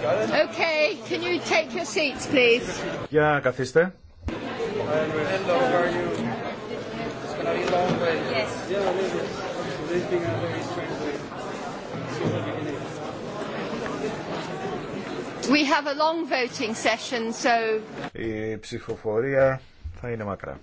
Okay, can you take your seats, please? Για καθίστε. We have a long voting session, so... Η ψηφοφορία θα είναι μακρά.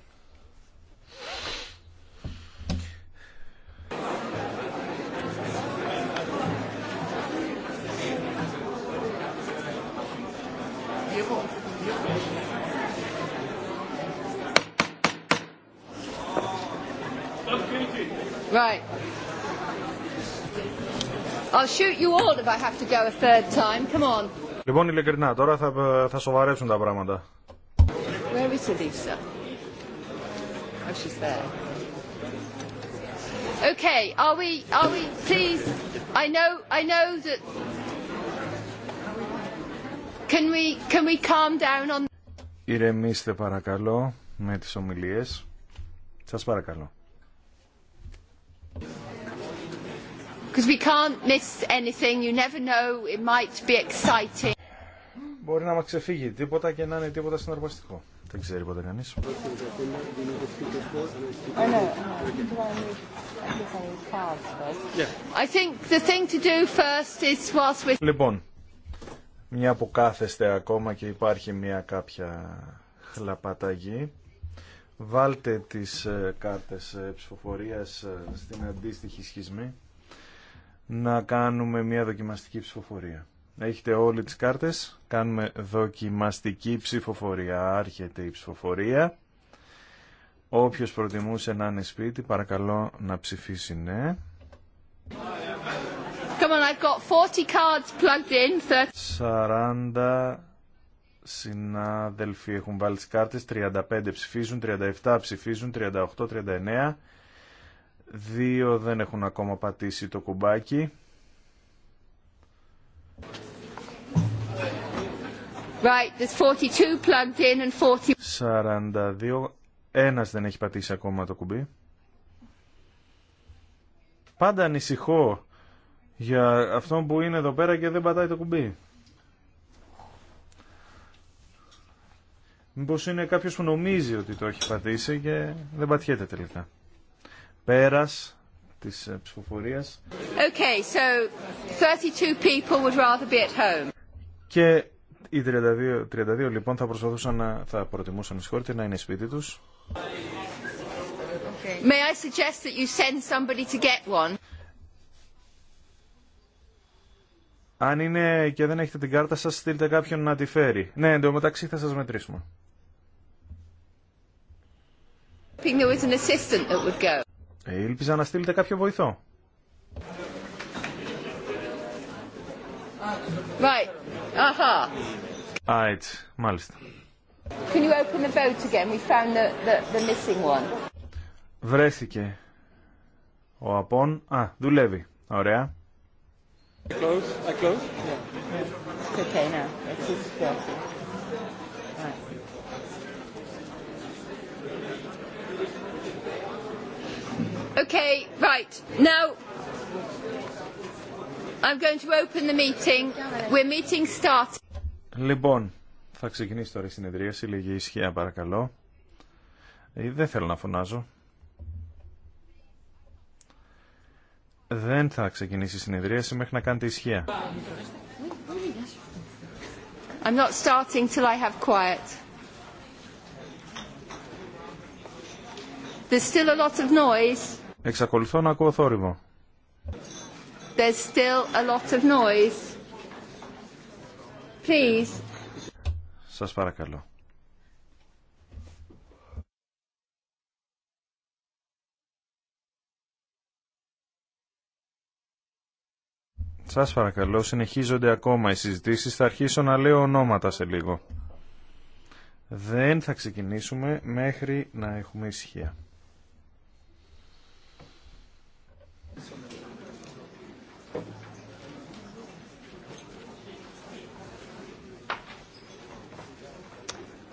Right. I'll shoot you all if I have to go a third time. Come on. Λοιπόν, ειλικρινά, τώρα θα, θα σοβαρέψουν τα πράγματα. Where is Elisa? Oh, she's there. Okay, are we, are we, please, I know, I know that, can we, can we calm down on... Ηρεμήστε παρακαλώ με τις ομιλίες. Σας παρακαλώ. Μπορεί να μα ξεφύγει τίποτα και να είναι τίποτα συναρπαστικό. Δεν ξέρει ποτέ κανεί. Λοιπόν, μια που κάθεστε ακόμα και υπάρχει μια κάποια χλαπαταγή, βάλτε τις ε, κάρτες ε, ψηφοφορίας ε, στην αντίστοιχη σχισμή να κάνουμε μια δοκιμαστική ψηφοφορία. Έχετε όλοι τις κάρτες, κάνουμε δοκιμαστική ψηφοφορία, άρχεται η ψηφοφορία. Όποιος προτιμούσε να είναι σπίτι, παρακαλώ να ψηφίσει ναι. Come on, I've got 40 cards plugged in. 40 συνάδελφοι έχουν βάλει τις κάρτες, 35 ψηφίζουν, 37 ψηφίζουν, 38, 39. Δύο δεν έχουν ακόμα πατήσει το κουμπάκι. Right, 42 plugged in and 40... 42. Ένας δεν έχει πατήσει ακόμα το κουμπί. Πάντα ανησυχώ για αυτόν που είναι εδώ πέρα και δεν πατάει το κουμπί. Μήπως είναι κάποιος που νομίζει ότι το έχει πατήσει και δεν πατιέται τελικά. Πέρας της ε, ψηφοφορίας. Okay, so 32 people would rather be at home. Και οι 32, 32 λοιπόν θα προσπαθούσαν να, θα προτιμούσαν συγχωρείτε να είναι σπίτι τους. May I suggest that you send somebody to get one? Αν είναι και δεν έχετε την κάρτα σας, στείλτε κάποιον να τη φέρει. Ναι, εντωμεταξύ θα σας μετρήσουμε hoping there was an assistant that would go. Ελπίζα να στείλετε κάποιο βοηθό. Right. Aha. Α, έτσι. Μάλιστα. Can you open the boat again? We found the, the, the missing one. Βρέθηκε. Ο Απόν. Α, δουλεύει. Ωραία. I close. I close. Yeah. It's okay now. It's Okay, right. Now, I'm going to open the meeting. We're meeting start. Λοιπόν, θα ξεκινήσει τώρα η συνεδρίαση. Λίγη ισχύα, παρακαλώ. Ε, δεν θέλω να φωνάζω. Δεν θα ξεκινήσει η συνεδρίαση μέχρι να κάνετε ισχύα. I'm not starting till I have quiet. There's still a lot of noise. Εξακολουθώ να ακούω θόρυβο. There's still a lot of noise. Please. Σας παρακαλώ. Σας παρακαλώ, συνεχίζονται ακόμα οι συζητήσεις. Θα αρχίσω να λέω ονόματα σε λίγο. Δεν θα ξεκινήσουμε μέχρι να έχουμε ησυχία.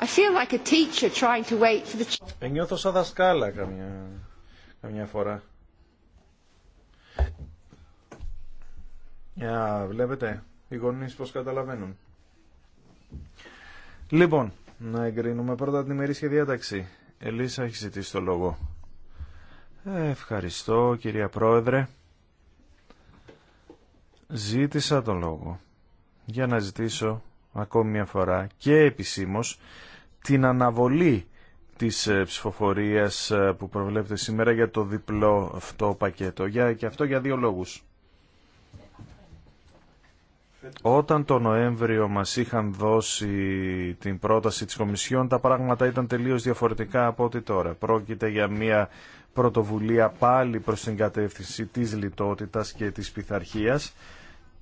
I feel like a teacher trying to wait for ε, σαν δασκάλα καμιά, καμιά φορά. βλέπετε, οι γονείς πώς καταλαβαίνουν. Λοιπόν, να εγκρίνουμε πρώτα την ημερήσια διάταξη. Ελίσσα έχει ζητήσει το λόγο. Ε, ευχαριστώ κυρία Πρόεδρε. Ζήτησα τον λόγο για να ζητήσω ακόμη μια φορά και επισήμως την αναβολή της ε, ψηφοφορίας ε, που προβλέπεται σήμερα για το διπλό αυτό πακέτο. Για, και αυτό για δύο λόγους. Όταν το Νοέμβριο μας είχαν δώσει την πρόταση της Κομισιόν, τα πράγματα ήταν τελείως διαφορετικά από ό,τι τώρα. Πρόκειται για μια πρωτοβουλία πάλι προς την κατεύθυνση της λιτότητας και της πειθαρχία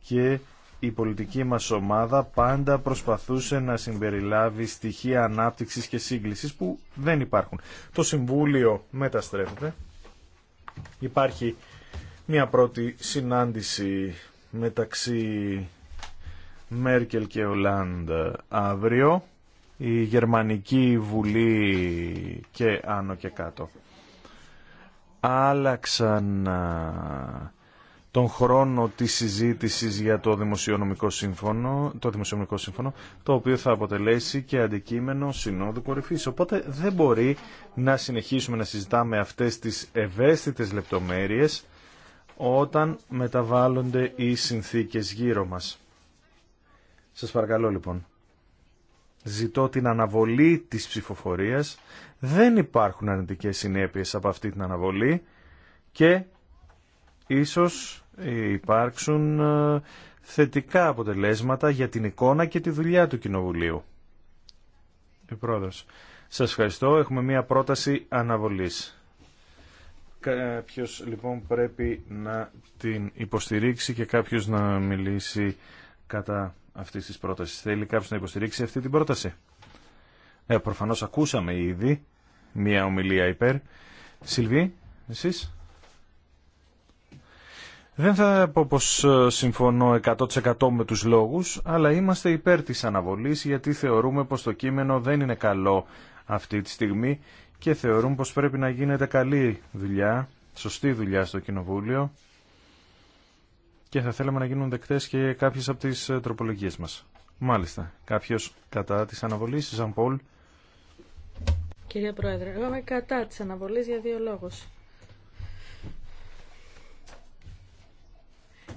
και η πολιτική μας ομάδα πάντα προσπαθούσε να συμπεριλάβει στοιχεία ανάπτυξης και σύγκλησης που δεν υπάρχουν. Το Συμβούλιο μεταστρέφεται. Υπάρχει μια πρώτη συνάντηση μεταξύ Μέρκελ και Ολάντ αύριο, η Γερμανική Βουλή και άνω και κάτω. Άλλαξαν τον χρόνο της συζήτηση για το Δημοσιονομικό Σύμφωνο, το Δημοσιονομικό Σύμφωνο, το οποίο θα αποτελέσει και αντικείμενο Συνόδου Κορυφής. Οπότε δεν μπορεί να συνεχίσουμε να συζητάμε αυτές τις ευαίσθητες λεπτομέρειες όταν μεταβάλλονται οι συνθήκες γύρω μας. Σας παρακαλώ λοιπόν. Ζητώ την αναβολή της ψηφοφορίας. Δεν υπάρχουν αρνητικές συνέπειες από αυτή την αναβολή και ίσως υπάρξουν ε, θετικά αποτελέσματα για την εικόνα και τη δουλειά του Κοινοβουλίου. Η ε, Σας ευχαριστώ. Έχουμε μία πρόταση αναβολής. Κάποιος λοιπόν πρέπει να την υποστηρίξει και κάποιος να μιλήσει κατά αυτής της πρότασης. Θέλει κάποιος να υποστηρίξει αυτή την πρόταση. Ε, προφανώς ακούσαμε ήδη μία ομιλία υπέρ. Σιλβί, εσείς. Δεν θα πω πως ε, συμφωνώ 100% με τους λόγους, αλλά είμαστε υπέρ της αναβολής γιατί θεωρούμε πως το κείμενο δεν είναι καλό αυτή τη στιγμή και θεωρούμε πως πρέπει να γίνεται καλή δουλειά, σωστή δουλειά στο Κοινοβούλιο και θα θέλαμε να γίνουν δεκτές και κάποιες από τις ε, τροπολογίες μας. Μάλιστα, κάποιος κατά της αναβολής, Πολ. Κύριε Πρόεδρε, εγώ είμαι κατά της αναβολής για δύο λόγους.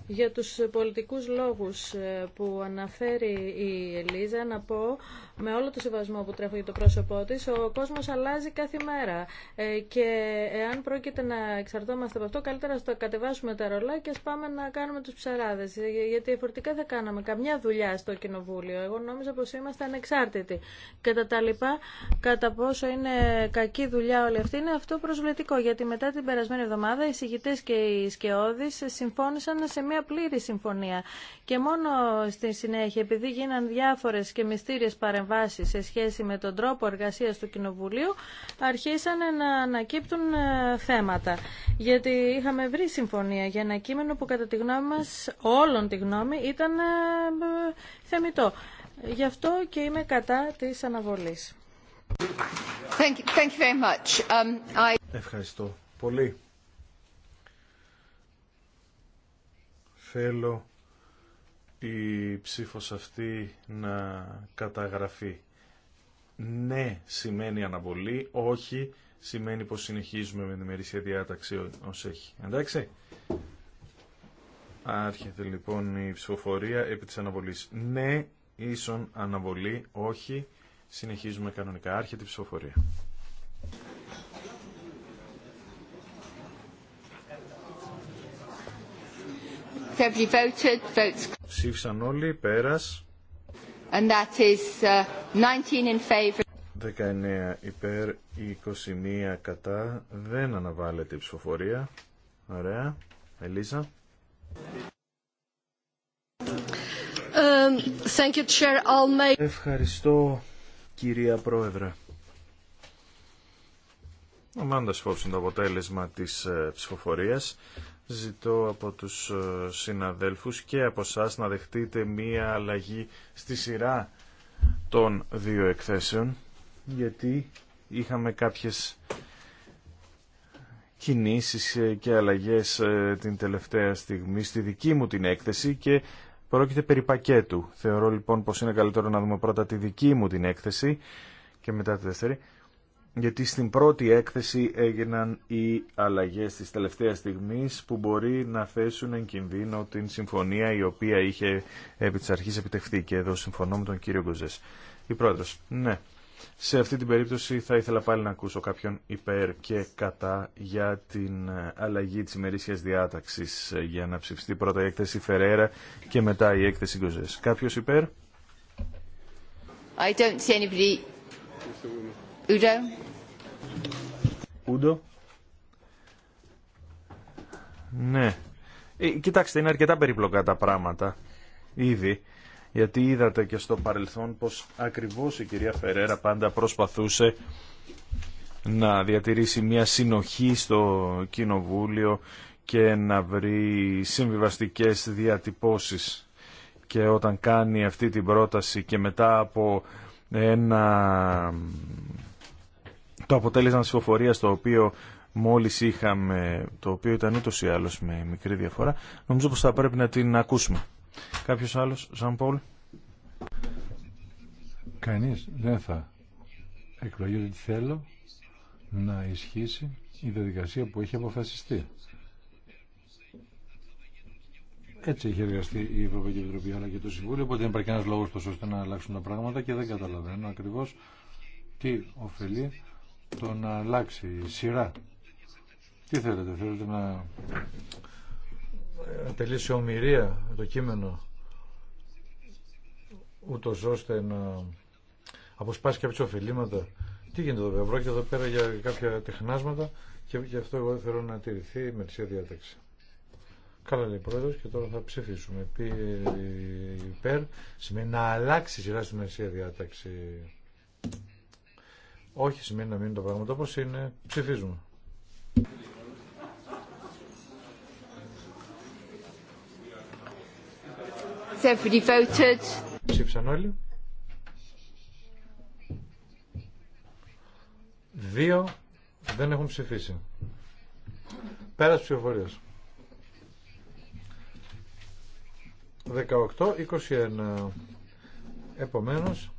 Για τους πολιτικούς λόγους ε, που αναφέρει η Ελίζα να πω με όλο το σεβασμό που τρέφω για το πρόσωπό τη, ο κόσμο αλλάζει κάθε μέρα. Ε, και εάν πρόκειται να εξαρτώμαστε από αυτό, καλύτερα στο κατεβάσουμε τα ρολά και α πάμε να κάνουμε του ψαράδε. Ε, γιατί διαφορετικά δεν κάναμε καμιά δουλειά στο κοινοβούλιο. Εγώ νόμιζα πω είμαστε ανεξάρτητοι. Κατά τα λοιπά, κατά πόσο είναι κακή δουλειά όλη αυτή, είναι αυτό προσβλητικό. Γιατί μετά την περασμένη εβδομάδα οι συγητέ και οι σκεώδει συμφώνησαν σε μια πλήρη συμφωνία. Και μόνο στη συνέχεια, επειδή γίναν διάφορε και μυστήριε παρεμβάσει, παρεμβάσεις σε σχέση με τον τρόπο εργασίας του Κοινοβουλίου αρχίσανε να ανακύπτουν ε, θέματα. Γιατί είχαμε βρει συμφωνία για ένα κείμενο που κατά τη γνώμη μας, όλων τη γνώμη, ήταν ε, ε, θεμητό. Γι' αυτό και είμαι κατά της αναβολής. Um, Ευχαριστώ πολύ η ψήφος αυτή να καταγραφεί. Ναι σημαίνει αναβολή, όχι σημαίνει πως συνεχίζουμε με την μερίσια διάταξη ως έχει. Εντάξει. Άρχεται λοιπόν η ψηφοφορία επί της αναβολής. Ναι, ίσον αναβολή, όχι, συνεχίζουμε κανονικά. Άρχεται η ψηφοφορία. Voted, Ψήφισαν όλοι, πέρας. And that is, 19 uh, in favor. 19 υπέρ, 21 κατά. Δεν αναβάλλεται η ψηφοφορία. Ωραία. Ελίζα. Um, thank you, Chair. I'll make... Ευχαριστώ, κυρία Πρόεδρε. Λαμβάνοντας υπόψη το αποτέλεσμα της ε, ψηφοφορίας, ζητώ από τους ε, συναδέλφους και από εσά να δεχτείτε μία αλλαγή στη σειρά των δύο εκθέσεων γιατί είχαμε κάποιες κινήσεις ε, και αλλαγές ε, την τελευταία στιγμή στη δική μου την έκθεση και πρόκειται περί πακέτου. Θεωρώ λοιπόν πως είναι καλύτερο να δούμε πρώτα τη δική μου την έκθεση και μετά τη δεύτερη γιατί στην πρώτη έκθεση έγιναν οι αλλαγές της τελευταίας στιγμής που μπορεί να θέσουν εν κινδύνο την συμφωνία η οποία είχε επί της αρχής επιτευχθεί και εδώ συμφωνώ με τον κύριο Γκοζές. Η πρόεδρος, ναι. Σε αυτή την περίπτωση θα ήθελα πάλι να ακούσω κάποιον υπέρ και κατά για την αλλαγή της ημερήσιας διάταξης για να ψηφιστεί πρώτα η έκθεση Φερέρα και μετά η έκθεση Γκοζές. Κάποιος υπέρ? I don't see anybody Udo. Udo. Ναι. Ε, κοιτάξτε, είναι αρκετά περίπλοκα τα πράγματα. Ήδη. Γιατί είδατε και στο παρελθόν πως ακριβώς η κυρία Φερέρα πάντα προσπαθούσε να διατηρήσει μια συνοχή στο κοινοβούλιο και να βρει συμβιβαστικές διατυπώσεις. Και όταν κάνει αυτή την πρόταση και μετά από ένα το αποτέλεσμα της ψηφοφορίας το οποίο μόλις είχαμε, το οποίο ήταν ούτως ή άλλως με μικρή διαφορά, νομίζω πως θα πρέπει να την ακούσουμε. Κάποιος άλλος, Ζαν Πολ. Κανείς δεν θα εκλογεί ότι θέλω να ισχύσει η διαδικασία που έχει αποφασιστεί. Έτσι έχει εργαστεί η Ευρωπαϊκή Επιτροπή αλλά και το Συμβούλιο, οπότε δεν υπάρχει κανένα λόγο τόσο ώστε να αλλάξουν τα πράγματα και δεν καταλαβαίνω ακριβώ τι ωφελεί το να αλλάξει η σειρά. Τι θέλετε, θέλετε να τελείσει ομοιρία το κείμενο ούτω ώστε να αποσπάσει κάποιες ωφελήματα. Τι γίνεται εδώ πέρα, πρόκειται εδώ πέρα για κάποια τεχνάσματα και γι' αυτό εγώ θέλω να τηρηθεί η μερσία διάταξη. Καλά λέει πρόεδρο και τώρα θα ψηφίσουμε. Πι, υπέρ σημαίνει να αλλάξει η σειρά στη μερσία διάταξη. Όχι σημαίνει να μείνουν τα πράγματα όπω είναι. Ψηφίζουμε. Ψήφισαν όλοι. Δύο δεν έχουν ψηφίσει. Πέρασε ψηφοφορίας. 18-21. Επομένως,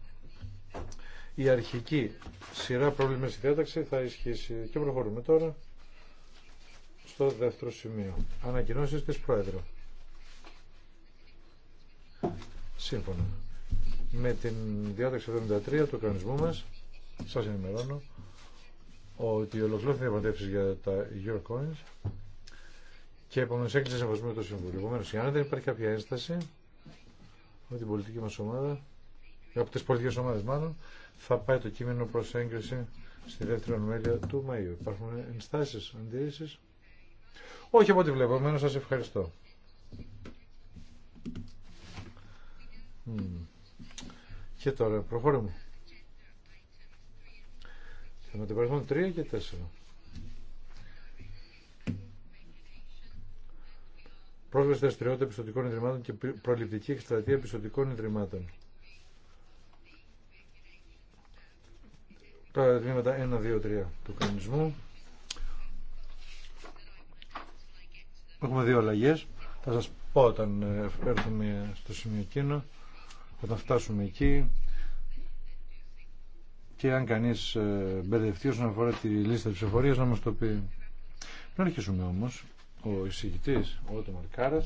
η αρχική σειρά πρόβλημα στη διάταξη θα ισχύσει. Και προχωρούμε τώρα στο δεύτερο σημείο. Ανακοινώσεις της Πρόεδρου. Σύμφωνα με την διάταξη 73 του κανονισμού μας, σας ενημερώνω ότι ολοκληρώθηκαν οι διαπραγματεύσει για τα Eurocoins και επομένω έκλεισε σεβασμό με το Συμβούλιο. Επομένω, αν δεν υπάρχει κάποια ένσταση με την πολιτική μα ομάδα, από τι πολιτικέ ομάδε μάλλον, θα πάει το κείμενο προς έγκριση στη δεύτερη ομιλία του Μαΐου. Υπάρχουν ενστάσεις, αντιρρήσεις. Όχι από ό,τι βλέπω, εμένα σας ευχαριστώ. Και τώρα προχωρούμε. Θα με το 3 και 4. Πρόσβαση δραστηριότητα επιστοτικών ιδρυμάτων και προληπτική εκστρατεία πιστοτικών ιδρυμάτων. τα τμήματα 1, 2, 3 του κανονισμού. Έχουμε δύο αλλαγέ. Θα σα πω όταν ε, έρθουμε στο σημείο εκείνο, όταν φτάσουμε εκεί και αν κανεί ε, μπερδευτεί όσον αφορά τη λίστα ψηφορία, να μα το πει. Να αρχίσουμε όμω Ο εισηγητής, ο Ότομαρ Κάρα,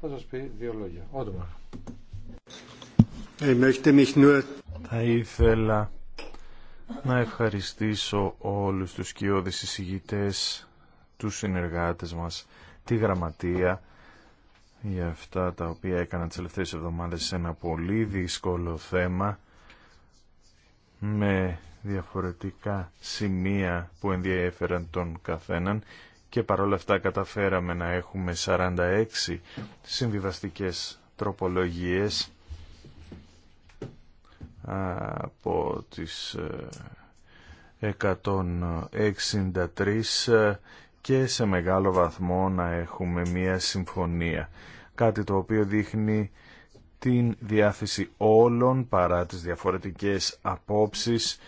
θα σα πει δύο λόγια. Ότομαρ. Θα ήθελα να ευχαριστήσω όλους τους κοιόδης εισηγητές, τους συνεργάτες μας, τη γραμματεία για αυτά τα οποία έκαναν τις τελευταίες εβδομάδες σε ένα πολύ δύσκολο θέμα με διαφορετικά σημεία που ενδιέφεραν τον καθέναν και παρόλα αυτά καταφέραμε να έχουμε 46 συμβιβαστικές τροπολογίες από τις 163 ε, ε, και σε μεγάλο βαθμό να έχουμε μία συμφωνία. Κάτι το οποίο δείχνει την διάθεση όλων παρά τις διαφορετικές απόψεις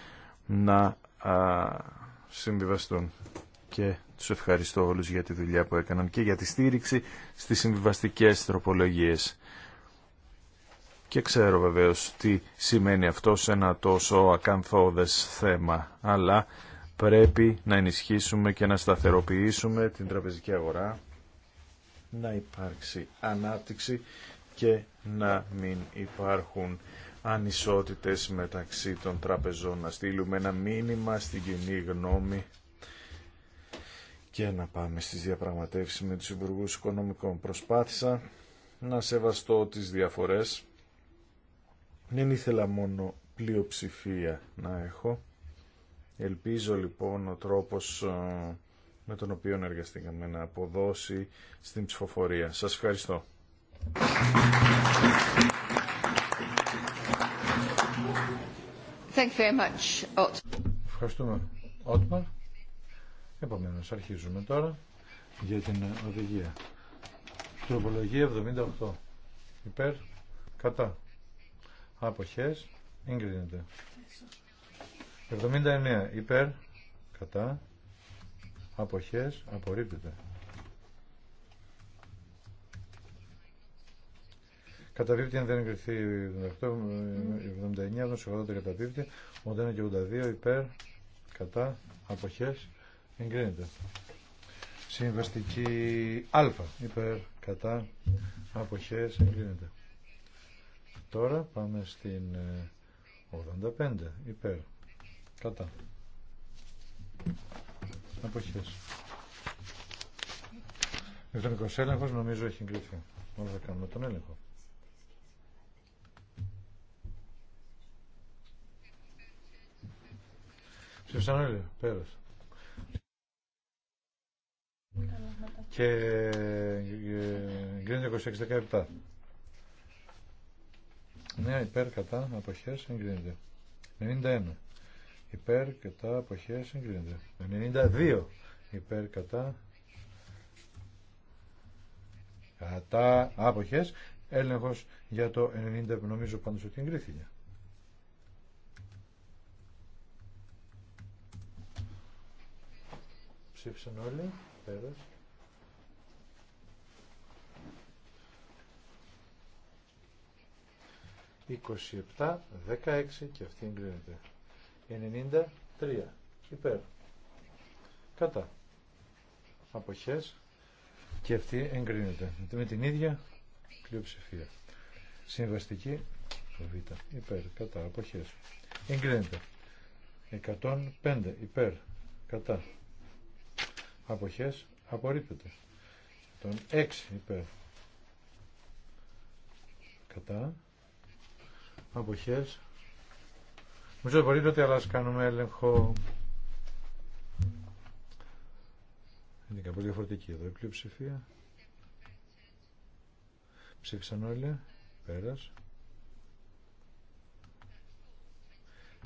να συμβιβαστούν. Και τους ευχαριστώ όλους για τη δουλειά που έκαναν και για τη στήριξη στις συμβιβαστικές τροπολογίες. Και ξέρω βεβαίως τι σημαίνει αυτό σε ένα τόσο ακανθόδες θέμα, αλλά πρέπει να ενισχύσουμε και να σταθεροποιήσουμε την τραπεζική αγορά, να υπάρξει ανάπτυξη και να μην υπάρχουν ανισότητες μεταξύ των τραπεζών. Να στείλουμε ένα μήνυμα στην κοινή γνώμη και να πάμε στις διαπραγματεύσεις με τους Υπουργούς Οικονομικών. Προσπάθησα να σεβαστώ τις διαφορές δεν ήθελα μόνο πλειοψηφία να έχω. Ελπίζω λοιπόν ο τρόπος ε, με τον οποίο εργαστήκαμε να αποδώσει στην ψηφοφορία. Σας ευχαριστώ. Thank you very much. Ευχαριστούμε, Ότμαρ. Επομένως, αρχίζουμε τώρα για την οδηγία. Τροπολογία 78. Υπέρ, κατά. Αποχές. Εγκρίνεται. 79. Υπέρ. Κατά. Αποχές. Απορρίπτεται. Καταπίπτει αν δεν εγκριθεί 79, 80 καταπίπτει, 81 και 82 υπέρ, κατά, αποχές, εγκρίνεται. Συμβαστική α, υπέρ, κατά, αποχές, εγκρίνεται. Τώρα πάμε στην 85 ε, υπέρ. Κατά. Αποχές. Ηλεκτρονικός έλεγχος νομίζω έχει εγκριθεί. Μόνο θα κάνουμε τον έλεγχο. Ψήφισαν όλοι, πέρασε. Και ε, ε, γκρίνεται 26-17. Νέα υπέρ κατά αποχές εγκρίνεται. 91. Υπέρ κατά αποχές εγκρίνεται. 92. Υπέρ κατά κατά άποχες έλεγχος για το 90 που νομίζω πάντως ότι εγκρίθηκε. Ψήφισαν όλοι. Πέρασε. 27, 16 και αυτή εγκρίνεται. 93 υπέρ. Κατά. Αποχές και αυτή εγκρίνεται. Με την ίδια πλειοψηφία. Συμβαστική Β. Υπέρ. Κατά. Αποχές. Εγκρίνεται. 105 υπέρ. Κατά. Αποχές. Απορρίπτεται. 106 υπέρ. Κατά αποχές. Νομίζω μπορείτε ότι αλλά κάνουμε έλεγχο. Είναι κάπου διαφορετική εδώ η πλειοψηφία. Ψήφισαν όλοι. Πέρας.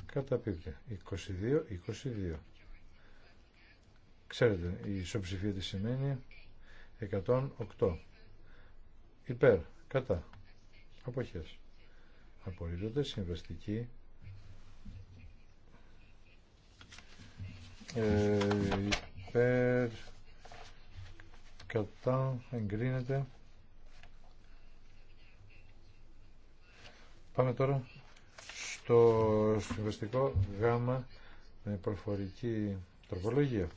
Καταπίπτει. 22, 22. Ξέρετε, η ισοψηφία τι σημαίνει 108. Υπέρ, κατά, αποχές απολύτωται. Συμβαστική. Ε, υπέρ. Κατά. Εγκρίνεται. Πάμε τώρα στο συμβαστικό γάμα με προφορική τροπολογία.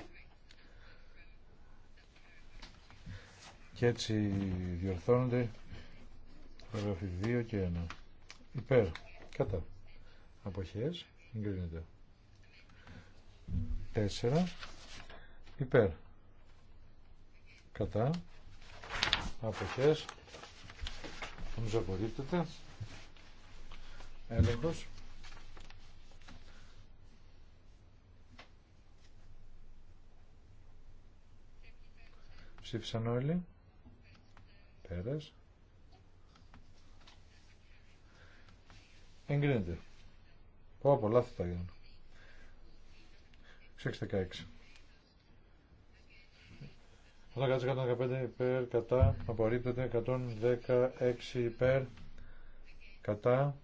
Και έτσι διορθώνονται παραγραφή 2 και 1. Υπέρ. Κατά. Αποχές. Εγκρίνεται. τέσσερα Υπέρ. Κατά. Αποχές. Νομίζω απορρίπτεται. Έλεγχος. Ψήφισαν όλοι. Πέρας. Εγκρίνεται. Πω, από θα τα γινουν Όταν 6-16. 115 υπέρ, κατά, απορρίπτεται, 116 υπέρ, κατά,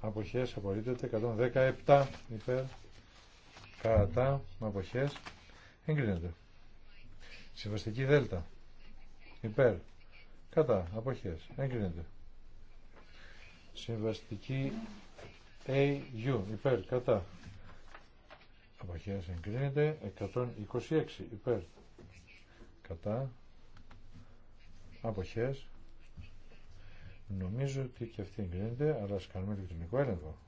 αποχές, απορρίπτεται, 117 υπέρ, κατά, αποχές, εγκρίνεται. Συμβαστική δέλτα, υπέρ, κατά, αποχές, εγκρίνεται. Συμβαστική AU. Υπέρ. Κατά. Αποχές εγκρίνεται. 126. Υπέρ. Κατά. Αποχές. Νομίζω ότι και αυτή εγκρίνεται, αλλά ας κάνουμε ηλεκτρονικό έλεγχο.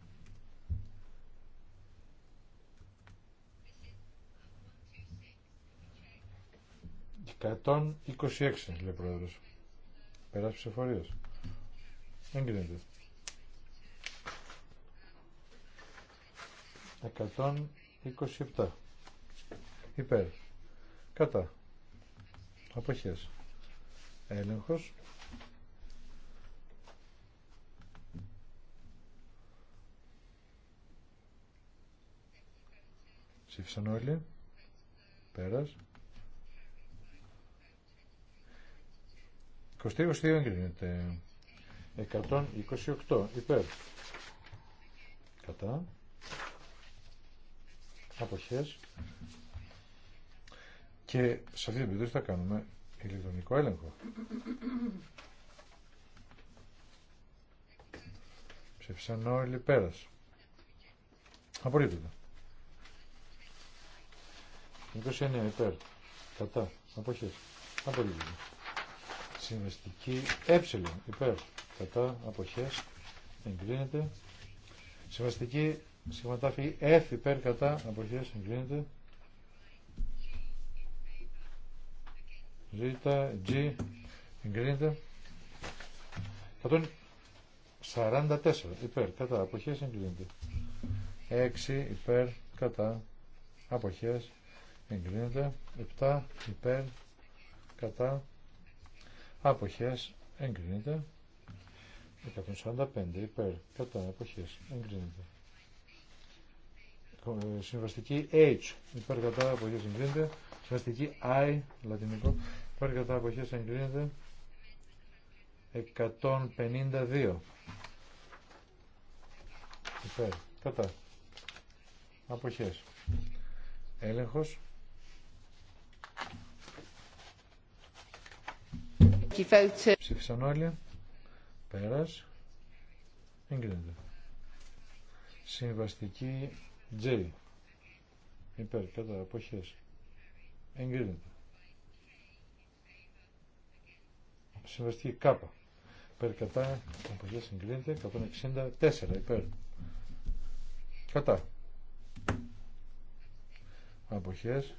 «126» λέει ο πρόεδρος. Πέρας Δεν Εγκρίνεται. 127 υπέρ κατά αποχές έλεγχος ψήφισαν όλοι πέρας 22-22 εγκρίνεται 128 υπέρ κατά αποχές και σε αυτή την περίπτωση θα κάνουμε ηλεκτρονικό έλεγχο. Ψήφισαν όλοι πέρας. Απορρίπτεται. 29 υπέρ. Κατά. Αποχές. Απορρίπτεται. Συμβαστική ε υπέρ. Κατά. Αποχές. Εγκρίνεται. Συμβαστική Σηματάφι F υπέρ κατά αποχές εγκρίνεται. ζήτα G εγκρίνεται. 144 υπέρ κατά αποχές εγκρίνεται. 6 υπέρ κατά αποχές εγκρίνεται. 7 υπέρ κατά αποχές εγκρίνεται. 145 υπέρ κατά αποχές εγκρίνεται. Λοιπόν, ε, συμβαστική H υπέρ κατά αποχές εγκρίνεται. Συμβαστική I λατινικό υπέρ κατά αποχές εγκρίνεται. 152 υπέρ κατά αποχές έλεγχος ψήφισαν όλοι πέρας εγκρίνεται συμβαστική J. Υπέρ, κατά, αποχές. Εγκρίνεται. Συμβαστική K. Υπέρ, κατά, αποχές εγκρίνεται. 164, υπέρ. Κατά. Αποχές.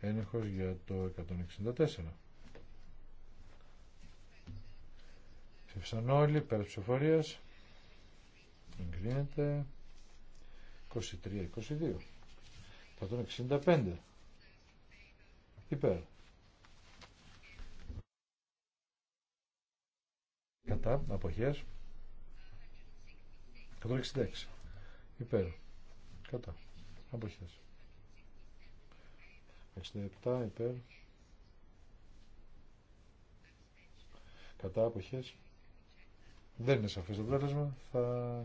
ένοχος για το 164. Ψήφισαν όλοι, πέρα ψηφοφορίας εγκρίνεται 23-22 165 υπέρ κατά αποχές 166 υπέρ κατά αποχές 67 υπέρ κατά αποχές δεν είναι σαφές το πλέον. θα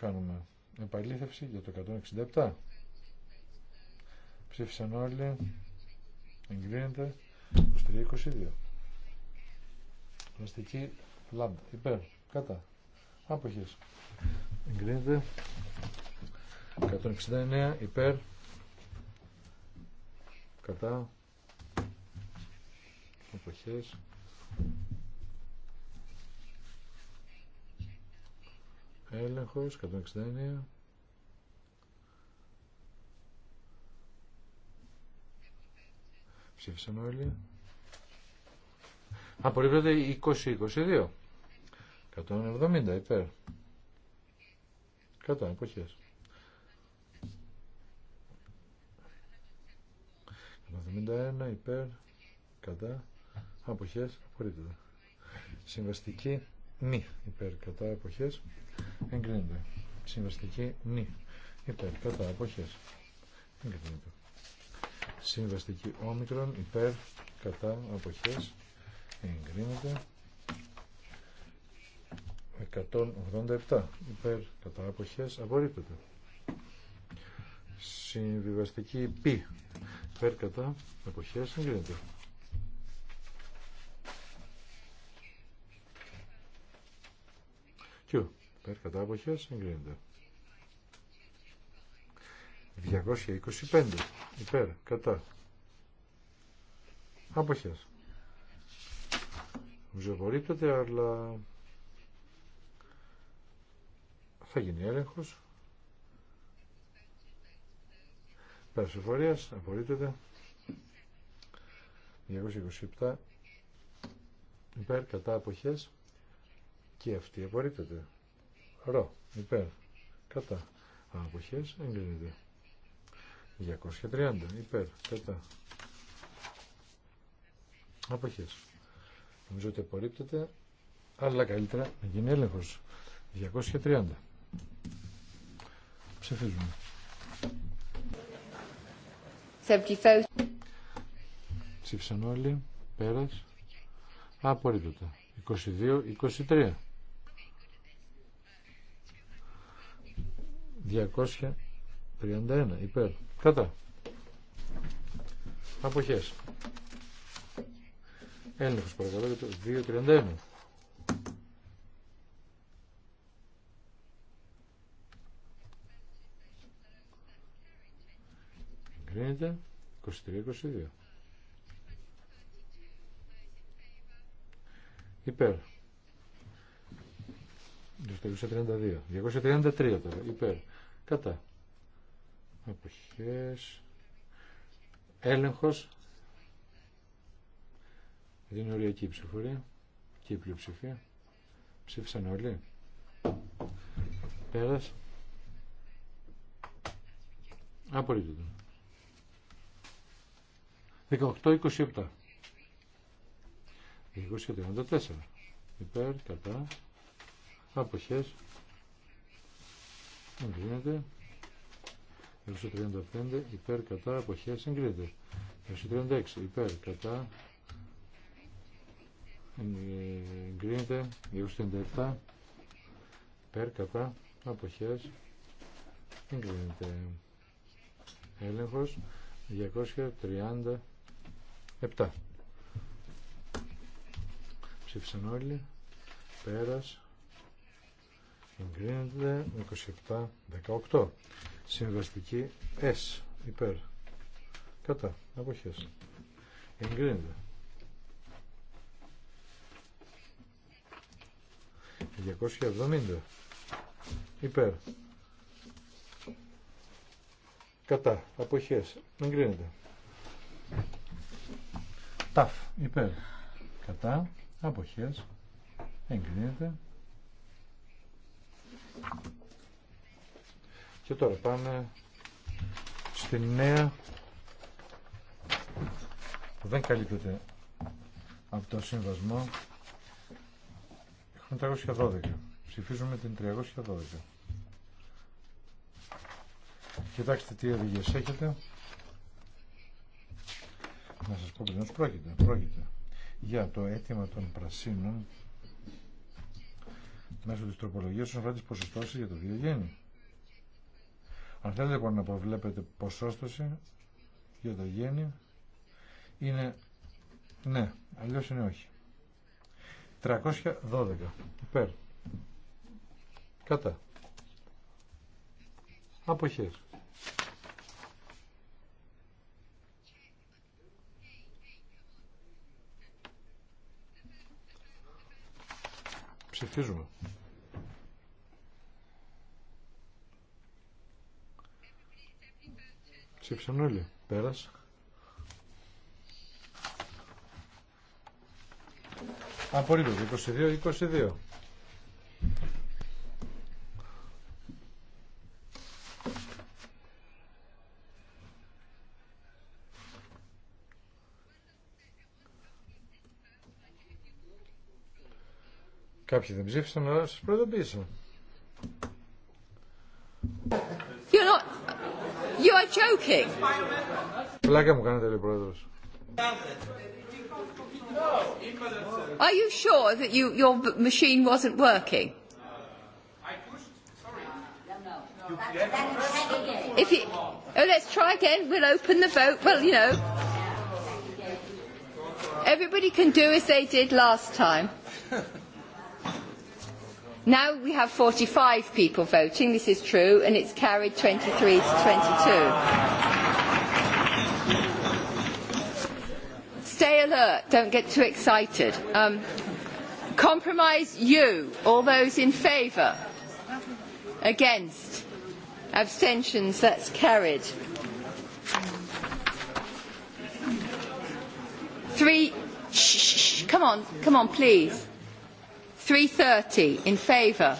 κάνουμε επαλήθευση για το 167. Ψήφισαν όλοι. Εγκρίνεται. 23-22. Πλαστική λαμπ. Υπέρ. Κατά. Άποχες. Εγκρίνεται. 169. Υπέρ. Κατά. Αποχές. έλεγχος 169 ψήφισαν όλοι απορρίπτεται 20-22 170 υπέρ κατά εποχές 171 υπέρ κατά αποχές απορρίπτεται συμβαστική μη υπέρ κατά εποχές εγκρίνεται. Συμβαστική νη. Υπέρ, κατά, Αποχέ. Εγκρίνεται. Συμβαστική όμικρον, υπέρ, κατά, αποχές. Εγκρίνεται. 187 υπέρ κατά αποχές απορρίπτεται. Συμβιβαστική π υπέρ κατά αποχές εγκρίνεται. you υπέρ κατά αποχές εγκρίνεται 225 υπέρ κατά αποχές νομίζω αλλά θα γίνει έλεγχος πέρας εφορίας απορρίπτεται 227 υπέρ κατά αποχές και αυτή απορρίπτεται ρο, υπέρ, κατά, αποχές, εγκρίνεται. 230, υπέρ, κατά, αποχές. Νομίζω ότι απορρίπτεται, αλλά καλύτερα να γίνει έλεγχος. 230. Ψηφίζουμε. Ψήφισαν όλοι, πέρας, απορρίπτεται. 22-23. 231 υπέρ κατά αποχές έλεγχος παρακαλώ για το 231 Εγκρίνεται 23-22. Υπέρ. 232. 233 τώρα. Υπέρ. Κατά. Αποχές. Έλεγχος. Δεν οριακή ψηφορία και η πλειοψηφία. Ψήφισαν όλοι. Πέρας. Απορρίπτεται. 18-27. 234. Υπέρ, κατά, αποχές εγκρίνεται 235 υπέρ κατά αποχές εγκρίνεται 236 υπέρ κατά εγκρίνεται 237 υπέρ κατά αποχές εγκρίνεται έλεγχος 237 ψήφισαν όλοι πέρας Εγκρίνεται 27-18. Συμβαστική S. Υπέρ. Κατά. Αποχές. Εγκρίνεται. 270. Υπέρ. Κατά. Αποχές. Εγκρίνεται. Ταφ. Υπέρ. Κατά. Αποχές. Εγκρίνεται. Και τώρα πάμε στη νέα που δεν καλύπτεται από το συμβασμό. Έχουμε 312. Ψηφίζουμε την 312. Κοιτάξτε τι οδηγίε έχετε. Να σας πω πριν, πρόκειται, πρόκειται για το αίτημα των πρασίνων μέσω της τροπολογίας όσον αφορά τις για το γέννη. Αν θέλετε λοιπόν να προβλέπετε ποσόστοση για το γέννη είναι ναι, αλλιώς είναι όχι. 312 υπέρ κατά αποχές ψηφίζουμε. Ψήφισαν όλοι. Πέρασε. Απορρίτω. 22-22. Κάποιοι δεν ψήφισαν, αλλά σας προειδοποίησα. You're not... You are joking. Πλάκα μου κάνετε, λέει πρόεδρος. Are you sure that you, your machine wasn't working? If you, oh, let's try again. We'll open the vote. Well, you know, everybody can do as they did last time. Now we have 45 people voting, this is true, and it's carried 23 to 22. Stay alert, don't get too excited. Compromise You, all those in favour? Against? Abstentions, that's carried. Three. shh, come on, come on please. 330 in favour.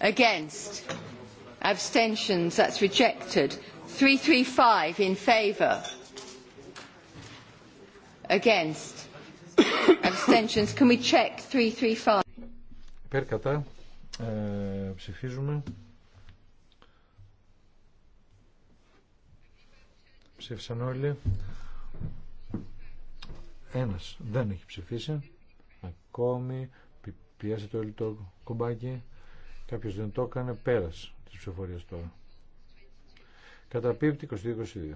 Against. Abstentions. That's rejected. 335 in favour. Against. Abstentions. Can we check 335? Υπέρ κατά. Ε, ψηφίζουμε. Ψήφισαν όλοι. Ένας δεν έχει ψηφίσει ακόμη, πιάσε το ελιτό κομπάκι, κάποιος δεν το έκανε, πέρασε τις ψηφοφορίες τώρα. Καταπίπτει 22-22.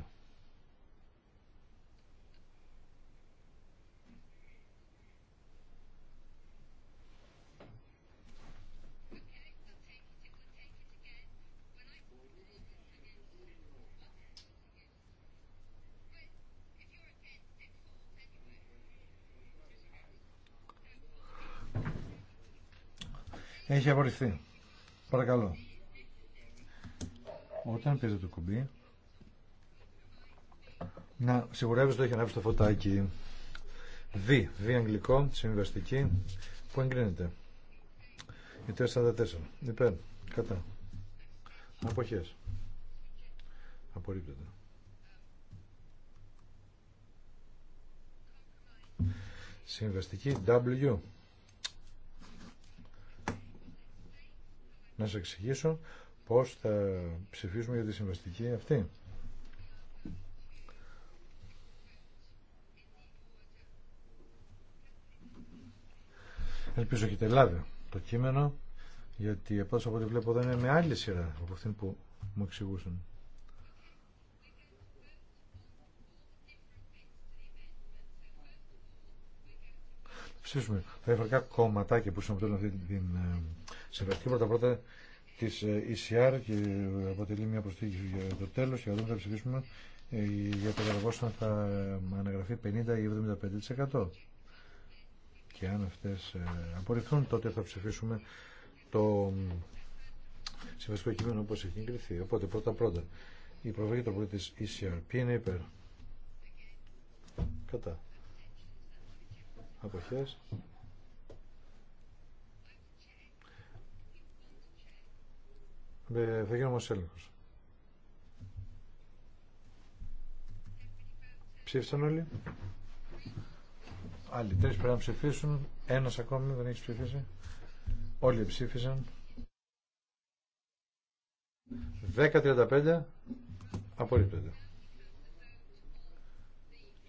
Έχει απορριφθεί. Παρακαλώ. Όταν πήρε το κουμπί, να σιγουρεύεσαι ότι έχει ανάψει το φωτάκι. Β. Β. αγγλικό, συμβαστική, που εγκρίνεται. Η 44, Υπέρ, κατά. Αποχέ. Απορρίπτεται. Συμβαστική W. να σας εξηγήσω πώς θα ψηφίσουμε για τη συμβαστική αυτή. Ελπίζω έχετε λάβει το κείμενο, γιατί από ό,τι βλέπω δεν είναι με άλλη σειρά από αυτήν που μου εξηγούσαν. ψήσουμε τα διαφορετικά κομματάκια που συμμετέχουν αυτή την ε, συμβαστική πρώτα-πρώτα τη ECR ε, και αποτελεί μια προσθήκη για το τέλο και εδώ θα ψηφίσουμε ε, για το καραγόσον θα αναγραφεί 50 ή 75%. Και αν αυτέ απορριφθούν τότε θα ψηφίσουμε το συμβαστικό κείμενο όπω έχει εγκριθεί. Οπότε πρώτα πρώτα η προβολή του τη ECR. Ποιοι είναι υπέρ. Κατά αποχές θα γίνω όμως έλεγχος ψήφισαν όλοι άλλοι τρεις πρέπει να ψηφίσουν ένας ακόμη δεν έχει ψηφίσει όλοι ψήφισαν 10.35 απορρίπτεται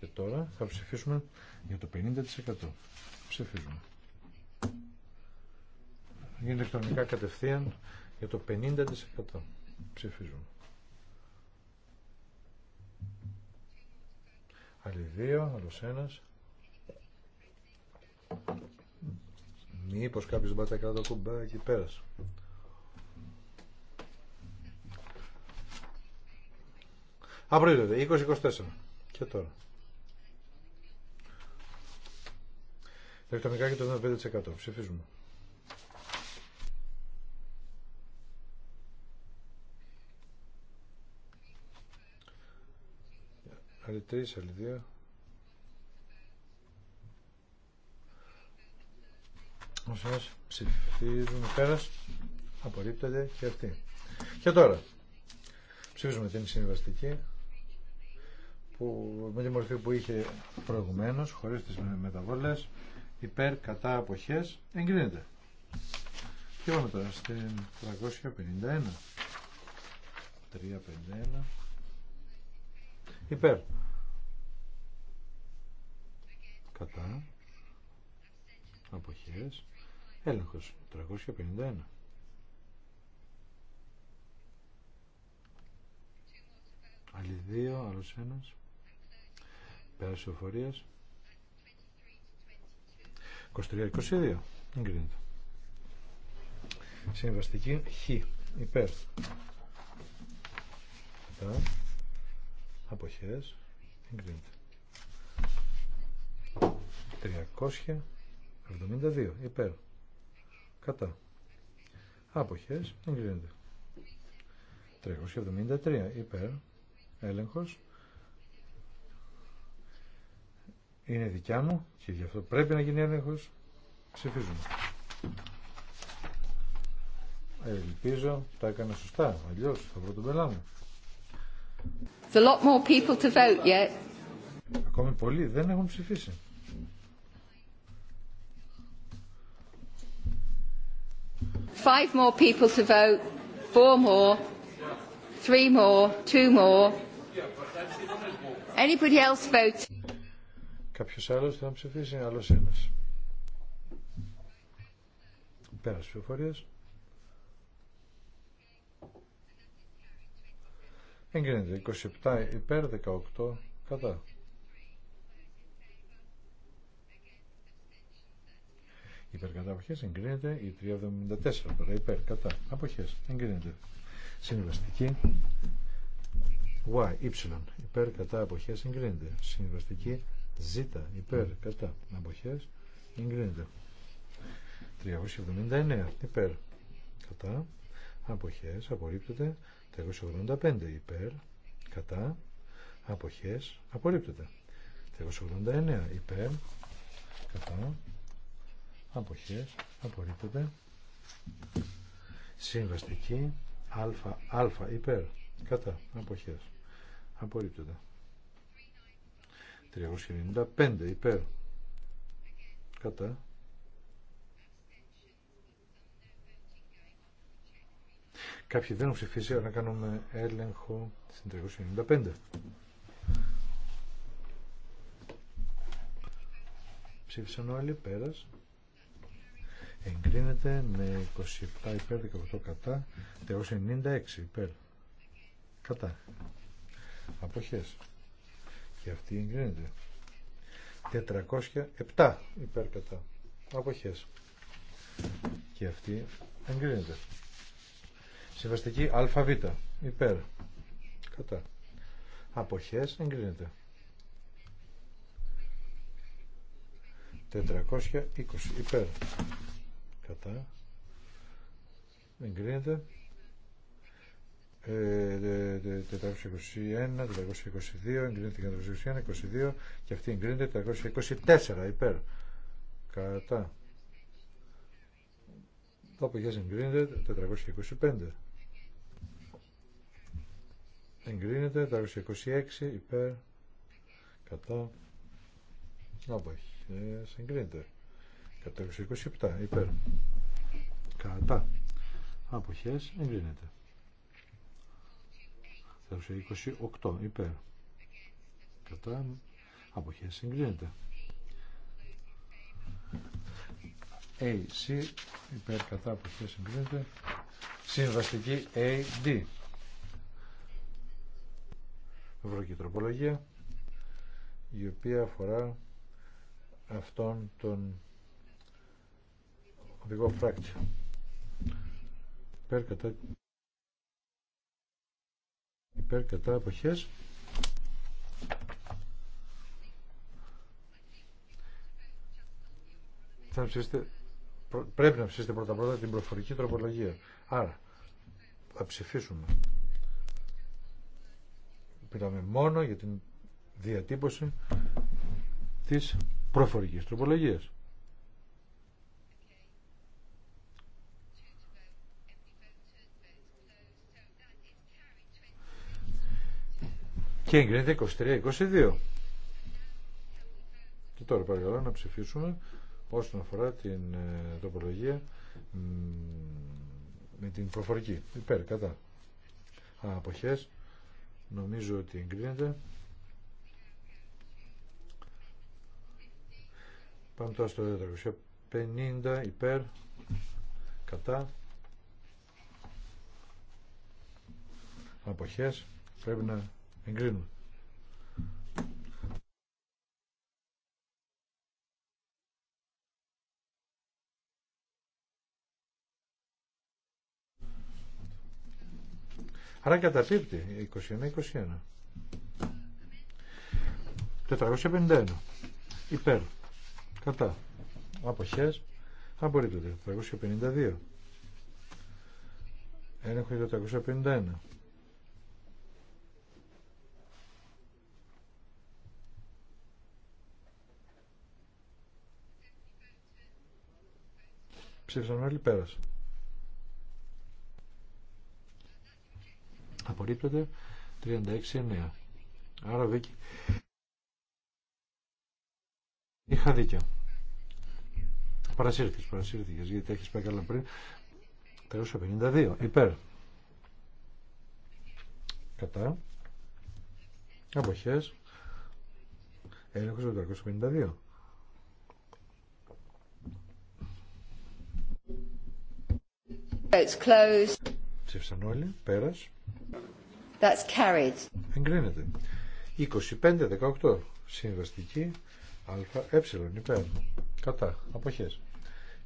και τώρα θα ψηφίσουμε για το 50%. Ψηφίζουμε. Γίνεται ηλεκτρονικά κατευθείαν για το 50% ψηφίζουμε. Άλλοι δύο, άλλος ένας. Μήπως κάποιος μπάτα κάτω το κουμπάκι πέρασε. Α, 20-24. Και τώρα. Ελεκτρονικά και το 95%. Ψηφίζουμε. Άλλη τρεις, άλλη Όσο μας ψηφίζουμε πέρας, απορρίπτονται και αυτή. Και τώρα, ψηφίζουμε την συμβαστική που, με τη μορφή που είχε προηγουμένως, χωρίς τις μεταβολές υπέρ κατά αποχές εγκρίνεται. Και πάμε τώρα στην 351. 351. Υπέρ. Κατά. Αποχές. Έλεγχος. 351. Άλλοι δύο, άλλος ένας. Πέρασε οφορίας. 23-22. Εγκρίνεται. Συμβαστική Χ. Υπέρ. Κατά. Αποχές. Εγκρίνεται. 372. Υπέρ. Κατά. Αποχές. Εγκρίνεται. 373. Υπέρ. Έλεγχος. είναι δικιά μου και γι' αυτό πρέπει να γίνει έλεγχος. Ψηφίζουμε. Ελπίζω τα έκανα σωστά, Αλλιώ θα βρω τον πελά μου. A lot more people to vote yet. Ακόμη πολλοί δεν έχουν ψηφίσει. Five more people to vote, four more, three more, two more. Anybody else vote? Κάποιο άλλο θα ψηφίσει, ένα. Πέρα τη πληροφορία. Εγκρίνεται 27 υπέρ 18 κατά. Υπέρ κατά αποχές εγκρίνεται η 374 τώρα υπέρ κατά αποχές εγκρίνεται. Συμβαστική Y, Y, υπέρ κατά αποχές εγκρίνεται. Συμβαστική Ζήτα, υπέρ ναι. κατά αποχές εγκρίνεται. 379 υπέρ κατά αποχές απορρίπτεται. 385 υπέρ κατά αποχές απορρίπτεται. 389 υπέρ κατά αποχές απορρίπτεται. Συμβαστική α, α υπέρ κατά αποχές απορρίπτεται. 395 υπέρ κατά Κάποιοι δεν έχουν ψηφίσει, αλλά να κάνουμε έλεγχο στην 395. Ψήφισαν όλοι, πέρας. Εγκρίνεται με 27 υπέρ, 18 κατά, 396 υπέρ. Κατά. Αποχές και αυτή εγκρίνεται 407 υπέρ κατά αποχές και αυτή εγκρίνεται συμβαστική αβ υπέρ κατά αποχές εγκρίνεται 420 υπέρ κατά εγκρίνεται 421, ε, 422, εγκρίνεται 421, 22 και αυτή εγκρίνεται 424 υπέρ. Κατά. Τα αποχές εγκρίνεται 425. Εγκρίνεται 426 υπέρ. Κατά. το αποχές εγκρίνεται 427 υπέρ. Κατά. Αποχές εγκρίνεται σε 28 υπέρ. Κατά αποχές συγκρίνεται. AC υπέρ κατά αποχές συγκρίνεται. Συμβαστική AD. Βρωκή τροπολογία η οποία αφορά αυτόν τον οδηγό φράκτη. Υπέρ κατά κατά εποχές πρέπει να ψήσετε πρώτα πρώτα την προφορική τροπολογία άρα θα ψηφίσουμε πήραμε μόνο για την διατύπωση της προφορικής τροπολογίας και εγκρίνεται 23-22. Και τώρα παρακαλώ να ψηφίσουμε όσον αφορά την ε, τοπολογία με την προφορική. Υπέρ, κατά. Αποχές. Νομίζω ότι εγκρίνεται. Πάμε τώρα στο 450 υπέρ κατά αποχές πρέπει να Εγκρίνουμε. Άρα καταπίπτει 21-21. 451. Υπέρ. Κατά. Αποχές. Απορρίπτεται. 452. Έλεγχο για το 451. Ψήφισαν όλοι πέρας. Απορρίπτεται 36-9. Άρα Βίκη. Είχα δίκιο. Παρασύρθηκες, παρασύρθηκες, γιατί έχεις πάει καλά πριν. Τελούσα 52. Υπέρ. Κατά. Αποχές. Έλεγχος Ψήφισαν όλοι. Πέρας. That's carried. Εγκρίνεται. 25-18. Συμβαστική ΑΕ υπέρ. Κατά. Αποχές.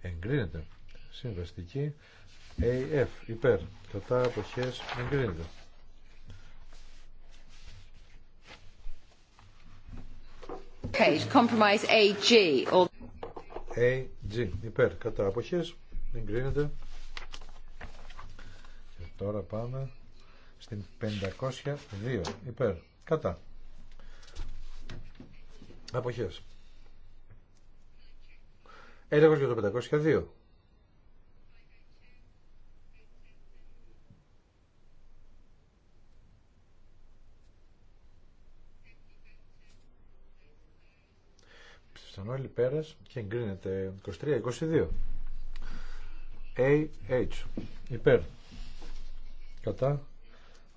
Εγκρίνεται. Συμβαστική AF ε, υπέρ. Κατά. Αποχές. Εγκρίνεται. Okay, compromise AG. AG υπέρ. Κατά. Αποχές. Εγκρίνεται. Τώρα πάμε στην 502. Υπέρ. Κατά. Αποχές. Έλεγχος για το 502. Ψηφισαν όλοι πέρας και εγκρίνεται 23-22. AH. Υπέρ κατά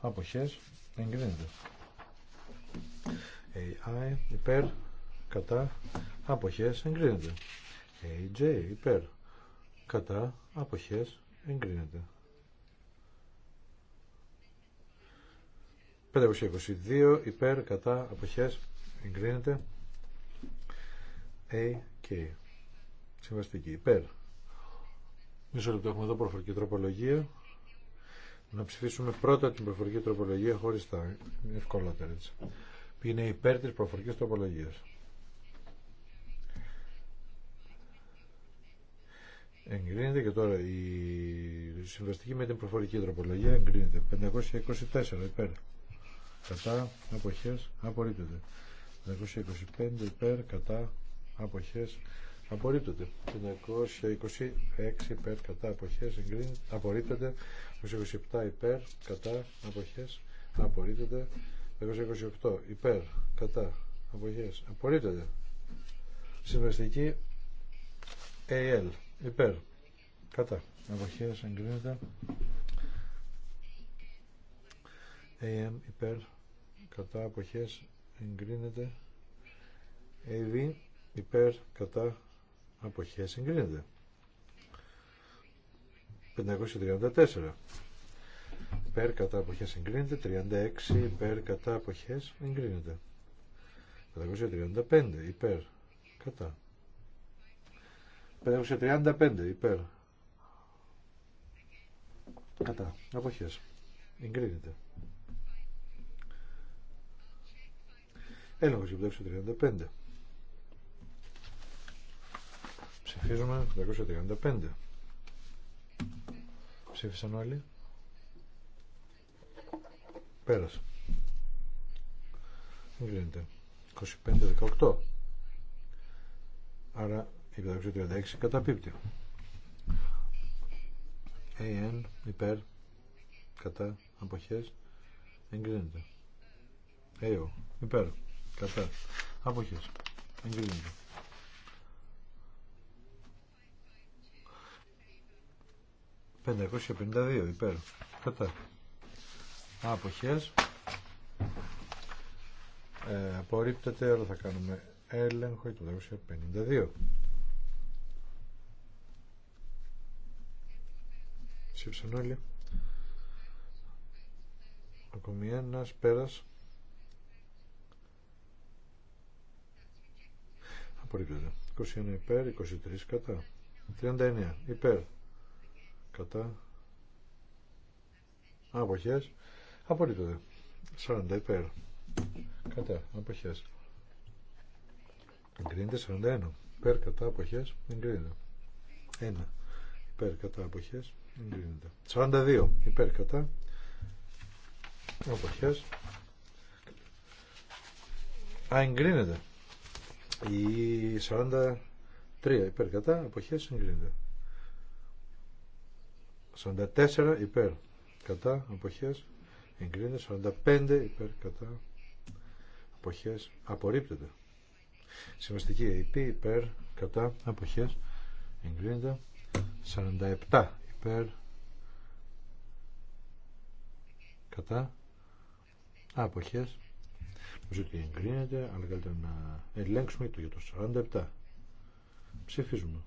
αποχές εγκρίνεται AI υπέρ κατά αποχές εγκρίνεται AJ υπέρ κατά αποχές εγκρίνεται 522 υπέρ κατά αποχές εγκρίνεται AK, συμβαστική υπέρ μισό λεπτό έχουμε εδώ προφορική τροπολογία να ψηφίσουμε πρώτα την προφορική τροπολογία τα Ευκολότερα έτσι. Είναι υπέρ της προφορικής τροπολογίας. Εγκρίνεται και τώρα η συμβαστική με την προφορική τροπολογία εγκρίνεται. 524 υπέρ. Κατά αποχές απορρίπτεται. 525 υπέρ κατά αποχές απορρίπτεται 526 υπέρ κατά αποχές εγκρίνεται απορρίπτεται 527 υπέρ κατά αποχές απορρίπτεται 228 υπέρ κατά αποχές απορρίπτεται συμβαστική AL υπέρ κατά αποχές εγκρίνεται AM υπέρ κατά αποχέ, εγκρίνεται AV υπέρ κατά Αποχέ εγκρίνεται 534 υπέρ κατά αποχές συγκρίνεται, 36 υπέρ κατά αποχές εγκρίνεται 535 υπέρ κατά 535 υπέρ κατά απόχέ εγκρίνεται έλεγχος για 535 Ψηφίζουμε 235 Ψήφισαν όλοι. Πέρασε. Εγκρίνεται. 25-18. Άρα η 536 καταπίπτει. AN ε υπέρ κατά αποχές εγκρίνεται. AO ε υπέρ κατά αποχές εγκρίνεται. 552 υπέρ. Κατά. Αποχές. Ε, απορρίπτεται, αλλά θα κάνουμε έλεγχο για το 252. ψήψαν όλοι. Ακόμη ένας πέρας. Απορρίπτεται. 21 υπέρ, 23 κατά. 39 υπέρ κατά αποχές 40 υπέρ κατά αποχές εγκρίνεται 41 υπέρ κατά αποχές εγκρίνεται 1 υπέρ κατά αποχές εγκρίνεται 42 υπέρ κατά αποχές α εγκρίνεται η 43 υπέρ κατά αποχές εγκρίνεται 44 υπέρ κατά αποχές εγκρίνεται 45 υπέρ κατά αποχές απορρίπτεται συμβαστική IP υπέρ κατά αποχές εγκρίνεται 47 υπέρ κατά αποχές νομίζω ότι εγκρίνεται αλλά καλύτερα να ελέγξουμε το για το 47 ψηφίζουμε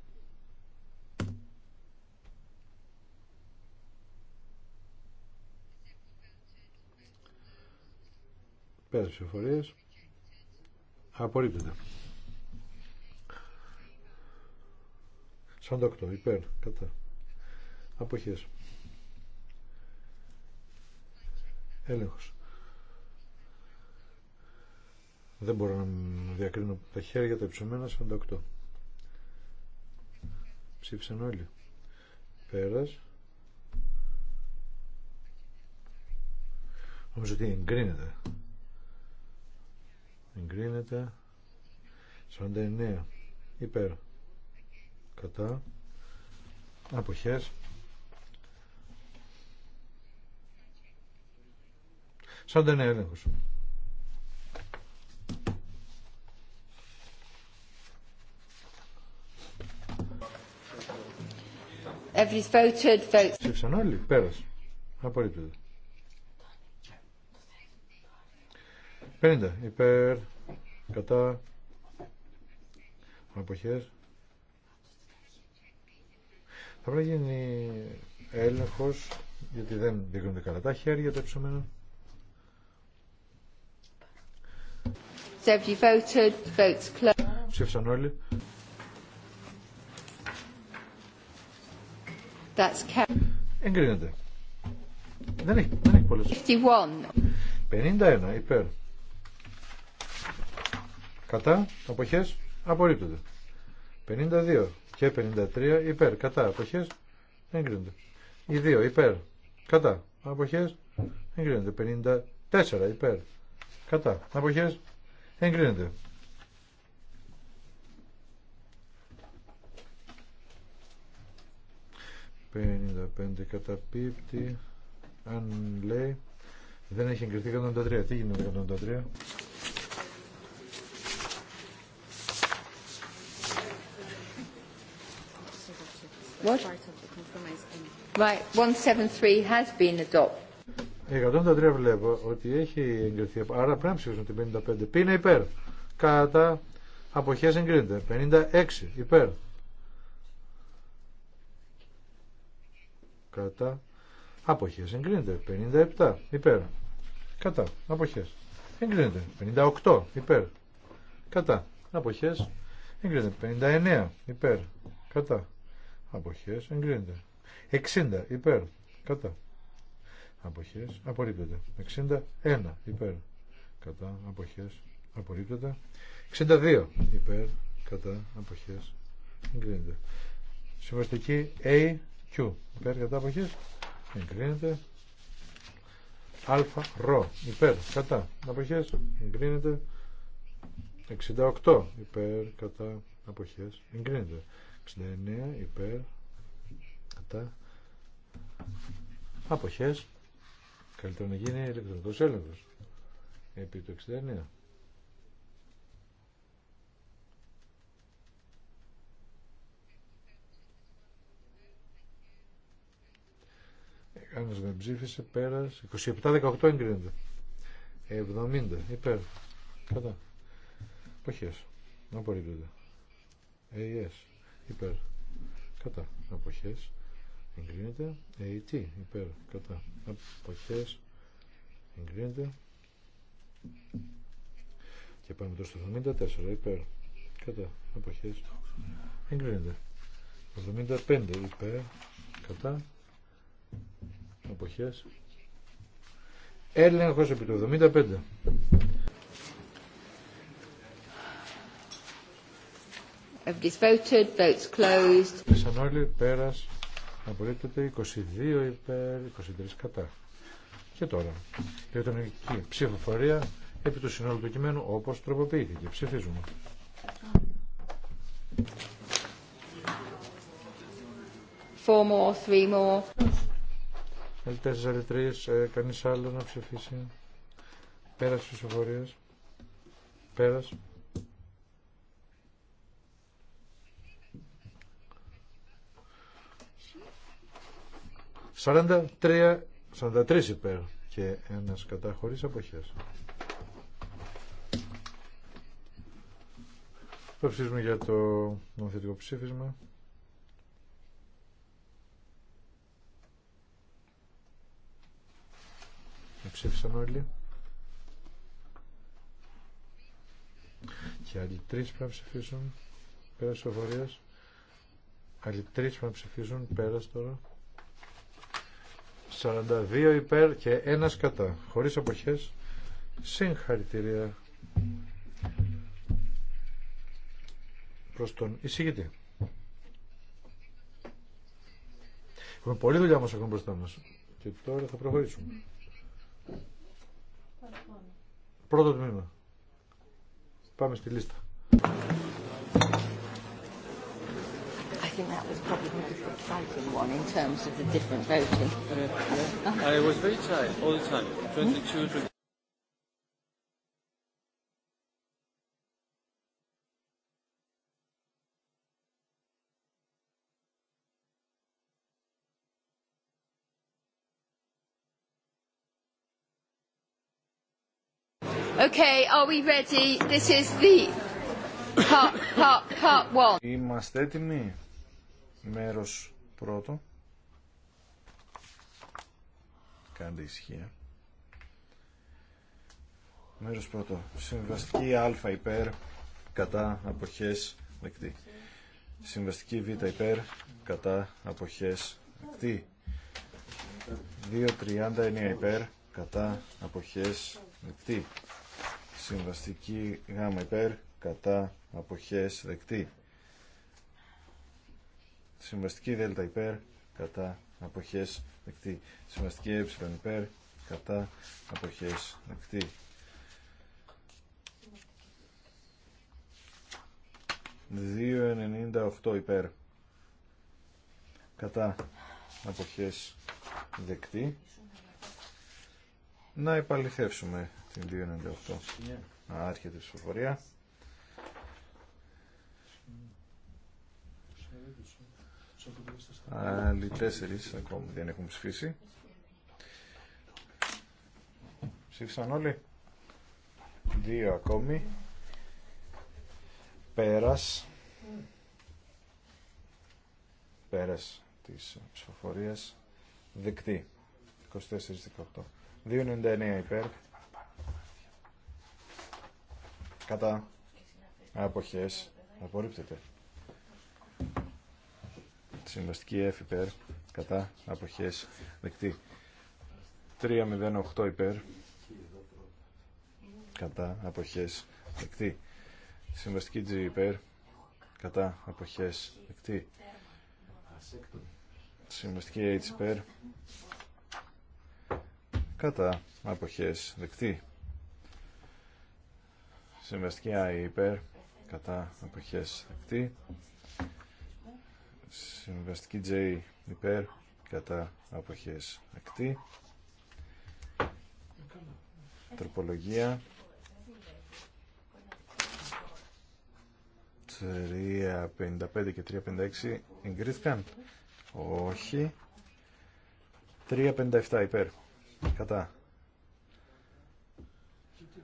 τις ψηφοφορίες. Απορρίπτεται. 48 υπέρ κατά αποχές έλεγχος δεν μπορώ να διακρίνω τα χέρια τα υψωμένα 48 ψήφισαν όλοι πέρας νομίζω ότι εγκρίνεται εγκρίνεται 49 υπέρ κατά αποχές 49 έλεγχος Everybody's voted, votes. Ψήφισαν όλοι, πέρασε. Απορρίπτεται. 50 υπέρ κατά αποχές θα πρέπει να γίνει έλεγχος γιατί δεν δείχνονται καλά τα χέρια τα ψωμένα Ψήφισαν όλοι. That's Εγκρίνεται. Δεν έχει, δεν έχει πολλές. 51. 51 υπέρ κατά αποχές απορρίπτονται 52 και 53 υπέρ κατά αποχές εγκρίνονται οι δύο υπέρ κατά αποχές εγκρίνονται 54 υπέρ κατά αποχές εγκρίνονται 55 κατά καταπίπτει, αν λέει, δεν έχει εγκριθεί 103. Τι γίνεται με What? 173 has been adopted. βλέπω ότι έχει εγκριθεί. Άρα πρέπει να ψηφίσουμε την 55. Πήνα υπέρ. Κατά αποχέ εγκρίνεται. 56 υπέρ. Κατά αποχέ εγκρίνεται. 57 υπέρ. Κατά αποχέ. εγκρίνεται. 58 υπέρ. Κατά απόχέ. εγκρίνεται. 59 υπέρ. Κατά Αποχές εγκρίνεται. 60 υπέρ. Κατά. Αποχές απορρίπτεται. 61 υπέρ. Κατά. Αποχές απορρίπτεται. 62 υπέρ. Κατά. Αποχές εγκρίνεται. Συμβαστική A, Q. Υπέρ κατά αποχές εγκρίνεται. Α, ρ, Υπέρ κατά αποχές εγκρίνεται. 68 υπέρ κατά αποχές εγκρίνεται. 69 υπέρ κατά αποχές καλύτερα να γίνει ηλεκτρονικός έλεγχος επί του 69 Ένας με ψήφισε, πέρας, 27-18 εγκρίνεται. 70, υπέρ, κατά. Αποχές, απορρίπτεται. Ε, υπέρ κατά αποχές εγκρίνεται AT ε, υπέρ κατά αποχές εγκρίνεται και πάμε τώρα στο 74 υπέρ κατά αποχές εγκρίνεται 75 υπέρ κατά αποχές έλεγχος επί το 75 Everybody's voted. Votes closed. Πέσαν όλοι πέρας. Απορρίπτεται 22 υπέρ 23 κατά. Και τώρα, η ηλεκτρονική ψηφοφορία επί του συνόλου του κειμένου όπως τροποποιήθηκε. Ψηφίζουμε. Four more, three more. Άλλη τέσσερις, άλλη τρεις, ε, κανείς άλλο να ψηφίσει. Πέρας ψηφοφορίες. Πέρας. 43, 43 υπέρ και ένας κατά χωρίς αποχές. Το ψήφισμα για το νομοθετικό ψήφισμα. Ψήφισαν όλοι. Και άλλοι τρεις πρέπει να ψηφίσουν πέρας της Άλλοι τρεις πρέπει να ψηφίσουν πέρας τώρα. 42 υπέρ και ένας κατά. Χωρίς αποχές. Συγχαρητήρια προς τον εισηγητή. Έχουμε πολλή δουλειά μας ακόμα μπροστά μας. Και τώρα θα προχωρήσουμε. Πρώτο τμήμα. Πάμε στη λίστα think that was probably the most exciting one in terms of the different voting. I was very tired all the time. 22 to Okay, are we ready? This is the part, part, part one. Είμαστε έτοιμοι μέρος πρώτο κάντε ησυχία μέρος πρώτο συμβαστική α υπέρ κατά αποχές δεκτή συμβαστική β υπέρ κατά αποχές δεκτή 2.39 υπέρ κατά αποχές δεκτή συμβαστική γ υπέρ κατά αποχές δεκτή Συμβαστική δέλτα υπέρ κατά αποχές δεκτή. Συμβαστική ε υπέρ κατά αποχές δεκτή. Δύο υπέρ κατά αποχές δεκτή. Να επαληθεύσουμε την 298. Να Άρχεται η ψηφοφορία. Άλλοι τέσσερις ακόμη δεν έχουν ψηφίσει. Ψήφισαν όλοι. Δύο ακόμη. Πέρας. Πέρας της ψηφοφορίας. Δεκτή. 24-18. 2,99 υπέρ. Κατά. Αποχές. Απορρίπτεται. Συμβαστική F υπέρ κατά αποχές δεκτή. είπαι. υπέρ κατά αποχές δεκτή. Συμβαστική G υπέρ κατά αποχές δεκτή. Συμβαστική H υπέρ κατά αποχές δεκτή. Συμβαστική I υπέρ κατά αποχές δεκτή. Συμβαστική J υπέρ κατά αποχές ακτή. Τροπολογία. 3.55 και 3.56 εγκρίθηκαν. Όχι. 3.57 υπέρ. Κατά.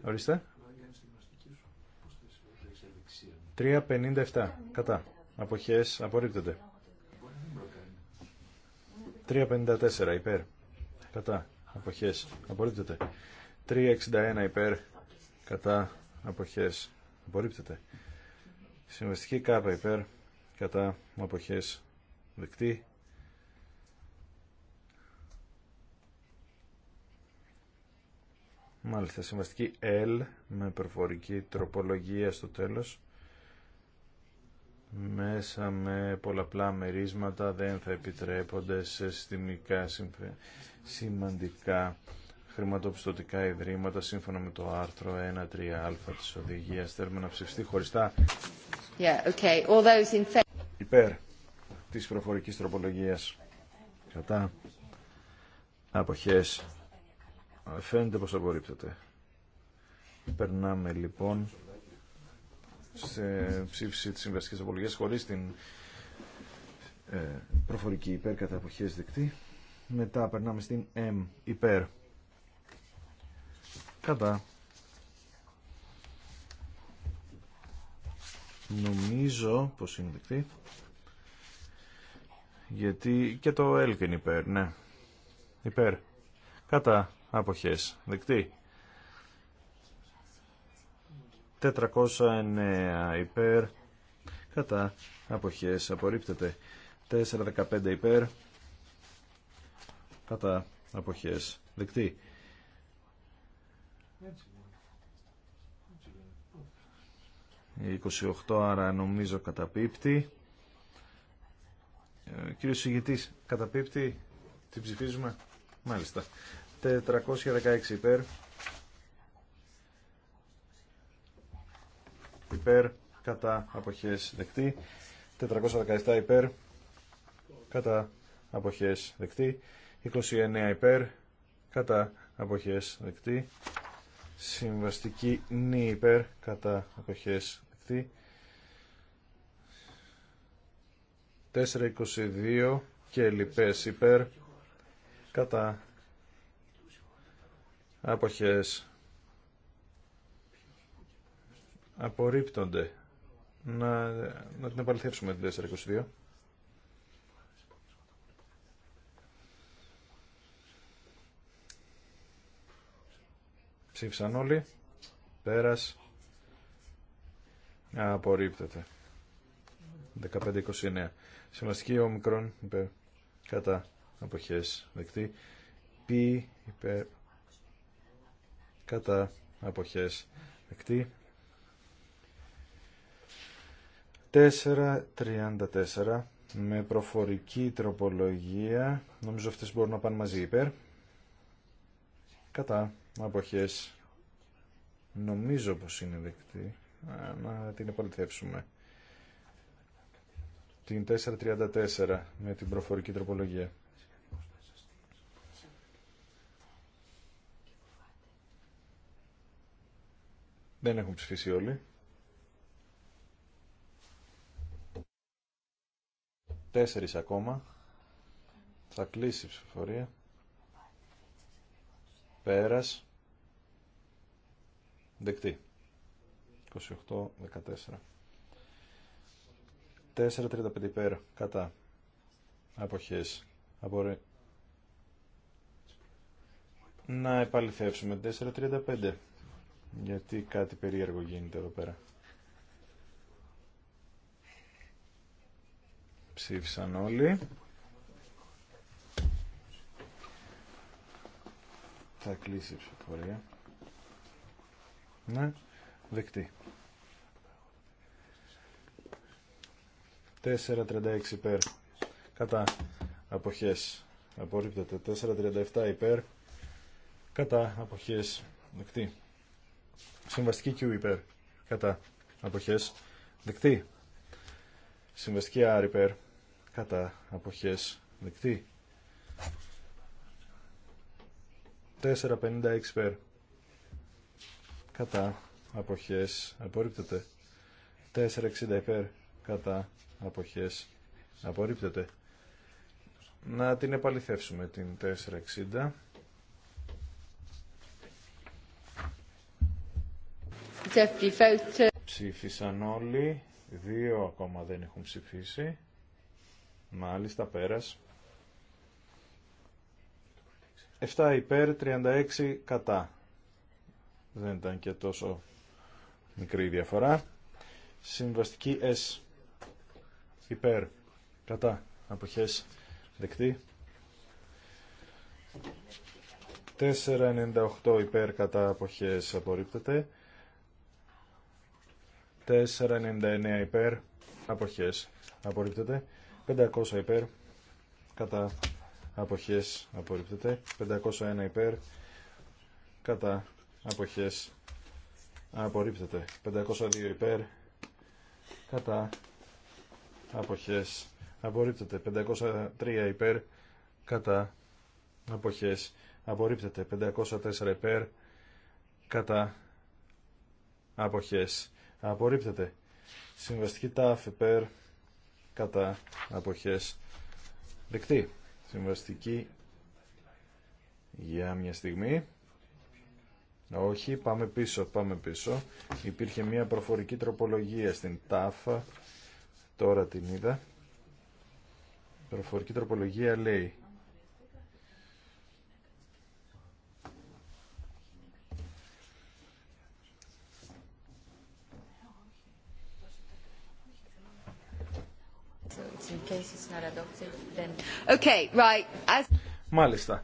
Ορίστε. 3.57 κατά. Αποχές απορρίπτονται. 354 υπέρ. Κατά. Αποχές. Απορρίπτεται. 361 υπέρ. Κατά. Αποχές. Απορρίπτεται. Συμβαστική κάπα υπέρ. Κατά. Αποχές. Δεκτή. Μάλιστα. Συμβαστική L με προφορική τροπολογία στο τέλος μέσα με πολλαπλά μερίσματα δεν θα επιτρέπονται σε συστημικά σημαντικά χρηματοπιστωτικά ιδρύματα σύμφωνα με το άρθρο 1.3α της οδηγίας. Θέλουμε να ψηφιστεί χωριστά yeah, okay. All those in... υπέρ της προφορικής τροπολογίας κατά αποχές. Φαίνεται πως απορρίπτεται. Περνάμε λοιπόν ψήφιση της συμβαστικής απολογίας χωρίς την ε, προφορική υπέρ κατά αποχές δεκτή. Μετά περνάμε στην M υπέρ κατά. Νομίζω πως είναι δεκτή. Γιατί και το L είναι υπέρ, ναι. Υπέρ. Κατά αποχές. Δεκτή. 409 υπέρ κατά αποχές απορρίπτεται 415 υπέρ κατά αποχές δεκτή 28 άρα νομίζω καταπίπτει ε, κύριο συγητής καταπίπτει την ψηφίζουμε μάλιστα 416 υπέρ υπέρ, κατά αποχές δεκτή. 417 υπέρ, κατά αποχές δεκτή. 29 υπέρ, κατά αποχές δεκτή. Συμβαστική νη υπέρ, κατά αποχές δεκτή. 422 και λοιπές υπέρ, κατά αποχές απορρίπτονται. Να, να την επαληθεύσουμε την 422. Ψήφισαν όλοι. Πέρας. Α, απορριπτεται 1529. 15-29. όμικρον υπέρ κατά αποχές δεκτή. Π υπέρ κατά αποχές δεκτή. 4.34 με προφορική τροπολογία. Νομίζω αυτές μπορούν να πάνε μαζί υπέρ. Κατά αποχές. Νομίζω πως είναι δεκτή. Να την επαληθεύσουμε. Την 4.34 με την προφορική τροπολογία. Δεν έχουν ψηφίσει όλοι. Τέσσερις ακόμα. Θα κλείσει η ψηφοφορία. Πέρας. Δεκτή. 28-14. 4-35 πέρα Κατά. Αποχές. Απορρέ... Να επαληθεύσουμε 4 4-35 γιατί κάτι περίεργο γίνεται εδώ πέρα. Ψήφισαν όλοι. Θα κλείσει η ψηφοφορία. Ναι, δεκτή. 4.36 υπέρ. Κατά αποχές. Απορρίπτεται. 4.37 υπέρ. Κατά αποχές. Δεκτή. Συμβαστική Q υπέρ. Κατά αποχές. Δεκτή. Συμβαστική R υπέρ κατά αποχές δεκτή 4.56 περ κατά αποχές απορρίπτεται 4.60 υπέρ κατά αποχές απορρίπτεται να την επαληθεύσουμε την 4.60 Ψήφισαν όλοι, δύο ακόμα δεν έχουν ψηφίσει. Μάλιστα, πέρας. 7 υπέρ, 36 κατά. Δεν ήταν και τόσο μικρή διαφορά. Συμβαστική S. Υπέρ, κατά, αποχές, δεκτή. 4,98 υπέρ κατά αποχές απορρίπτεται. 4,99 υπέρ αποχές απορρίπτεται. 500 υπέρ κατά αποχές απορρίπτεται 501 υπέρ κατά αποχές απορρίπτεται 502 υπέρ κατά αποχές απορρίπτεται 503 υπέρ κατά αποχές απορρίπτεται 504 υπέρ κατά αποχές απορρίπτεται συμβαστική τάφ υπέρ κατά αποχές δεκτή. Συμβαστική για μια στιγμή. Όχι, πάμε πίσω, πάμε πίσω. Υπήρχε μια προφορική τροπολογία στην ΤΑΦΑ, τώρα την είδα. Προφορική τροπολογία λέει Μάλιστα.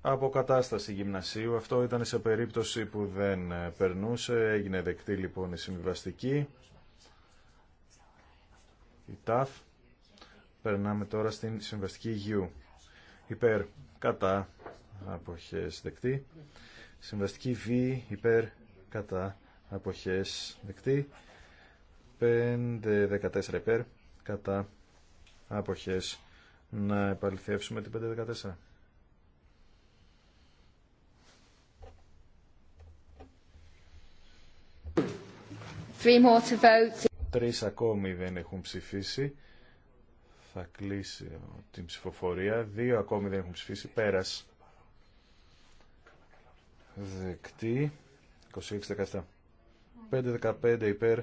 Αποκατάσταση γυμνασίου. Αυτό ήταν σε περίπτωση που δεν ε, περνούσε. Έγινε δεκτή λοιπόν η συμβιβαστική. Η ΤΑΦ. Περνάμε τώρα στην συμβαστική U. Υπέρ. Κατά. Αποχές δεκτή. Συμβαστική Β. Υπέρ. Κατά. Αποχές δεκτή. 5-14 υπέρ κατά αποχές να επαληθεύσουμε την 5-14. Τρεις ακόμη δεν έχουν ψηφίσει. Θα κλείσει την ψηφοφορία. Δύο ακόμη δεν έχουν ψηφίσει. Πέρας. Δεκτή. 26-17. 5-15 υπέρ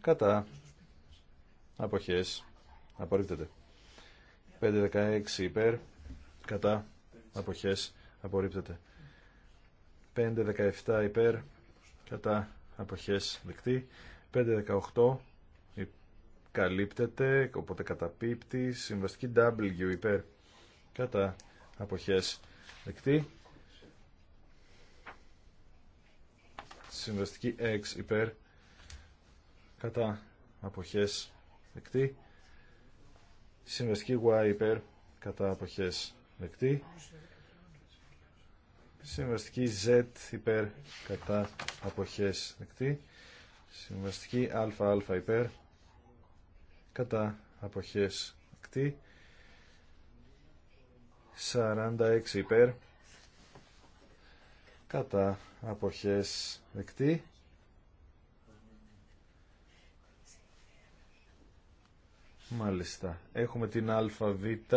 κατά αποχές 5.16 5-16 υπέρ κατά αποχές απορρίπτεται 5-17 υπέρ κατά αποχές δεκτή 5-18 καλύπτεται οπότε καταπίπτει συμβαστική W υπέρ κατά αποχές δεκτή συμβαστική X υπέρ κατά αποχές δεκτή συμβαστική Y υπέρ κατά αποχές δεκτή συμβαστική Z υπέρ κατά αποχές δεκτή συμβαστική ΑΑ υπέρ κατά αποχές δεκτή 46 υπέρ κατά αποχές δεκτή Μάλιστα. Έχουμε την ΑΒ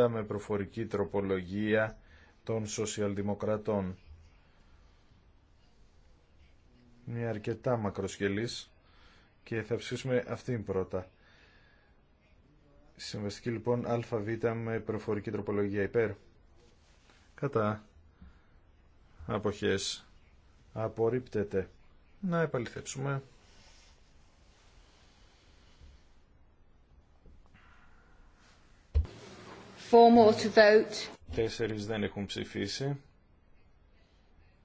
με προφορική τροπολογία των σοσιαλδημοκρατών. Μια αρκετά μακροσκελής και θα ψήσουμε αυτήν πρώτα. Συμβαστική λοιπόν ΑΒ με προφορική τροπολογία υπέρ. Κατά. Αποχές. Απορρίπτεται. Να επαληθεύσουμε. Τέσσερις δεν έχουν ψηφίσει.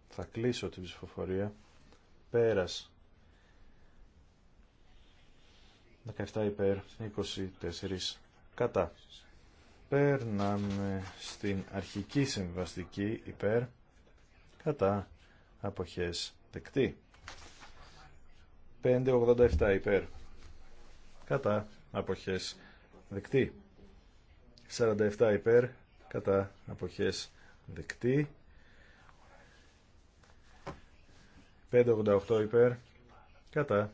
Θα κλείσω την ψηφοφορία. Πέρας. 17 υπέρ, 24 κατά. Περνάμε στην αρχική συμβαστική υπέρ, κατά, αποχές δεκτή. 5.87 υπέρ, κατά, αποχές δεκτή. 47 υπέρ κατά αποχές δεκτή 588 υπέρ κατά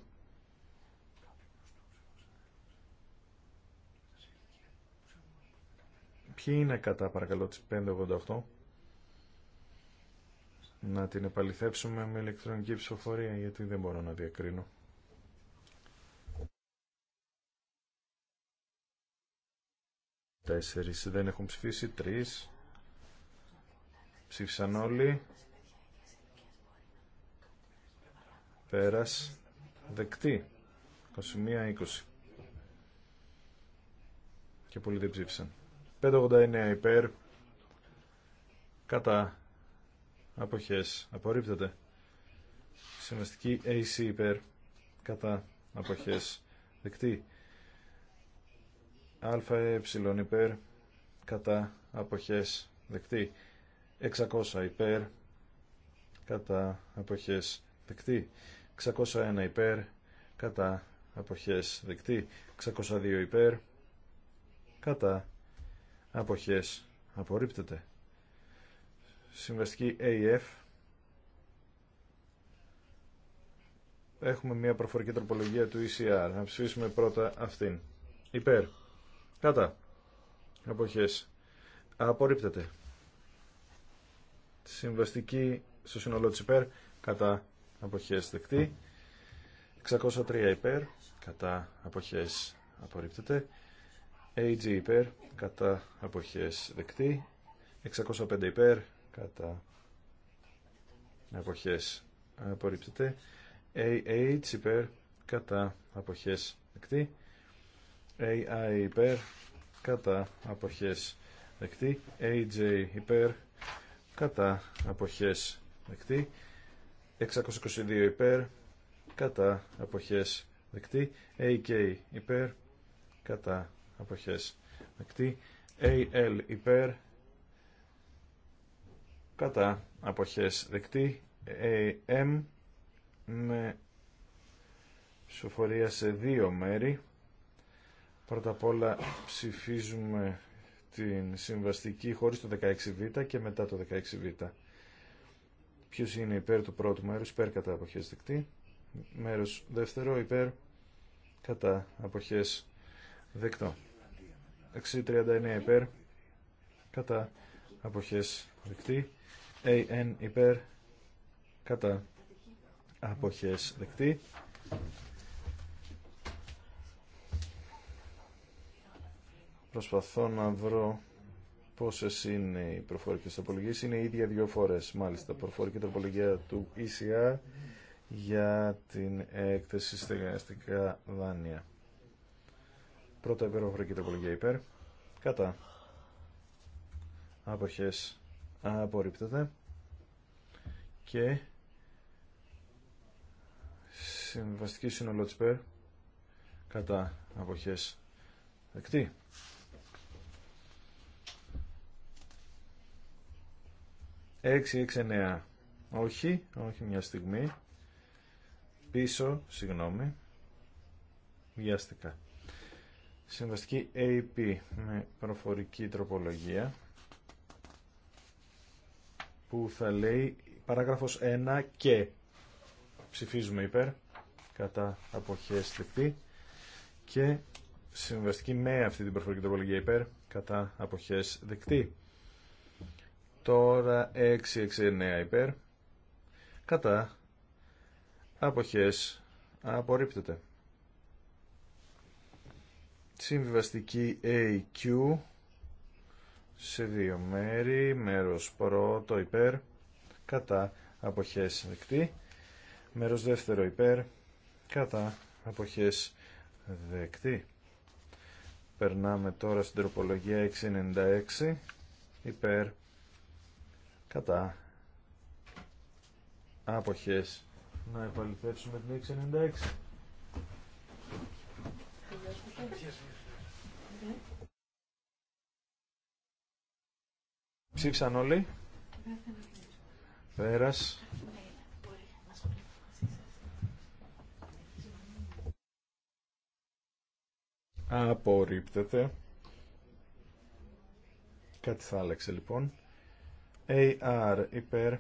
Ποιοι είναι κατά παρακαλώ τις 588 να την επαληθεύσουμε με ηλεκτρονική ψηφοφορία γιατί δεν μπορώ να διακρίνω Τέσσερις δεν έχουν ψηφίσει, τρεις. Ψήφισαν όλοι. Πέρας. Δεκτή. 21-20. Και πολλοί δεν ψήφισαν. 589 υπέρ. Κατά. Αποχές. Απορρίπτεται. Συμβαστική AC υπέρ. Κατά. Αποχές. Δεκτή. ΑΕ υπέρ κατά αποχές δεκτή. 600 υπέρ κατά αποχές δεκτή. 601 υπέρ κατά αποχές δεκτή. 602 υπέρ κατά αποχές απορρίπτεται. Συμβαστική AF Έχουμε μια προφορική τροπολογία του ECR. Να ψηφίσουμε πρώτα αυτήν. Υπέρ. Κατά. Αποχές. Απορρίπτεται. Συμβαστική στο σύνολό της υπέρ. Κατά. Αποχές δεκτή. 603 υπέρ. Κατά. Αποχές. Απορρίπτεται. AG υπέρ. Κατά. Αποχές δεκτή. 605 υπέρ. Κατά. Αποχές. Απορρίπτεται. AH υπέρ. Κατά. Αποχές δεκτή. AI υπέρ κατά αποχές δεκτή AJ υπέρ κατά αποχές δεκτή 622 υπέρ κατά αποχές δεκτή AK υπέρ κατά αποχές δεκτή AL υπέρ κατά αποχές δεκτή AM με σοφορία σε δύο μέρη Πρώτα απ' όλα ψηφίζουμε την συμβαστική χωρίς το 16β και μετά το 16β. Ποιος είναι υπέρ του πρώτου μέρους, υπέρ κατά αποχές δεκτή. Μέρος δεύτερο, υπέρ κατά αποχές δεκτό. 639 υπέρ κατά αποχές δεκτή. AN υπέρ κατά αποχές δεκτή. Προσπαθώ να βρω πόσες είναι οι προφορικές τροπολογίες. Είναι ίδια δύο φορές, μάλιστα. Προφορική τροπολογία του ECR για την έκθεση στεγαστικά δάνεια. Πρώτα προφορική τροπολογία υπέρ. Κατά. Αποχές απορρίπτεται. Και συμβαστική σύνολο της υπέρ. Κατά αποχές δεκτή. 9 Όχι, όχι μια στιγμή. Πίσω, συγγνώμη. Βιάστηκα. Συμβαστική AP με προφορική τροπολογία που θα λέει παράγραφος 1 και ψηφίζουμε υπέρ κατά αποχές δεκτή και συμβαστική με αυτή την προφορική τροπολογία υπέρ κατά αποχές δεκτή. Τώρα 669 υπέρ. Κατά. Αποχές. Απορρίπτεται. Συμβιβαστική AQ σε δύο μέρη. Μέρος πρώτο υπέρ. Κατά. Αποχές δεκτή. Μέρος δεύτερο υπέρ. Κατά. Αποχές δεκτή. Περνάμε τώρα στην τροπολογία 696 υπέρ κατά άποχες να επαληθεύσουμε την 696 Ψήφισαν όλοι. Πέρας. Απορρίπτεται. Κάτι θα άλλαξε λοιπόν. AR υπέρ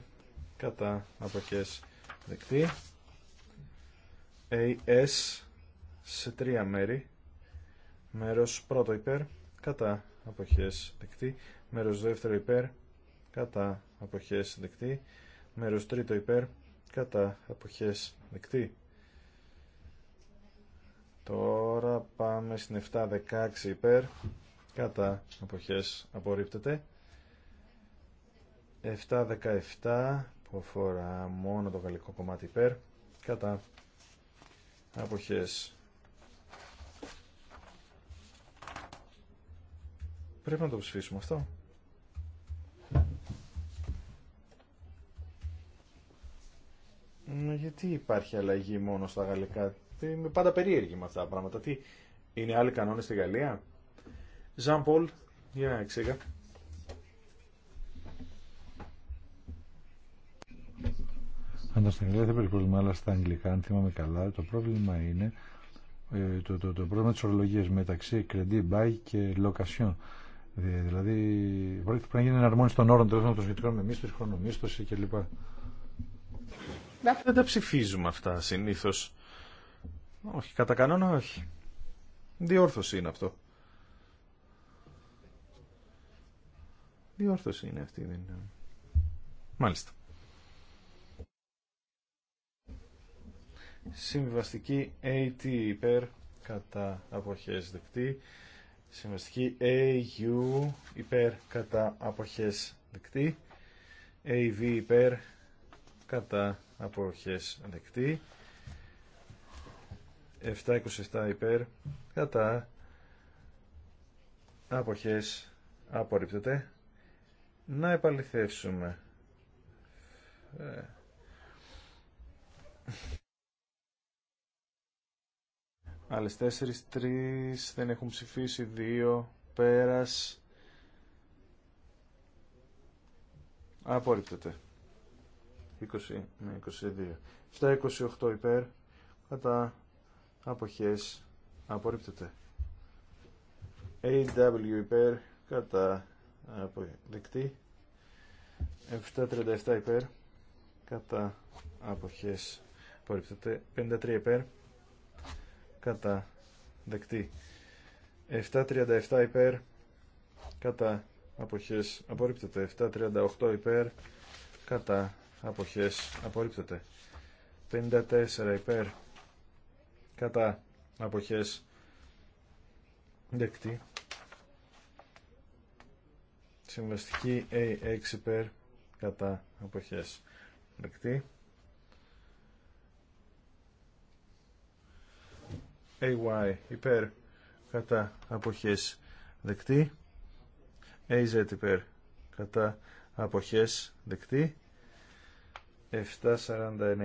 κατά αποχές δεκτή AS σε τρία μέρη μέρος πρώτο υπέρ κατά αποχές δεκτή μέρος δεύτερο υπέρ κατά αποχές δεκτή μέρος τρίτο υπέρ κατά αποχές δεκτή Τώρα πάμε στην 7-16 υπέρ κατά αποχές απορρίπτεται 7-17 που αφορά μόνο το γαλλικό κομμάτι υπέρ κατά αποχές Πρέπει να το ψηφίσουμε αυτό. Γιατί υπάρχει αλλαγή μόνο στα γαλλικά. Είμαι πάντα περίεργη με αυτά τα πράγματα. Τι, είναι άλλοι κανόνες στη Γαλλία. Ζαν Πολ, για να εξήγα. Αν στα αγγλικά δεν πρόβλημα, αλλά στα αγγλικά, αν θυμάμαι καλά, το πρόβλημα είναι ε, το, το, το πρόβλημα τη ορολογία μεταξύ credit buy και location. Ε, δηλαδή, πρέπει να γίνει εναρμόνιση των όρων των σχετικών με μίσθωση, χρονομίσθωση κλπ. Δεν τα ψηφίζουμε αυτά συνήθω. Όχι, κατά κανόνα όχι. Διόρθωση είναι αυτό. Διόρθωση είναι αυτή, Μάλιστα. Συμβαστική AT υπέρ κατά αποχές δεκτή. Συμβαστική AU υπέρ κατά αποχές δεκτή. AV υπέρ κατά αποχές δεκτή. 727 υπέρ κατά αποχές απορρίπτεται. Να επαληθεύσουμε. Ε. Άλλε 4-3, δεν έχουν ψηφίσει, 2 πέρα. Απορρίπτεται. 20 με 22. 7-28 υπέρ, κατά Αποχέ. απορρίπτεται. AW υπέρ, κατά αποδεκτή. 7-37 υπέρ, κατά απόχέ, απορρίπτεται. 53 υπέρ, κατά δεκτή 7.37 υπέρ κατά αποχές απορρίπτεται 7.38 υπέρ κατά αποχές απορρίπτεται 54 υπέρ κατά αποχές δεκτή συμβαστική A6 υπέρ κατά αποχές δεκτή AY υπέρ κατά αποχές δεκτή. AZ υπέρ κατά αποχές δεκτή. 749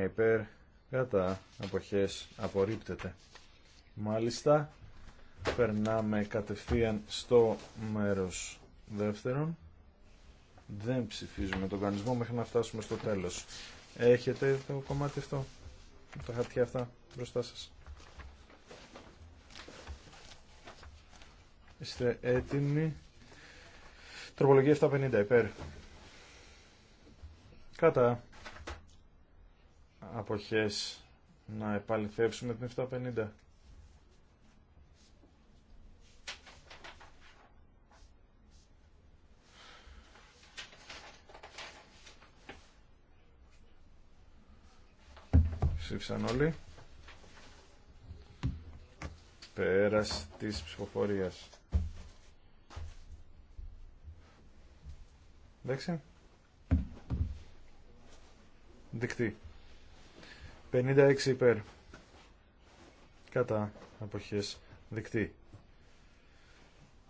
υπέρ κατά αποχές απορρίπτεται. Μάλιστα περνάμε κατευθείαν στο μέρος δεύτερον. Δεν ψηφίζουμε τον κανονισμό μέχρι να φτάσουμε στο τέλος. Έχετε το κομμάτι αυτό, τα χαρτιά αυτά μπροστά σας. Είστε έτοιμοι. Τροπολογία 750 υπέρ. Κατά αποχές να επαληθεύσουμε την 750. Ψήφισαν όλοι. Πέρας της ψηφοφορίας. Εντάξει. Δεκτή. 56 υπέρ. Κατά αποχές δεκτή.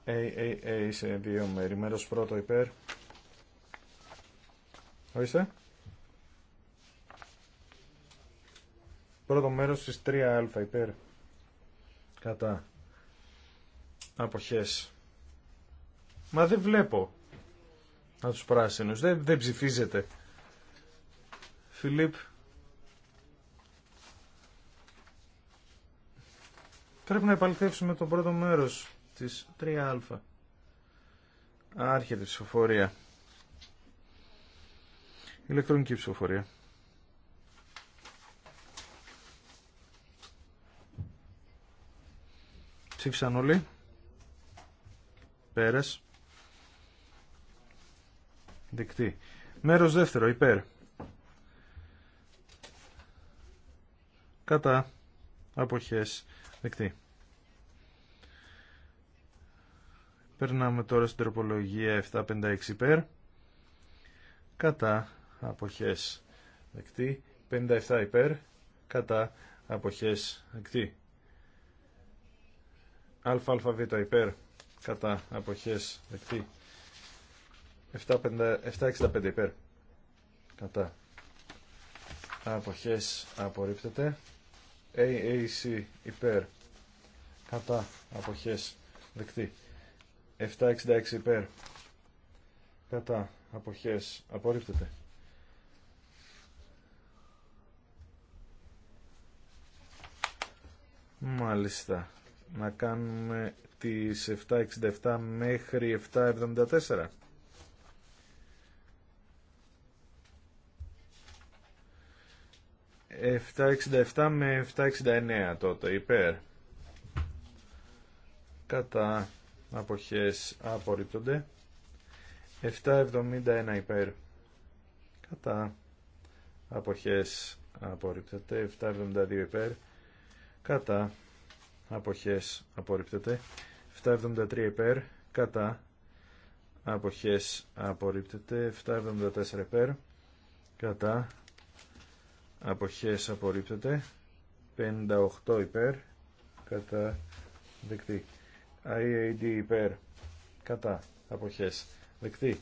AAA σε δύο μέρη. Μέρος πρώτο υπέρ. Ορίστε. Πρώτο μέρος στις 3α υπέρ κατά αποχές. Μα δεν βλέπω να τους πράσινους. Δεν, δεν ψηφίζεται. Φιλίπ. Πρέπει να επαληθεύσουμε το πρώτο μέρος της 3α. Άρχεται η ψηφοφορία. Ηλεκτρονική ψηφοφορία. Ψήφισαν όλοι. Πέρας. Δεκτή. Μέρος δεύτερο, υπέρ. Κατά. απόχέ, Δεκτή. Περνάμε τώρα στην τροπολογία 756 υπέρ. Κατά. Αποχές. Δεκτή. 57 υπέρ. Κατά. Αποχές. Δεκτή. ΑΑΒ υπέρ κατά αποχές δεκτή 765 υπέρ κατά αποχές απορρίπτεται AAC ε, ε, υπέρ κατά αποχές δεκτή 766 υπέρ κατά αποχές απορρίπτεται Μάλιστα να κάνουμε τις 7.67 μέχρι 7.74. ...7.67 με 7.69 τότε, υπέρ. Κατά αποχές απορρίπτονται. 7.71 υπέρ. Κατά αποχές απορρίπτεται. 7.72 υπέρ. Κατά αποχές απορρίπτεται 773 υπέρ κατά αποχές απορρίπτεται 774 υπέρ κατά αποχές απορρίπτεται 58 υπέρ κατά δεκτή IAD υπέρ κατά αποχές δεκτή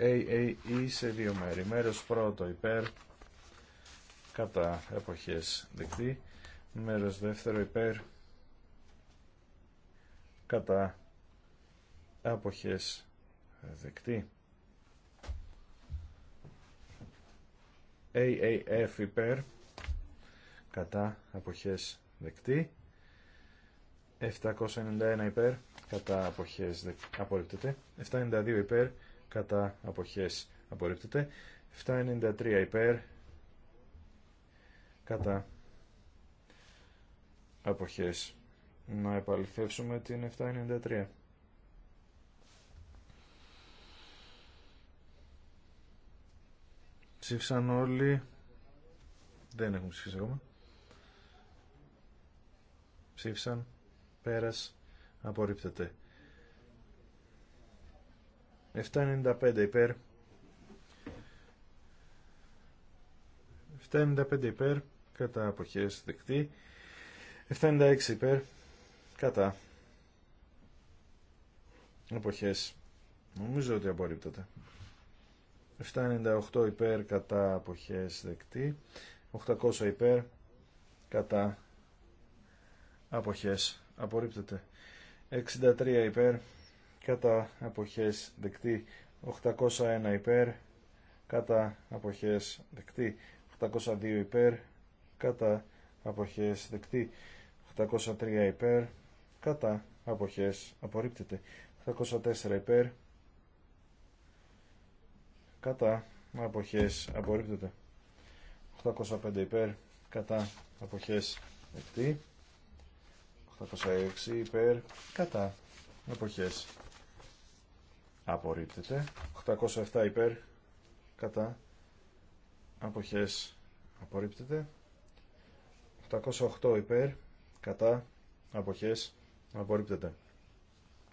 AAE σε δύο μέρη μέρος πρώτο υπέρ κατά εποχές δεκτή μέρος δεύτερο υπέρ κατά εποχές δεκτή AAF υπέρ κατά εποχές δεκτή 791 υπέρ κατά αποχές απορρίπτεται 792 υπέρ κατά αποχές απορρίπτεται 793 υπέρ κατά αποχές. Να επαληθεύσουμε την 793. Ψήφισαν όλοι. Δεν έχουμε ψηφίσει ακόμα. Ψήφισαν. Πέρας. Απορρίπτεται. 7.95 υπέρ. 7.95 υπέρ κατά αποχές δεκτή 76 υπέρ κατά αποχές νομίζω ότι απορρίπτεται 798 υπέρ κατά αποχές δεκτή 800 υπέρ κατά αποχές απορρίπτεται 63 υπέρ κατά αποχές δεκτή 801 υπέρ κατά αποχές δεκτή 802 υπέρ κατά αποχές δεκτή 803 υπέρ κατά αποχές απορρίπτεται 804 υπέρ κατά αποχές απορρίπτεται 805 υπέρ κατά αποχές δεκτή 806 υπέρ κατά αποχές απορρίπτεται 807 υπέρ κατά αποχές απορρίπτεται 808 υπέρ, κατά, αποχές, απορρίπτεται.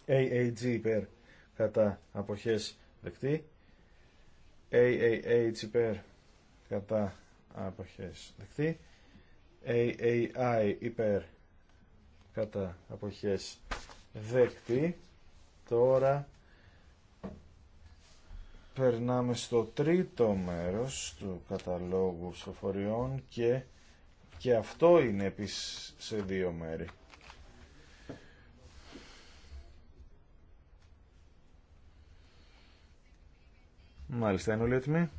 AAG υπέρ, κατά, αποχές, δεκτή. AAH υπέρ, κατά, αποχές, δεκτή. AAI υπέρ, κατά, αποχές, δεκτή. Τώρα περνάμε στο τρίτο μέρος του καταλόγου ψηφοφοριών και και αυτό είναι επίσης σε δύο μέρη. Μάλιστα, είναι όλοι έτοιμοι.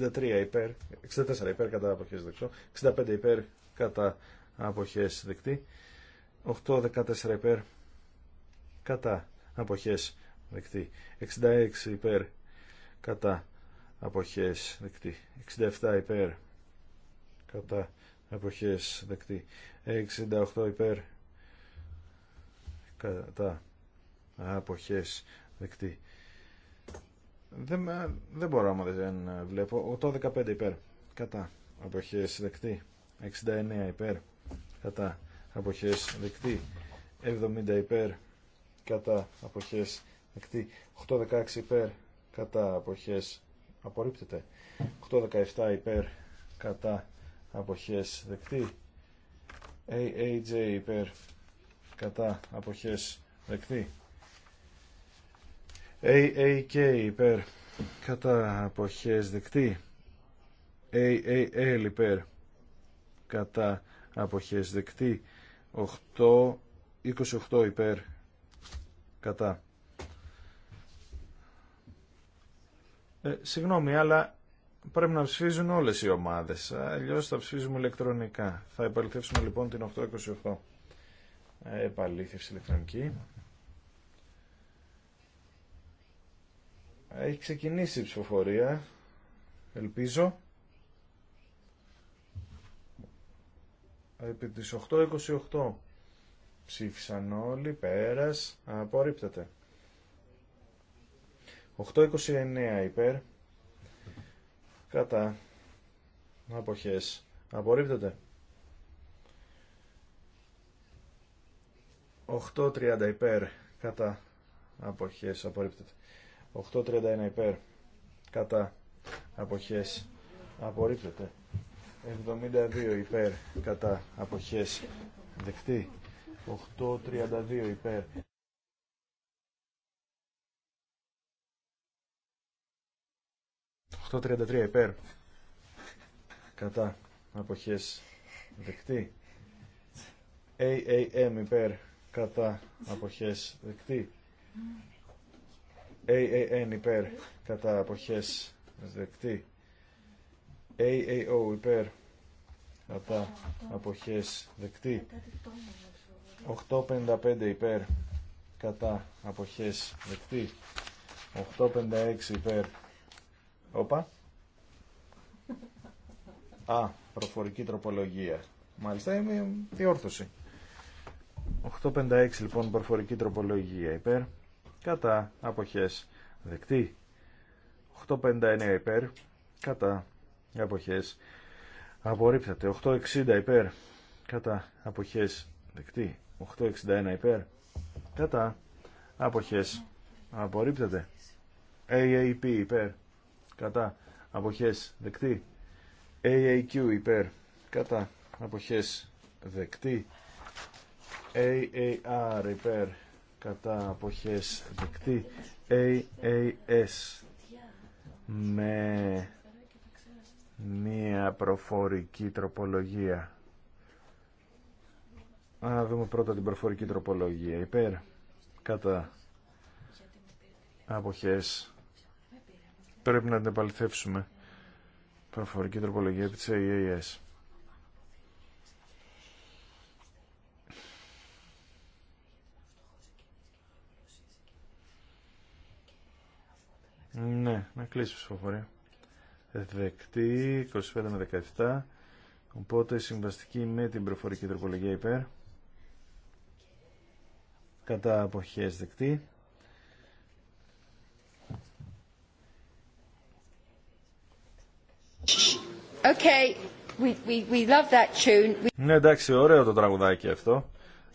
63 υπέρ, 64 υπέρ κατά αποχές δεκτό, 65 υπέρ κατά αποχές δεκτή, 8-14 υπέρ κατά αποχές δεκτή, 66 υπέρ κατά αποχές δεκτή 67 υπέρ κατά αποχές δεκτή 68 υπέρ κατά αποχές δεκτή δεν, δεν μπορώ άμα δεν βλέπω το 15 υπέρ κατά αποχές δεκτή 69 υπέρ κατά αποχές δεκτή 70 υπέρ κατά αποχές δεκτή 816 υπέρ κατά αποχές απορρίπτεται 817 υπέρ κατά αποχές δεκτή AAJ ε, υπέρ κατά αποχές δεκτή AAK ε, υπέρ κατά αποχές δεκτή AAL ε, υπέρ κατά αποχές δεκτή 8, 28 υπέρ κατά Ε, συγγνώμη, αλλά πρέπει να ψηφίζουν όλες οι ομάδες. Αλλιώ θα ψηφίζουμε ηλεκτρονικά. Θα επαληθεύσουμε λοιπόν την 828. Ε, επαλήθευση ηλεκτρονική. Έχει ξεκινήσει η ψηφοφορία. Ελπίζω. Επί τις 8.28 ψήφισαν όλοι, πέρας, απορρίπτεται. 829 υπέρ κατά αποχές απορρίπτεται 830 υπέρ κατά αποχές απορρίπτεται 831 υπέρ κατά αποχές απορρίπτεται 72 υπέρ κατά αποχές δεκτή 832 υπέρ 8.33 υπέρ. Κατά. Αποχές. Δεκτή. AAM υπέρ. Κατά. Αποχές. Δεκτή. AAN υπέρ. Κατά. Αποχές. Δεκτή. AAO υπέρ. Κατά. Αποχές. Δεκτή. 8.55 υπέρ. Κατά. Αποχές. Δεκτή. 8.56 υπέρ Όπα. Α, προφορική τροπολογία. Μάλιστα, είμαι διόρθωση. 856 λοιπόν προφορική τροπολογία υπέρ. Κατά αποχές δεκτή. 859 υπέρ. Κατά αποχές απορρίπτεται. 860 υπέρ. Κατά αποχές δεκτή. 861 υπέρ. Κατά αποχές απορρίπτεται. AAP υπέρ κατά αποχές δεκτή AAQ υπέρ κατά αποχές δεκτή AAR υπέρ κατά αποχές δεκτή AAS με μία προφορική τροπολογία Α, δούμε πρώτα την προφορική τροπολογία υπέρ κατά αποχές πρέπει να την επαληθεύσουμε. Προφορική τροπολογία επί της AAS. Ναι, να κλείσει η ψηφοφορία. Δεκτή, 25 με 17. Οπότε συμβαστική με την προφορική τροπολογία υπέρ. Κατά αποχές δεκτή. Okay. We, we, we love that tune. Ναι, εντάξει, ωραίο το τραγουδάκι αυτό.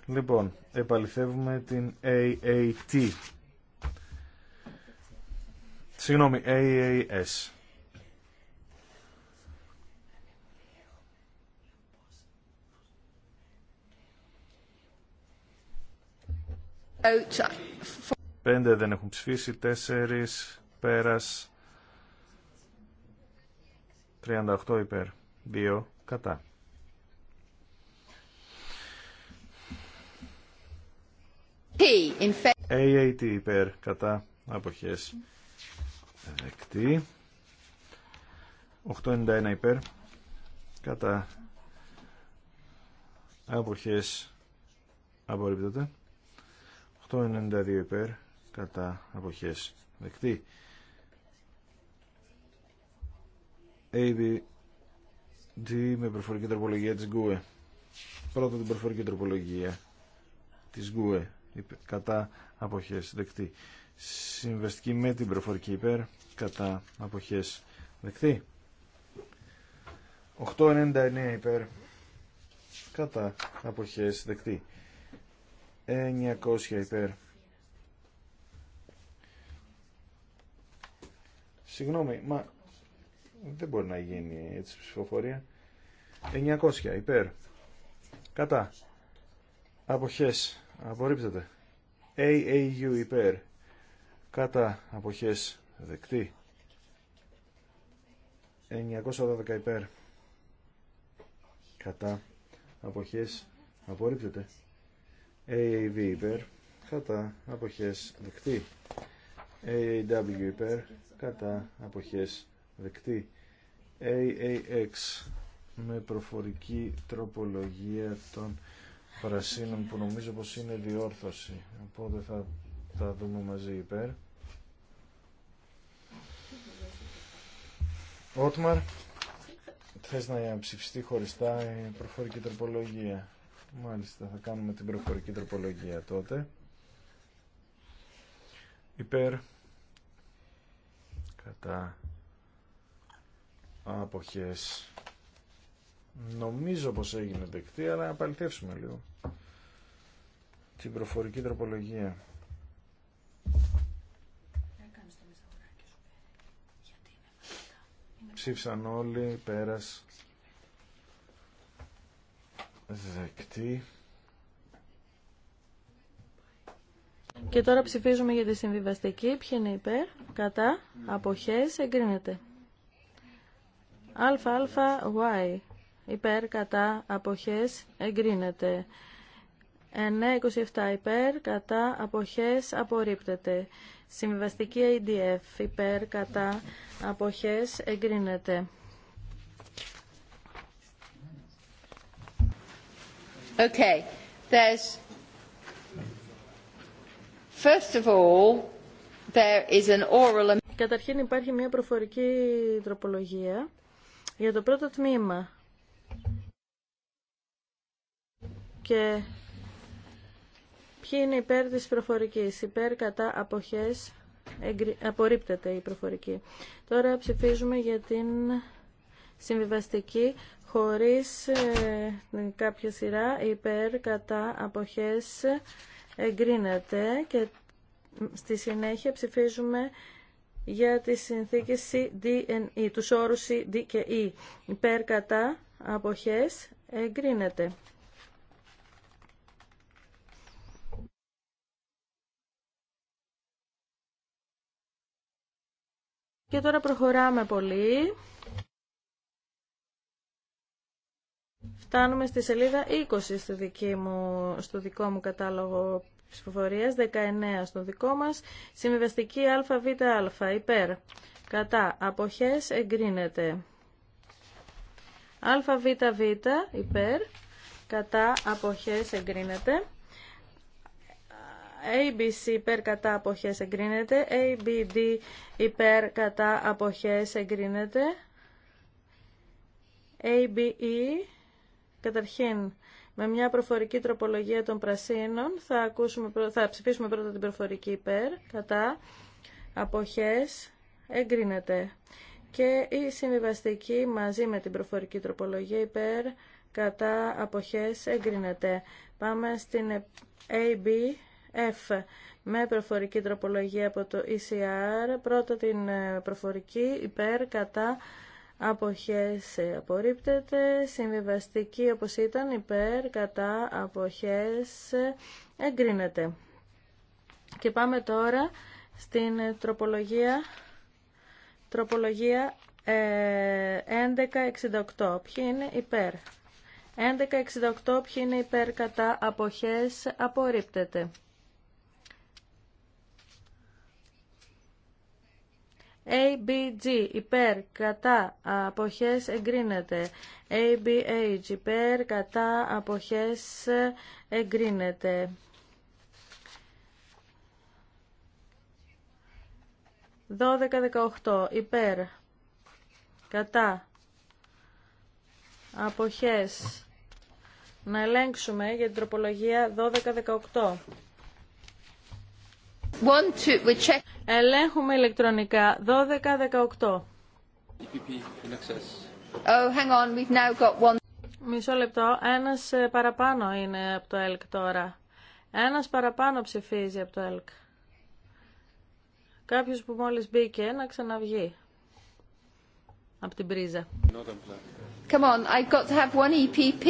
Λοιπόν, επαληθεύουμε την AAT. Συγγνώμη, AAS. Πέντε δεν έχουν ψηφίσει, τέσσερις, πέρας, 38 υπέρ. 2 κατά. AAT ε, υπέρ κατά αποχές δεκτή 891 υπέρ κατά αποχές απορρίπτεται 892 υπέρ κατά αποχές δεκτή ABD με προφορική τροπολογία της ΓΚΟΕ. Πρώτα την προφορική τροπολογία της ΓΚΟΕ. Κατά αποχές δεκτή. Συμβεστική με την προφορική υπέρ. Κατά αποχές δεκτή. 8.99 υπέρ. Κατά αποχές δεκτή. 900 υπέρ. Συγγνώμη, μα δεν μπορεί να γίνει έτσι ψηφοφορία. 900 υπέρ. Κατά. Αποχές. Απορρίπτεται. AAU υπέρ. Κατά. Αποχές. Δεκτή. 912 υπέρ. Κατά. Αποχές. Απορρίπτεται. AAV υπέρ. Κατά. Αποχές. Δεκτή. AAW υπέρ. Κατά. Αποχές δεκτή AAX με προφορική τροπολογία των πρασίνων που νομίζω πως είναι διόρθωση οπότε θα τα δούμε μαζί υπέρ Ότμαρ θες να ψηφιστεί χωριστά η προφορική τροπολογία μάλιστα θα κάνουμε την προφορική τροπολογία τότε υπέρ κατά αποχές νομίζω πως έγινε δεκτή αλλά να παληθεύσουμε λίγο την προφορική τροπολογία ψήφισαν όλοι πέρας δεκτή και τώρα ψηφίζουμε για τη συμβιβαστική ποιοι είναι υπέρ κατά αποχές εγκρίνεται ΑΑΙ υπέρ κατά αποχές εγκρίνεται. 927 υπέρ κατά αποχές απορρίπτεται. Συμβιβαστική ADF υπέρ κατά αποχές εγκρίνεται. Okay, there's first of all there is an oral. Καταρχήν υπάρχει μια προφορική τροπολογία για το πρώτο τμήμα και ποιοι είναι υπέρ της προφορικής υπέρ κατά αποχές απορρίπτεται η προφορική τώρα ψηφίζουμε για την συμβιβαστική χωρίς ε, κάποια σειρά υπέρ κατά αποχές εγκρίνεται και στη συνέχεια ψηφίζουμε για τις συνθήκες CDE, τους όρους CD και E. Υπέρ κατά αποχές εγκρίνεται. Και τώρα προχωράμε πολύ. Φτάνουμε στη σελίδα 20 στο, μου, στο δικό μου κατάλογο Ψηφοφορία 19 στο δικό μα. συμβιβαστική αβα υπέρ, κατά, απόχέ εγκρίνεται. αββ υπέρ, κατά, απόχέ, εγκρίνεται. ABC υπέρ κατά αποχές εγκρίνεται, ABD υπέρ κατά αποχές εγκρίνεται, ABE καταρχήν με μια προφορική τροπολογία των πρασίνων. Θα, ακούσουμε, θα ψηφίσουμε πρώτα την προφορική υπέρ, κατά, αποχές, εγκρίνεται. Και η συμβιβαστική μαζί με την προφορική τροπολογία υπέρ, κατά, αποχές, εγκρίνεται. Πάμε στην ε, ABF με προφορική τροπολογία από το ECR. Πρώτα την ε, προφορική υπέρ, κατά, αποχές ε, απορρίπτεται, συμβιβαστική όπως ήταν υπέρ, κατά, αποχές ε, εγκρίνεται. Και πάμε τώρα στην ε, τροπολογία, τροπολογία ε, 1168. Ποιοι είναι υπέρ. 1168 ποιοι είναι υπέρ κατά αποχές απορρίπτεται. ABG υπέρ κατά αποχές εγκρίνεται. ABH υπέρ κατά αποχές εγκρίνεται. 12-18 υπέρ κατά αποχές να ελέγξουμε για την τροπολογία 12-18. Ελέγχουμε ηλεκτρονικά. 12-18. Oh, hang on. We've now got one... Μισό λεπτό. Ένας ε, παραπάνω είναι από το ΕΛΚ τώρα. Ένας παραπάνω ψηφίζει από το ΕΛΚ. Κάποιος που μόλις μπήκε να ξαναβγεί από την πρίζα. Come on, I've got to have one EPP.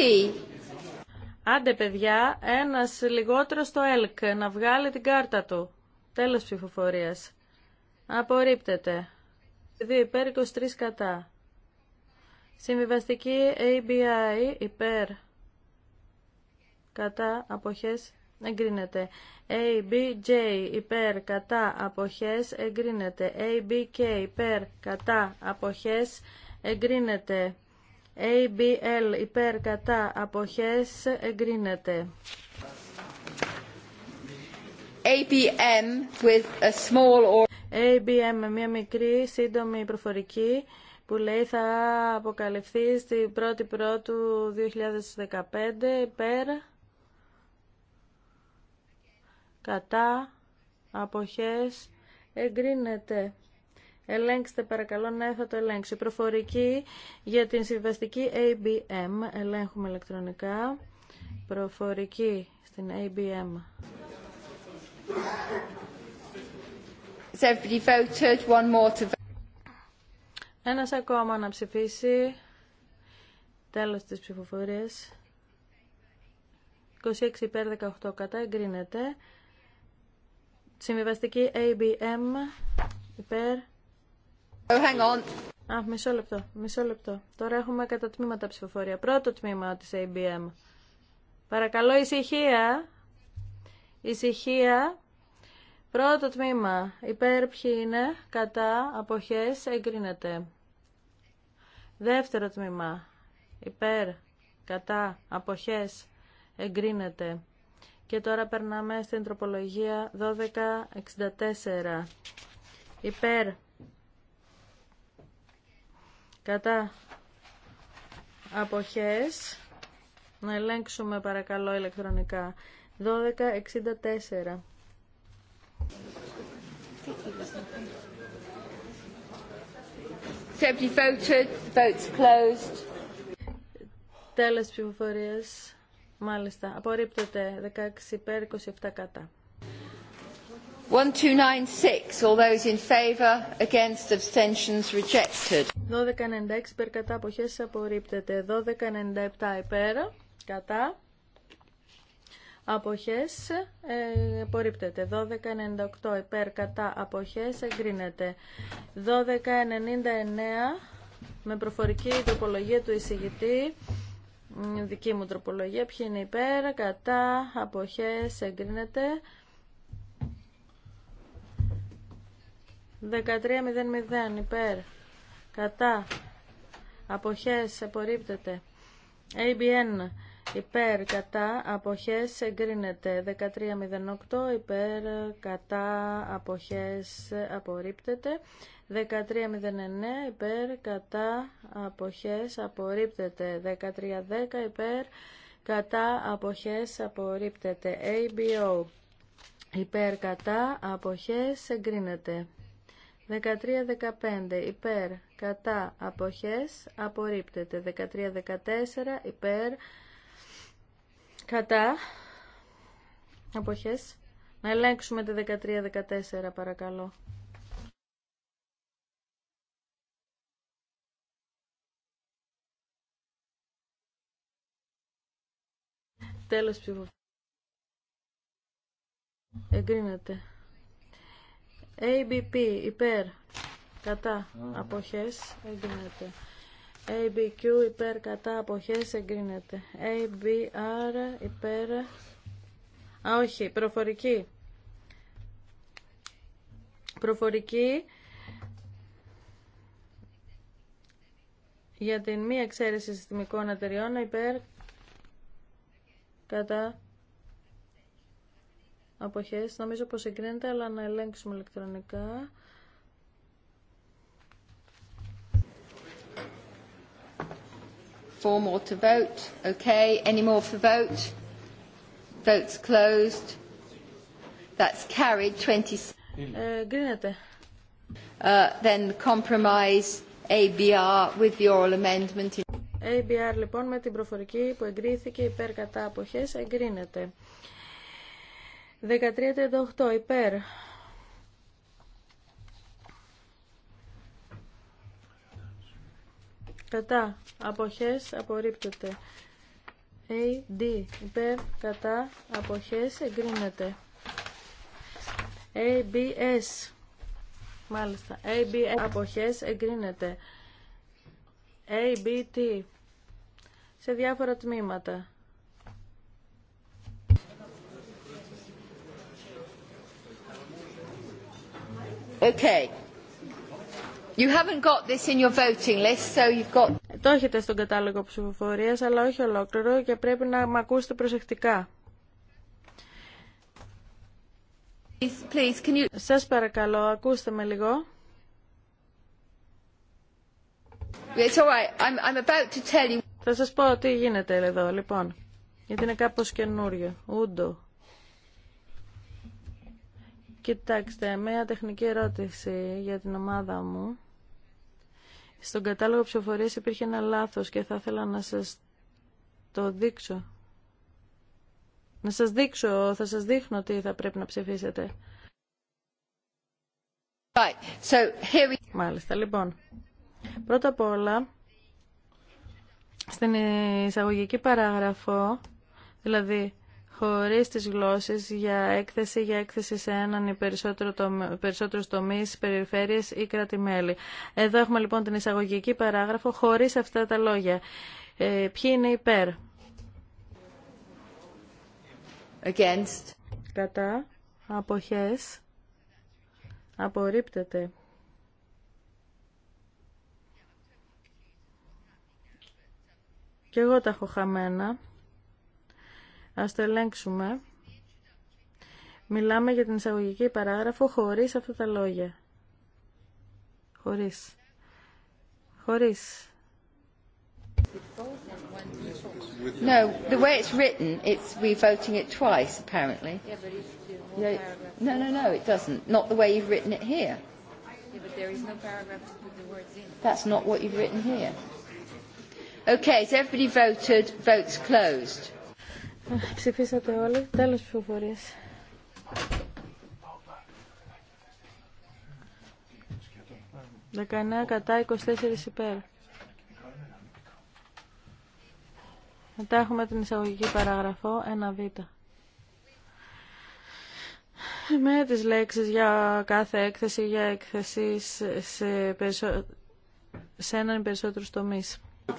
Άντε παιδιά, ένας λιγότερο στο ΕΛΚ να βγάλει την κάρτα του. Τέλος ψηφοφορίας. Απορρίπτεται. 2 υπέρ, 23 κατά. Συμβιβαστική ABI υπέρ κατά αποχές εγκρίνεται. ABJ υπέρ κατά αποχές εγκρίνεται. ABK υπέρ κατά αποχές εγκρίνεται. ABL υπέρ κατά αποχές εγκρίνεται. ABM with ABM, μια μικρή σύντομη προφορική που λέει θα αποκαλυφθεί στην 1η Πρώτου 2015 υπέρ κατά αποχές εγκρίνεται. Ελέγξτε παρακαλώ, να θα το ελέγξει. προφορική για την συμβαστική ABM, ελέγχουμε ηλεκτρονικά, προφορική στην ABM. Ένας ακόμα να ψηφίσει. Τέλος της ψηφοφορίας. 26 υπέρ 18 κατά εγκρίνεται. Συμβιβαστική ABM υπέρ. Oh, hang on. Α, μισό λεπτό, μισό λεπτό. Τώρα έχουμε κατά τμήματα ψηφοφορία. Πρώτο τμήμα της ABM. Παρακαλώ ησυχία. Ησυχία. Πρώτο τμήμα. Υπέρ ποιοι είναι. Κατά. Αποχές. Εγκρίνεται. Δεύτερο τμήμα. Υπέρ. Κατά. Αποχές. Εγκρίνεται. Και τώρα περνάμε στην τροπολογία 1264. Υπέρ. Κατά. Αποχές. Να ελέγξουμε παρακαλώ ηλεκτρονικά. 1264. Voted, votes closed. Τέλος Μάλιστα. Απορρίπτεται 16 υπέρ 27 κατά. 1296, all those in favor, against abstentions rejected. 1296 υπέρ κατά αποχές απορρίπτεται. 1297 υπέρ κατά αποχές ε, απορρίπτεται. 12.98 υπέρ κατά αποχές εγκρίνεται. 12.99 με προφορική τροπολογία του εισηγητή δική μου τροπολογία ποιοι είναι υπέρ, κατά, αποχές, εγκρίνεται 13.00 υπέρ, κατά, αποχές, απορρίπτεται ABN Υπέρ, κατά, αποχές, εγκρίνεται. 1308, υπέρ, κατά, αποχές, απορρίπτεται. 1309, υπέρ, κατά, αποχές, απορρίπτεται. 1310, υπέρ, κατά, αποχές, απορρίπτεται. ABO, υπέρ, κατά, αποχές, 1315. 13-15 υπέρ κατά αποχές απορρίπτεται 13-14 υπέρ Κατά. Αποχές. Να ελέγξουμε τη 13-14 παρακαλώ. Τέλος ψηφοφορία. Εγκρίνεται. ABP υπέρ κατά αποχές εγκρίνεται. ABQ υπέρ κατά αποχές εγκρίνεται. ABR υπέρ... Α, όχι, προφορική. Προφορική για την μη εξαίρεση συστημικών εταιριών υπέρ κατά αποχές. Νομίζω πως εγκρίνεται, αλλά να ελέγξουμε ηλεκτρονικά. for more to vote. Okay. Any more for vote? Votes closed. That's carried. 20. Uh, Then compromise ABR with the oral amendment. ABR λοιπόν με την προφορική που εγκρίθηκε υπέρ κατά αποχές εγκρίνεται. 1338 υπέρ κατά αποχές απορρίπτεται AD υπέρ κατά αποχές εγκρίνεται ABS μάλιστα ABS αποχές εγκρίνεται ABT σε διάφορα τμήματα Okay. You haven't got this in your voting list, so you've got... Το έχετε στον κατάλογο ψηφοφορίας, αλλά όχι ολόκληρο και πρέπει να με ακούσετε προσεκτικά. Please, please, can you... Σας παρακαλώ, ακούστε με λίγο. It's all right. I'm, I'm about to tell you... Θα σας πω τι γίνεται εδώ, λοιπόν. Γιατί είναι κάπως καινούριο. Ούντο. Κοιτάξτε, μια τεχνική ερώτηση για την ομάδα μου. Στον κατάλογο ψηφοφορίας υπήρχε ένα λάθος και θα ήθελα να σας το δείξω. Να σας δείξω, θα σας δείχνω τι θα πρέπει να ψηφίσετε. So, here we... Μάλιστα, λοιπόν. Πρώτα απ' όλα, στην εισαγωγική παράγραφο, δηλαδή χωρίς τις γλώσσες για έκθεση για έκθεση σε έναν ή περισσότερο τομεί περισσότερους τομείς, περιφέρειες ή κράτη-μέλη. Εδώ έχουμε λοιπόν την εισαγωγική παράγραφο χωρίς αυτά τα λόγια. Ε, ποιοι είναι υπέρ. Against. Κατά. Αποχές. Απορρίπτεται. Και εγώ τα έχω χαμένα. Ας το ελέγξουμε. Μιλάμε για την εισαγωγική παράγραφο χωρίς αυτά τα λόγια. Χωρίς. Χωρίς. No, the way it's written, it's voting it twice, apparently. Yeah, but it's No, no, no, it doesn't. Not the way you've written it here. Yeah, but there is no paragraph to put the words in. That's not what you've written here. Okay, so everybody voted. Votes closed. Ψηφίσατε όλοι. Τέλος ψηφοφορίας. 19 κατά 24 υπέρ. Μετά έχουμε την εισαγωγική παραγραφό 1β. Με τις λέξεις για κάθε έκθεση, για έκθεση σε, σε έναν περισσότερους τομείς. Oh,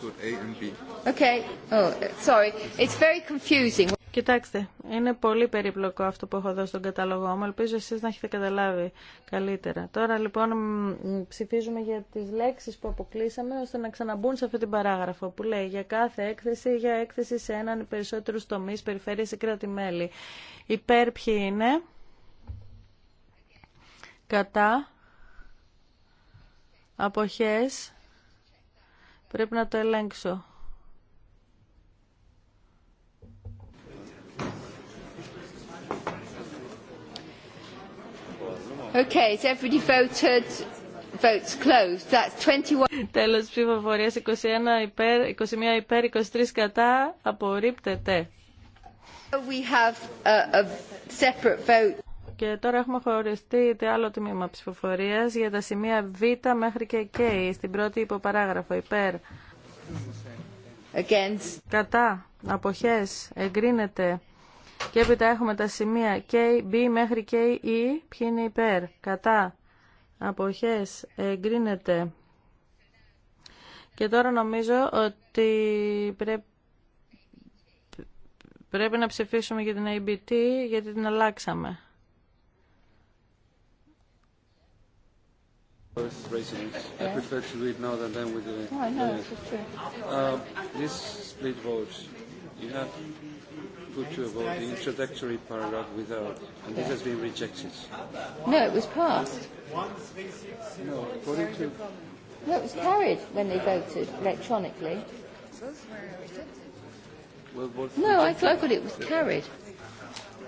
Κοιτάξτε, είναι πολύ περίπλοκο αυτό που έχω εδώ στον καταλογό μου. Ελπίζω εσείς να έχετε καταλάβει καλύτερα. Τώρα λοιπόν ψηφίζουμε για τις λέξεις που αποκλείσαμε ώστε να ξαναμπούν σε αυτή την παράγραφο που λέει για κάθε έκθεση, για έκθεση σε έναν ή περισσότερους τομείς, περιφέρειες ή κράτη-μέλη. Υπέρ ποιοι είναι, κατά, αποχές, Πρέπει να το ελέγξω. Okay, is everybody voted. Votes closed. That's 21. Τέλος ψηφοφορίας 21 υπέρ, 21 υπέρ, 23 κατά, απορρίπτεται. We have a, a separate vote. Και τώρα έχουμε χωριστεί άλλο τμήμα ψηφοφορία για τα σημεία Β μέχρι και K στην πρώτη υποπαράγραφο. Υπέρ. Κατά. Αποχές. Εγκρίνεται. Και έπειτα έχουμε τα σημεία K, B μέχρι K, E. Ποιοι είναι υπέρ. Κατά. Αποχές. Εγκρίνεται. Και τώρα νομίζω ότι πρέπει Πρέπει να ψηφίσουμε για την ABT γιατί την αλλάξαμε. I prefer to now than then with the. Oh, this true. This split vote, you have put to a vote the introductory paragraph without, and this has been rejected. No, it was passed. No, it was carried when they voted electronically. No, I thought it was carried.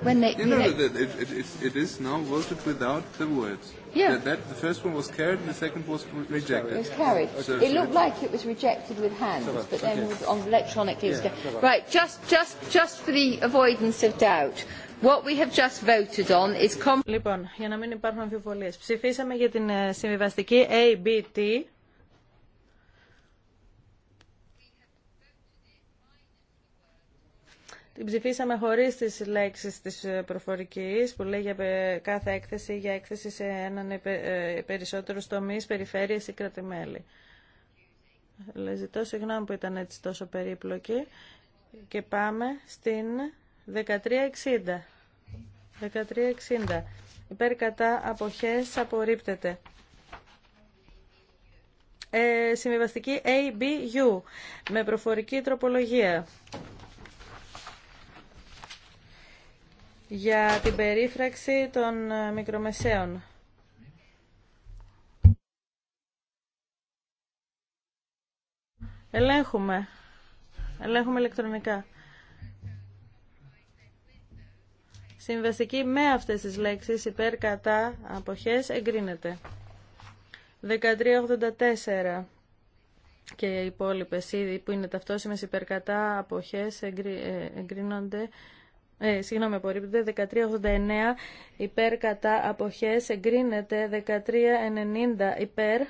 When they. No, no, it is now voted without the words. Yeah. That, the first one was carried, the second was rejected. It was carried. it looked like it was rejected with hands, but then on electronically it was Right, just, just, just for the avoidance of doubt. What we have just voted on is... Λοιπόν, για να μην υπάρχουν αμφιβολίες, ψηφίσαμε για την συμβιβαστική ABT Την ψηφίσαμε χωρί τι λέξει τη ε, προφορική που λέει για κάθε έκθεση για έκθεση σε έναν ε, ε, περισσότερο τομεί περιφέρειε ή κρατημέλη. Ζητώ συγγνώμη που ήταν έτσι τόσο περίπλοκη. Και πάμε στην 1360. 1360. Υπέρ κατά αποχές απορρίπτεται. Ε, συμβιβαστική ABU με προφορική τροπολογία. για την περίφραξη των ε, μικρομεσαίων. Ελέγχουμε. Ελέγχουμε ηλεκτρονικά. Συμβαστική με αυτές τις λέξεις υπέρ κατά αποχές εγκρίνεται. 1384 και οι υπόλοιπες ήδη που είναι ταυτόσιμες κατά, αποχές ε, εγκρίνονται ε, συγγνώμη, απορρίπτεται 1389 υπέρ κατά αποχέ. εγκρίνεται 1390 υπέρ.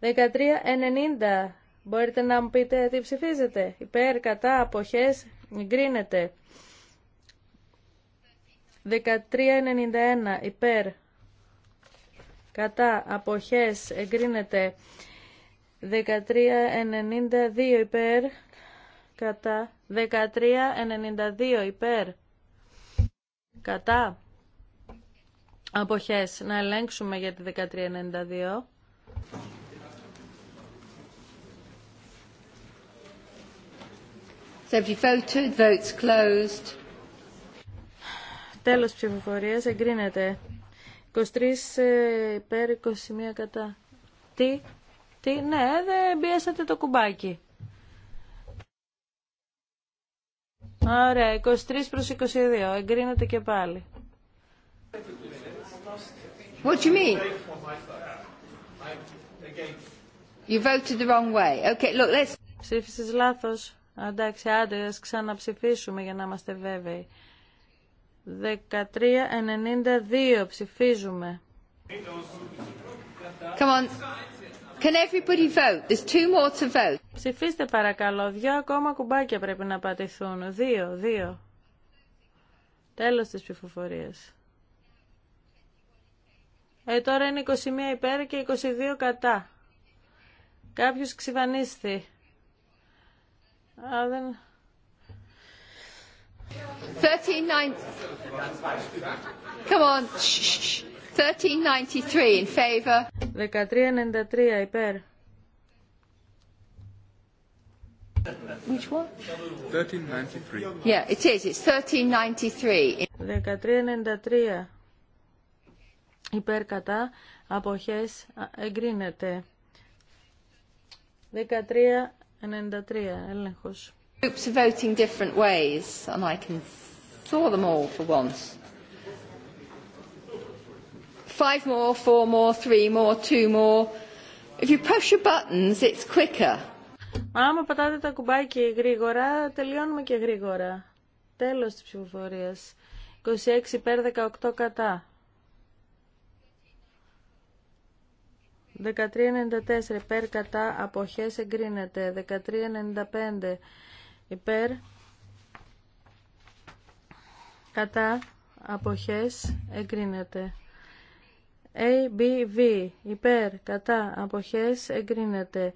1390. Μπορείτε να μου πείτε τι ψηφίζετε. Υπέρ, κατά, αποχέ. εγκρίνεται. 1391. Υπέρ, κατά, αποχές, εγκρίνεται. 1392 υπέρ κατά 1392 υπέρ κατά αποχές να ελέγξουμε για τη 1392 voted, votes closed. Τέλος ψηφοφορίας, εγκρίνεται. 23 ε, υπέρ, 21 κατά. Τι τι, ναι, δεν πιέσατε το κουμπάκι. Ωραία, 23 προς 22. Εγκρίνεται και πάλι. What you mean? You voted the wrong way. Okay, look, let's... Ψήφισες λάθος. Αντάξει, άντε, ας ξαναψηφίσουμε για να είμαστε βέβαιοι. 13.92 ψηφίζουμε. Come on. Can everybody vote? There's two more to vote. Ψηφίστε παρακαλώ. Δύο ακόμα κουμπάκια πρέπει να πατηθούν. Δύο, δύο. Τέλος της ψηφοφορίας. Ε, τώρα είναι 21 υπέρ και 22 κατά. Κάποιος ξυβανίστη. Α, δεν... 39... Come on. 1393 in favor. 1393 υπέρ. Which one? 1393. Yeah, it is. It's 1393. 1393. Υπέρ κατά αποχές εγκρίνεται. 1393 έλεγχος. Groups are voting different ways and I can saw them all for once five more, more, more, more. If you push your buttons, it's quicker. Μα άμα πατάτε τα κουμπάκια γρήγορα, τελειώνουμε και γρήγορα. Τέλος της ψηφοφορίας. 26 υπέρ 18 κατά. 13.94 υπέρ κατά αποχές εγκρίνεται. 13.95 υπέρ κατά αποχές εγκρίνεται. ABV υπέρ κατά αποχές εγκρίνεται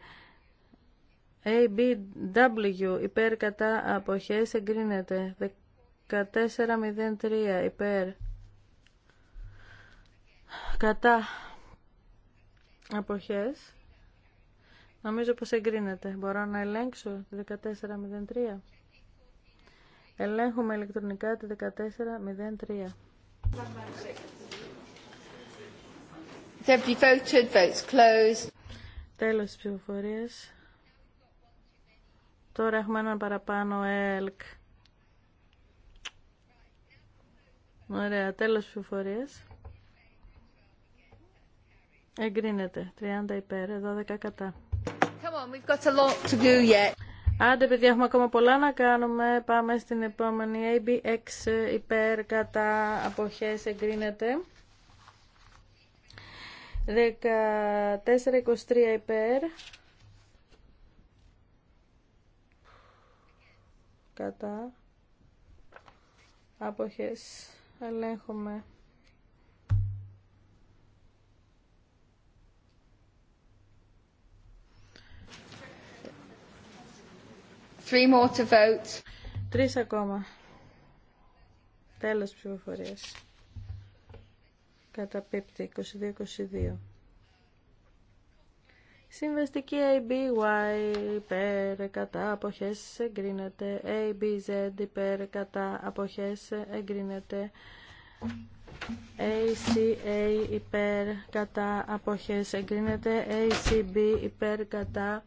ABW υπέρ κατά αποχές εγκρίνεται 1403 υπέρ κατά αποχές νομίζω πως εγκρίνεται μπορώ να ελέγξω τη 1403 ελέγχουμε ηλεκτρονικά τη 1403 Voted, votes closed. Τέλος της Τώρα έχουμε έναν παραπάνω ΕΛΚ. Ωραία, τέλος της Εγκρίνεται. 30 υπέρ, 12 κατά. Come on, we've got Άντε παιδιά έχουμε ακόμα πολλά να κάνουμε. Πάμε στην επόμενη. ABX υπέρ κατά αποχές εγκρίνεται. 14-23 υπέρ. Κατά. Άποχες. Ελέγχουμε. Three more to vote. Τρεις ακόμα. Τέλος ψηφοφορίας. Καταπίπτει. 22-22. Συμβαστική ABY υπέρ κατά αποχές εγκρίνεται. ABZ υπέρ κατά αποχές εγκρίνεται. ACA υπέρ κατά αποχές εγκρίνεται. ACB υπέρ κατά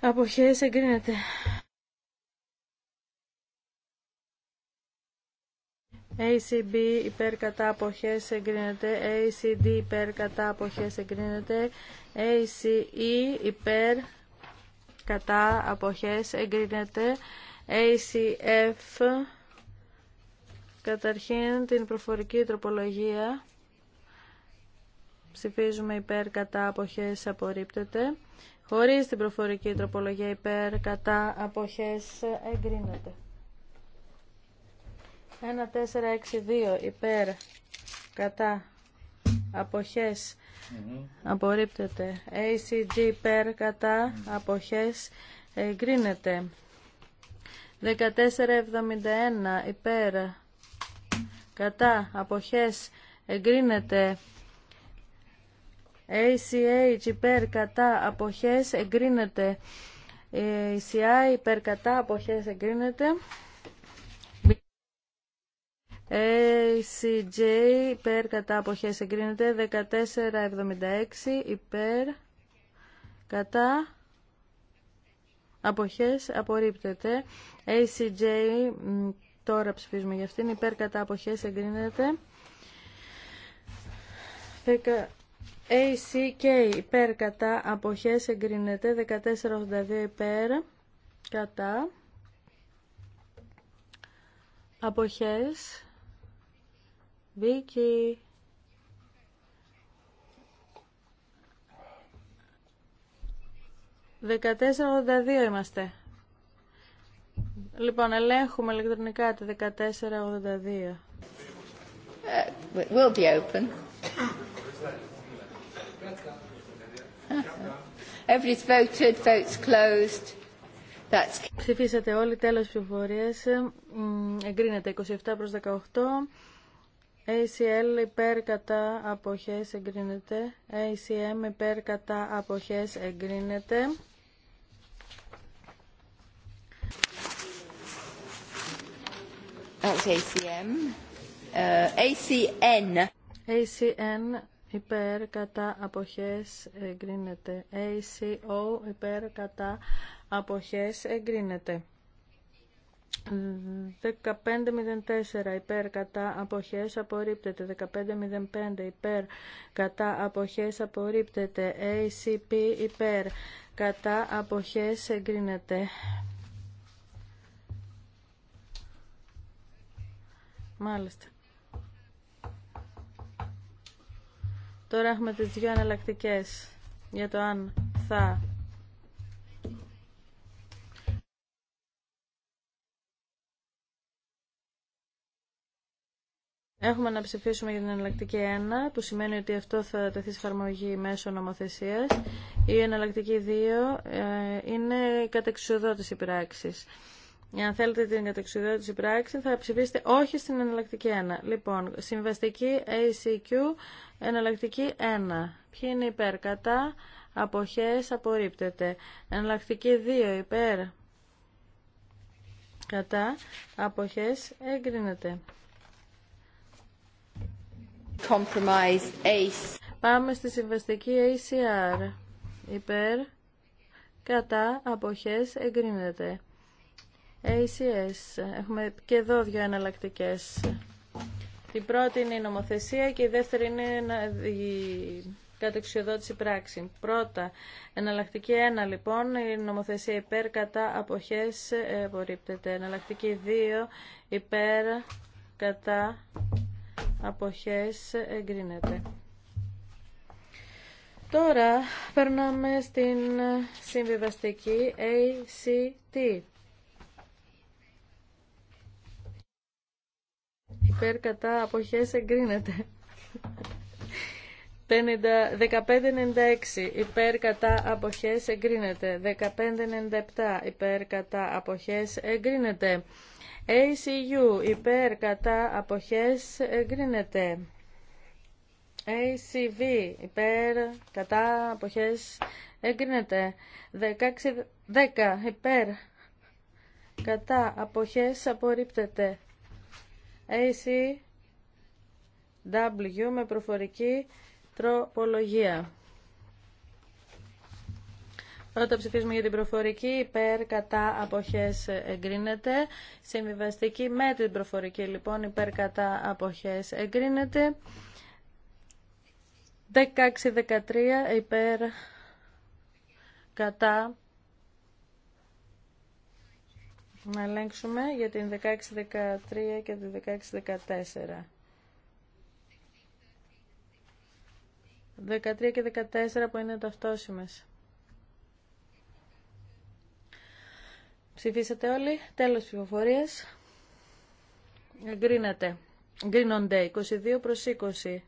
αποχές εγκρίνεται. ACB υπέρ κατά αποχές εγκρίνεται, ACD υπέρ κατά αποχές εγκρίνεται, ACE υπέρ κατά αποχές εγκρίνεται, ACF καταρχήν την προφορική τροπολογία ψηφίζουμε υπέρ κατά αποχές απορρίπτεται, χωρίς την προφορική τροπολογία υπέρ κατά αποχές εγκρίνεται. 1462 υπέρ κατά αποχές mm-hmm. απορρίπτεται. ACG υπέρ κατά αποχές εγκρίνεται. 1471 υπέρ κατά αποχές εγκρίνεται. ACH υπέρ κατά αποχές εγκρίνεται. ACI υπέρ κατά αποχές εγκρίνεται. ACJ υπέρ κατά αποχές εγκρίνεται 1476 υπέρ κατά αποχές απορρίπτεται ACJ τώρα ψηφίζουμε για αυτήν υπέρ κατά αποχές εγκρίνεται ACK υπέρ κατά αποχές εγκρίνεται 1482 υπέρ κατά αποχές Βίκυ, Δεκατέσσερα είμαστε. Λοιπόν, ελέγχουμε ηλεκτρονικά τη 1482. Ε, it will be open. Everybody's voted, votes closed. That's... Ψηφίσατε όλοι, τέλος ψηφοφορίας. Εγκρίνεται 27 προς 18. ACL υπέρ κατά αποχές εγκρίνεται. ACM υπέρ κατά αποχές εγκρίνεται. That's ACM. Uh, ACN. ACN υπέρ κατά αποχές εγκρίνεται. ACO υπέρ κατά αποχές εγκρίνεται. 15.04 υπέρ κατά αποχές απορρίπτεται 15.05 υπέρ κατά αποχές απορρίπτεται ACP υπέρ κατά αποχές εγκρίνεται Μάλιστα Τώρα έχουμε τις δύο εναλλακτικέ για το αν θα Έχουμε να ψηφίσουμε για την εναλλακτική 1, που σημαίνει ότι αυτό θα τεθεί σε εφαρμογή μέσω νομοθεσία. Η εναλλακτική 2 ε, είναι η κατεξουδότηση πράξη. Αν θέλετε την κατεξουδότηση πράξη, θα ψηφίσετε όχι στην εναλλακτική 1. Λοιπόν, συμβαστική ACQ, εναλλακτική 1. Ποιοι είναι υπέρ, κατά, αποχές, απορρίπτεται. Εναλλακτική 2, υπέρ, κατά, αποχές, εγκρίνεται. Compromise ACE. Πάμε στη συμβαστική ACR. Υπέρ, κατά, αποχές, εγκρίνεται. ACS. Έχουμε και εδώ δύο εναλλακτικέ. Η πρώτη είναι η νομοθεσία και η δεύτερη είναι η κατεξιοδότηση πράξη. Πρώτα, εναλλακτική 1 λοιπόν, η νομοθεσία υπέρ κατά αποχές ε, απορρίπτεται. Εναλλακτική 2, υπέρ κατά αποχές εγκρίνεται. Τώρα περνάμε στην συμβιβαστική ACT. Υπέρ κατά αποχές εγκρίνεται. 1596 υπέρ κατά αποχές εγκρίνεται. 1597 υπέρ κατά αποχές εγκρίνεται. ACU υπέρ κατά αποχές εγκρίνεται. ACV υπέρ κατά αποχές εγκρίνεται. 16, 10 υπέρ κατά αποχές απορρίπτεται. ACW με προφορική τροπολογία. Πρώτα ψηφίσμα για την προφορική υπέρ κατά αποχές εγκρίνεται. Συμβιβαστική με την προφορική λοιπόν υπέρ κατά αποχές εγκρίνεται. 16-13 υπέρ κατά να ελέγξουμε για την 16-13 και την 16-14. 13 και 14 που είναι ταυτόσιμες. Ψηφίσατε όλοι. Τέλος ψηφοφορίας. Εγκρίνεται. Εγκρίνονται 22 προς 20.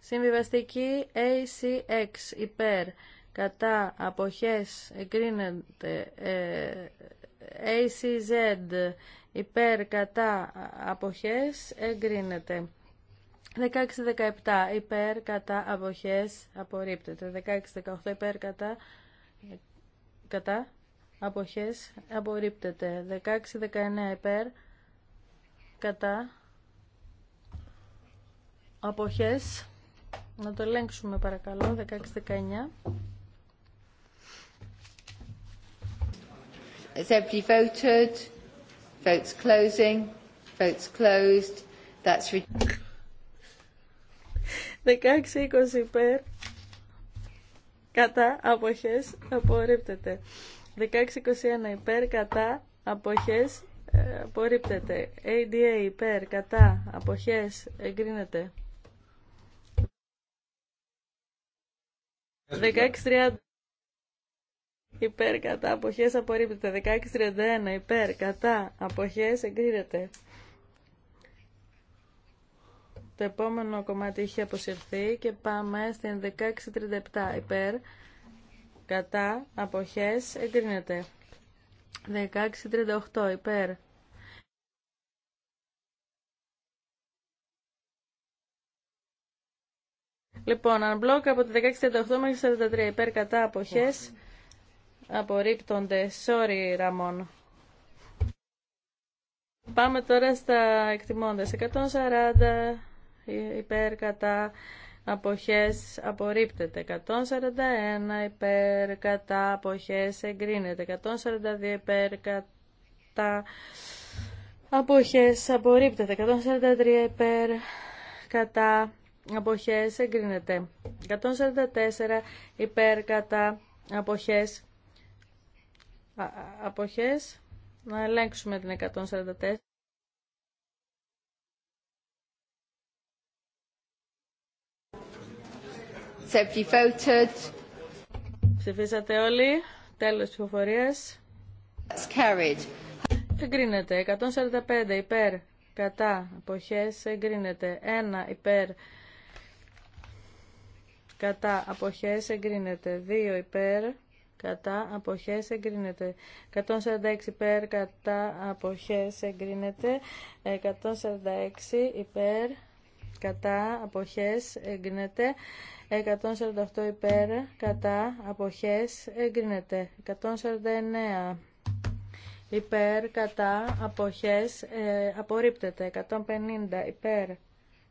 Συμβιβαστική ACX υπέρ κατά αποχές εγκρίνεται ε, ACZ υπέρ κατά αποχές εγκρίνεται 16-17 υπέρ κατά αποχές απορρίπτεται 16-18 υπέρ κατά κατά αποχές απορρίπτεται 16-19 υπέρ κατά αποχές να το ελέγξουμε παρακαλώ 16-19 voted? Votes closing. Votes closed. That's 16-20 υπέρ κατά αποχές απορρίπτεται 1621 ε, υπέρ κατά αποχές απορρίπτεται ADA υπέρ κατά αποχές εγκρίνεται 16-30 Υπέρ κατά αποχές απορρίπτεται 1631 υπέρ κατά αποχές εγκρίνεται το επόμενο κομμάτι είχε αποσυρθεί και πάμε στην 1637 υπέρ. Κατά αποχές εγκρίνεται. 1638 υπέρ. Λοιπόν, αν μπλοκ από τη 1638 μέχρι 43 υπέρ κατά αποχές απορρίπτονται. Sorry, Ramon. Πάμε τώρα στα εκτιμώντας. 140 υπέρ κατά αποχές απορρίπτεται 141 υπέρ κατά αποχές εγκρίνεται 142 υπέρ κατά αποχές απορρίπτεται 143 υπέρ κατά αποχές εγκρίνεται 144 υπέρ κατά αποχές αποχές να ελέγξουμε την 144 Ψηφίσατε όλοι. Τέλος ψηφοφορίας. Εγκρίνεται. 145 υπέρ. Κατά. Αποχές. Εγκρίνεται. 1 υπέρ. Κατά. Αποχές. Εγκρίνεται. 2 υπέρ. Κατά. Αποχές. Εγκρίνεται. 146 υπέρ. Κατά. Αποχές. Εγκρίνεται. 146 υπέρ κατά αποχές εγκρίνεται 148 υπέρ κατά αποχές εγκρίνεται 149 υπέρ κατά αποχές ε, απορρίπτεται 150 υπέρ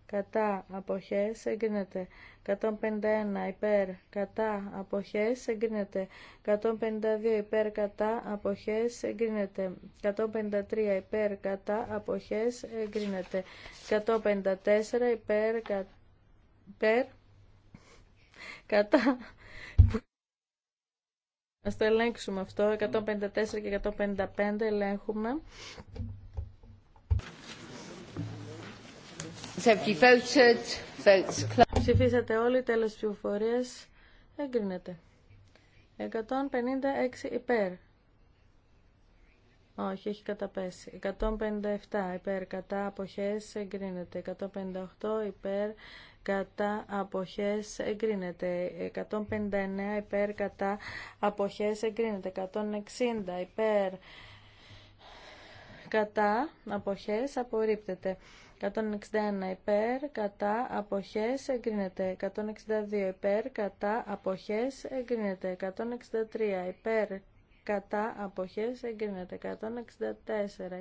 κατά αποχές εγκρίνεται 151 υπέρ κατά αποχές εγκρίνεται 152 υπέρ κατά αποχές εγκρίνεται 153 υπέρ κατά αποχές εγκρίνεται 154 υπέρ, κα, υπέρ κατά Ας το ελέγξουμε αυτό 154 και 155 ελέγχουμε Ψηφίσατε όλοι, τέλος της ψηφοφορίας. Εγκρίνεται. 156 υπέρ. Όχι, έχει καταπέσει. 157 υπέρ κατά αποχές εγκρίνεται. 158 υπέρ κατά αποχές εγκρίνεται. 159 υπέρ κατά αποχές εγκρίνεται. 160 υπέρ κατά αποχές απορρίπτεται. 161 υπέρ, κατά, αποχές, εγκρίνεται. 162 υπέρ, κατά, αποχές, εγκρίνεται. 163 υπέρ, κατά, αποχές, εγκρίνεται. 164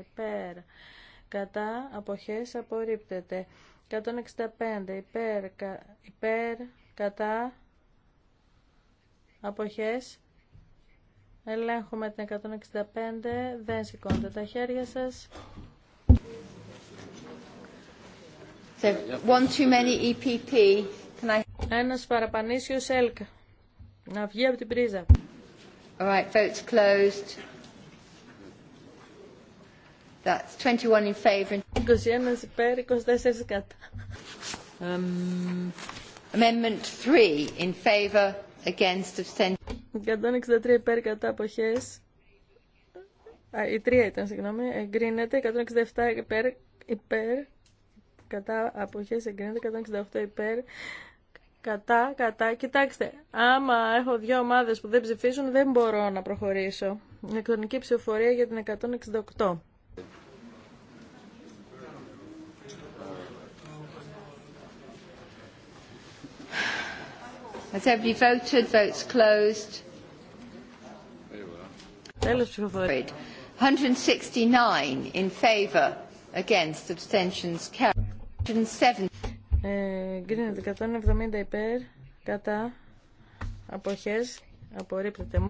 υπέρ, κατά, αποχές, απορρίπτεται. 165 υπέρ, κα, κατά, αποχές, ελέγχουμε την 165, δεν σηκώνετε τα χέρια σας. So, one too many e Ένας παραπανήσιος ΕΛΚ. Να βγει από την πρίζα. All right, votes closed. That's 21 in υπέρ, 24 κατά. amendment 3 in against abstention. 163 υπέρ κατά αποχές. η 3 ήταν, συγγνώμη. Εγκρίνεται. 167 υπέρ, υπέρ κατά αποχές εγκρίνεται 168 υπέρ κατά, κατά. Κοιτάξτε, άμα έχω δύο ομάδες που δεν ψηφίζουν δεν μπορώ να προχωρήσω. Εκτονική ψηφοφορία για την 168. Has every voted? Votes closed. Well. 169 in favour, against abstentions carried. Ε, γκρίνεται 170 υπέρ, κατά, αποχές, απορρίπτεται.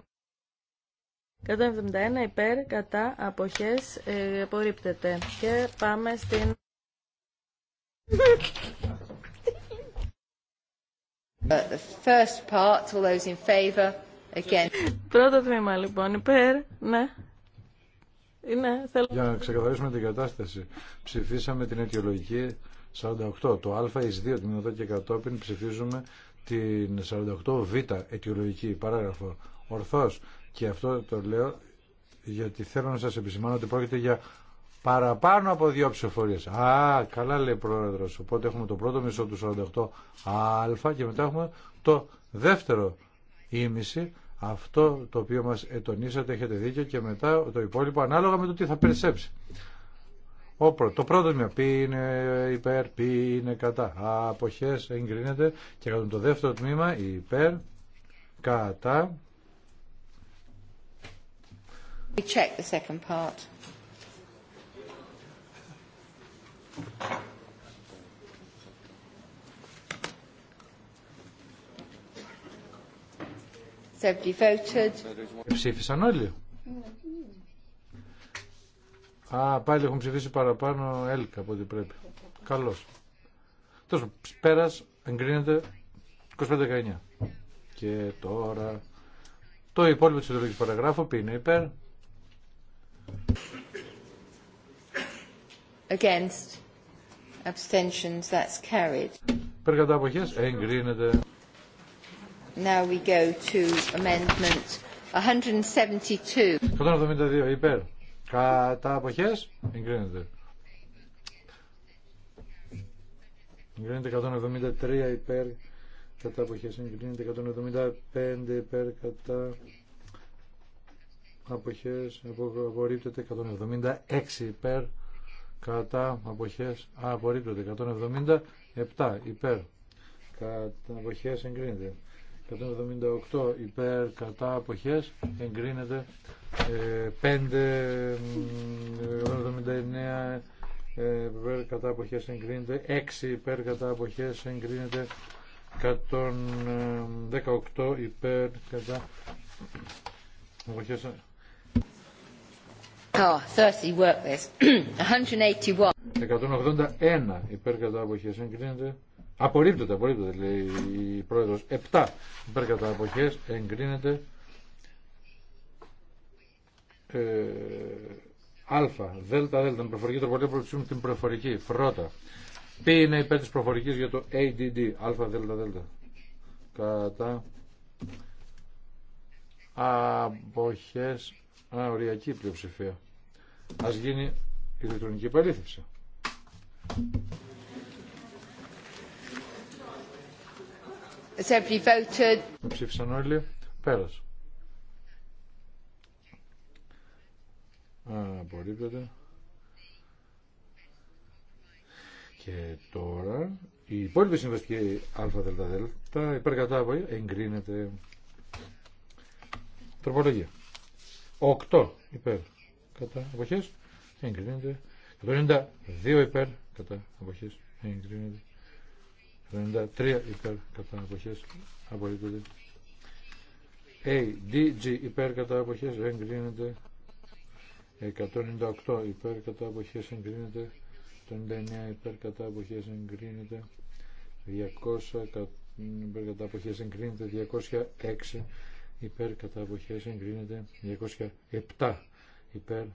171 υπέρ, κατά, αποχές, ε, απορρίπτεται. Και πάμε στην... Uh, first part, all those in favor, again. Πρώτο τμήμα λοιπόν, υπέρ, ναι. ναι θέλω... Για να ξεκαθαρίσουμε την κατάσταση. Ψηφίσαμε την αιτιολογική 48. Το α εις 2 την εδώ και κατόπιν ψηφίζουμε την 48β αιτιολογική παράγραφο. Ορθώς και αυτό το λέω γιατί θέλω να σας επισημάνω ότι πρόκειται για παραπάνω από δύο ψηφορίες. Α, καλά λέει πρόεδρος. Οπότε έχουμε το πρώτο μισό του 48α και μετά έχουμε το δεύτερο ήμιση αυτό το οποίο μας ετονίσατε έχετε δίκιο και μετά το υπόλοιπο ανάλογα με το τι θα περισσέψει. Το πρώτο τμήμα πι είναι υπέρ, πι είναι κατά. Αποχές εγκρίνεται και κατά το δεύτερο τμήμα υπέρ, κατά. We check the second part. voted. Ψήφισαν όλοι. Ναι. Α, πάλι έχουν ψηφίσει παραπάνω έλκα από ό,τι πρέπει. Καλώς. Τόσο, πέρας εγκρίνεται 25-19. Και τώρα το υπόλοιπο της ειδολογικής παραγράφου είναι υπέρ. Against. Abstentions, that's carried. αποχές, εγκρίνεται. Now we go to amendment 172. 172 υπέρ. Κατά αποχές εγκρίνεται. Εγκρίνεται 173 υπέρ κατά αποχές. Εγκρίνεται 175 υπέρ κατά αποχές. Απορρίπτεται 176 υπέρ κατά αποχές. Απορρίπτεται 177 υπέρ κατά αποχές εγκρίνεται. 178 υπέρ κατά αποχές εγκρίνεται 5 ε, 179 ε, υπέρ κατά αποχές εγκρίνεται 6 υπέρ κατά αποχές εγκρίνεται 118 υπέρ κατά αποχές oh, work this. 181. 181 υπέρ κατά αποχές εγκρίνεται Απορρίπτεται, απορρίπτεται, λέει η πρόεδρος. Επτά υπέρ κατά αποχές εγκρίνεται ε, α, δέλτα, δέλτα, με προφορική τροπολογία προωθήσουμε την προφορική. Πρώτα. Π είναι υπέρ της προφορικής για το ADD, α, δέλτα, δέλτα. Κατά αποχές, α, οριακή πλειοψηφία. Ας γίνει ηλεκτρονική παρήθευση. Ψήφισαν όλοι. Πέρασε. Απορρίπτεται. Και τώρα η υπόλοιπη συμβαστική ΑΔΔ υπέρ εγκρίνεται. Τροπολογία. 8 υπέρ κατά αποχές εγκρίνεται. 92 υπέρ κατά αποχές εγκρίνεται. 93 υπέρ κατά αποχές απορρίπτεται. A, D, G υπέρ κατά αποχές εγκρίνεται. 198 υπέρ κατά αποχές εγκρίνεται. 99 υπέρ κατά αποχές εγκρίνεται. 200 υπέρ κατά αποχές εγκρίνεται. 206 υπέρ κατά αποχές εγκρίνεται. 207 υπέρ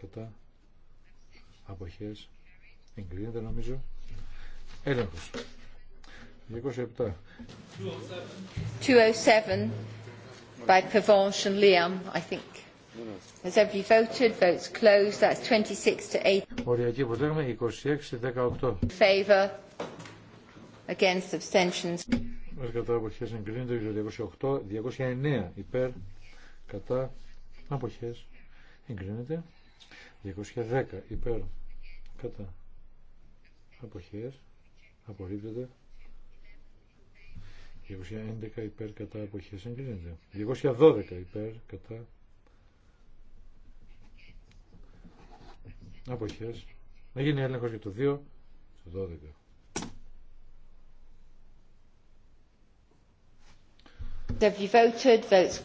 κατά αποχές εγκρίνεται νομίζω. Έλεγχος. 207. 207 by Pavance and Liam, I think. Has every voted? Votes closed. That's 26 to 8. Οριακή αποτέλεσμα 26-18. Favor. Against abstentions. Μας κατά αποχές εγκρίνεται 208, 209 υπέρ, κατά αποχές εγκρίνεται 210 υπέρ, κατά αποχές απορρίπτεται 211 υπέρ κατά αποχές εγκρίνεται 212 υπέρ κατά αποχές να γίνει έλεγχος για το 2 12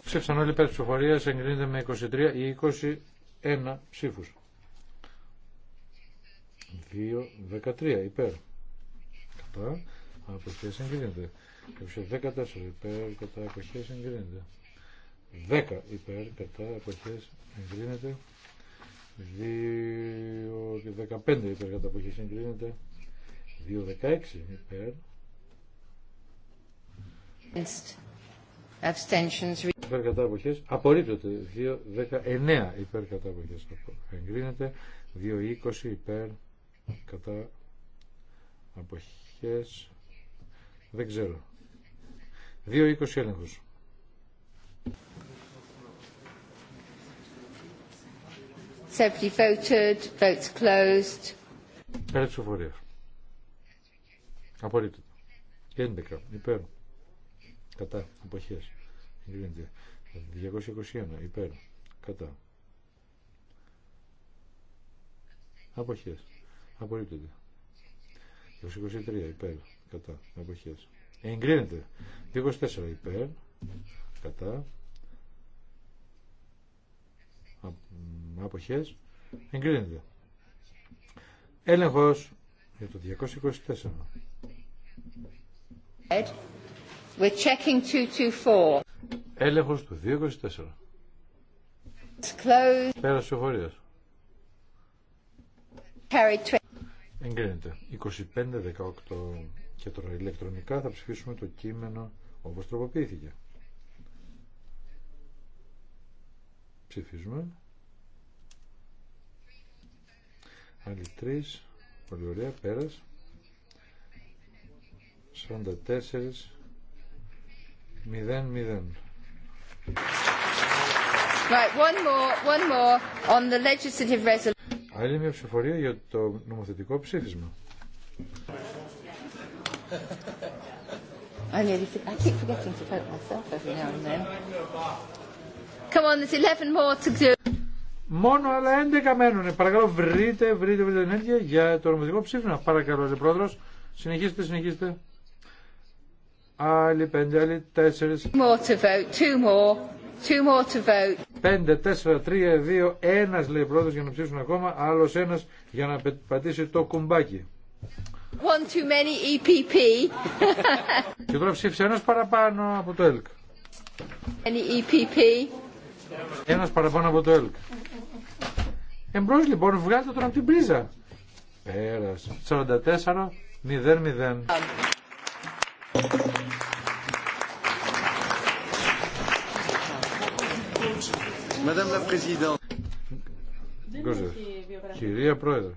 Ψήφισαν όλοι υπέρ ψηφοφορία, εγκρίνεται με 23 ή 21 ψήφου. 2-13 υπέρ. Κατά. Αποχές εγκρίνεται. 14 υπέρ. Κατά. Αποχές εγκρίνεται. 10 υπέρ. Κατά. Αποχές εγκρίνεται. 2 και 15 υπέρ. Κατά. Αποχές εγκρίνεται. 2-16 υπέρ. Υπέρ κατά αποχές. Απορρίπτεται. 2-19 υπέρ κατά αποχές. Εγκρίνεται. 2-20 υπέρ κατά αποχές αποχές δεν ξέρω 2-20 έλεγχος voted, votes closed. Πέρα τη οφορίας. Απορρίπτεται. 11. Υπέρ. Κατά. Αποχές. 221. Υπέρ. Κατά. Αποχές. Απορρίπτεται. 23 υπέρ κατά αποχές εγκρίνεται 24 υπέρ κατά αποχές εγκρίνεται έλεγχος για το 224 We're checking 224. Έλεγχος του 224. Πέρασε ο χωρίος. Εγκρίνεται. 25-18 και τώρα ηλεκτρονικά θα ψηφίσουμε το κείμενο όπως τροποποιήθηκε. Ψηφίζουμε. Άλλοι τρεις. Πολύ ωραία. Πέρας. 44. 0-0. Right, one more, one more on the legislative resolution. Άλλη μια ψηφορία για το νομοθετικό ψήφισμα. I nearly I keep forgetting to vote myself every now and then. Come on, there's 11 more to do. Μόνο άλλα 11 μένουν. Παρακαλώ, βρείτε, βρείτε, βρείτε ενέργεια για το νομοθετικό ψήφισμα. Παρακαλώ, λέει πρόεδρο. Συνεχίστε, συνεχίστε. Άλλοι 5, άλλοι 4. More to vote, two more. Two more to vote. 5, 4, 3, 2, ένας λέει πρόεδρος για να ψήσουν ακόμα, άλλο ένα για να πατήσει το κουμπάκι. One too many EPP. Και τώρα ψήφισε ένα παραπάνω από το ΕΛΚ. Any EPP. Ένας παραπάνω από το ΕΛΚ. Εμπρό λοιπόν, βγάλτε τον από την πρίζα. Πέρασε. 44, 0, 0. Κυρία Πρόεδρε.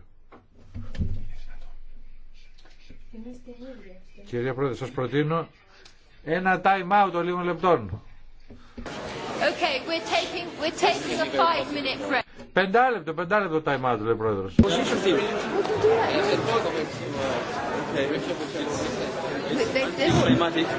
Κυρία Πρόεδρε, σας προτείνω ένα time out λίγων λεπτών. Okay, we're taking, we're taking a five minute break. Πεντάλεπτο, πεντάλεπτο time out, λέει ο Πρόεδρος. Okay.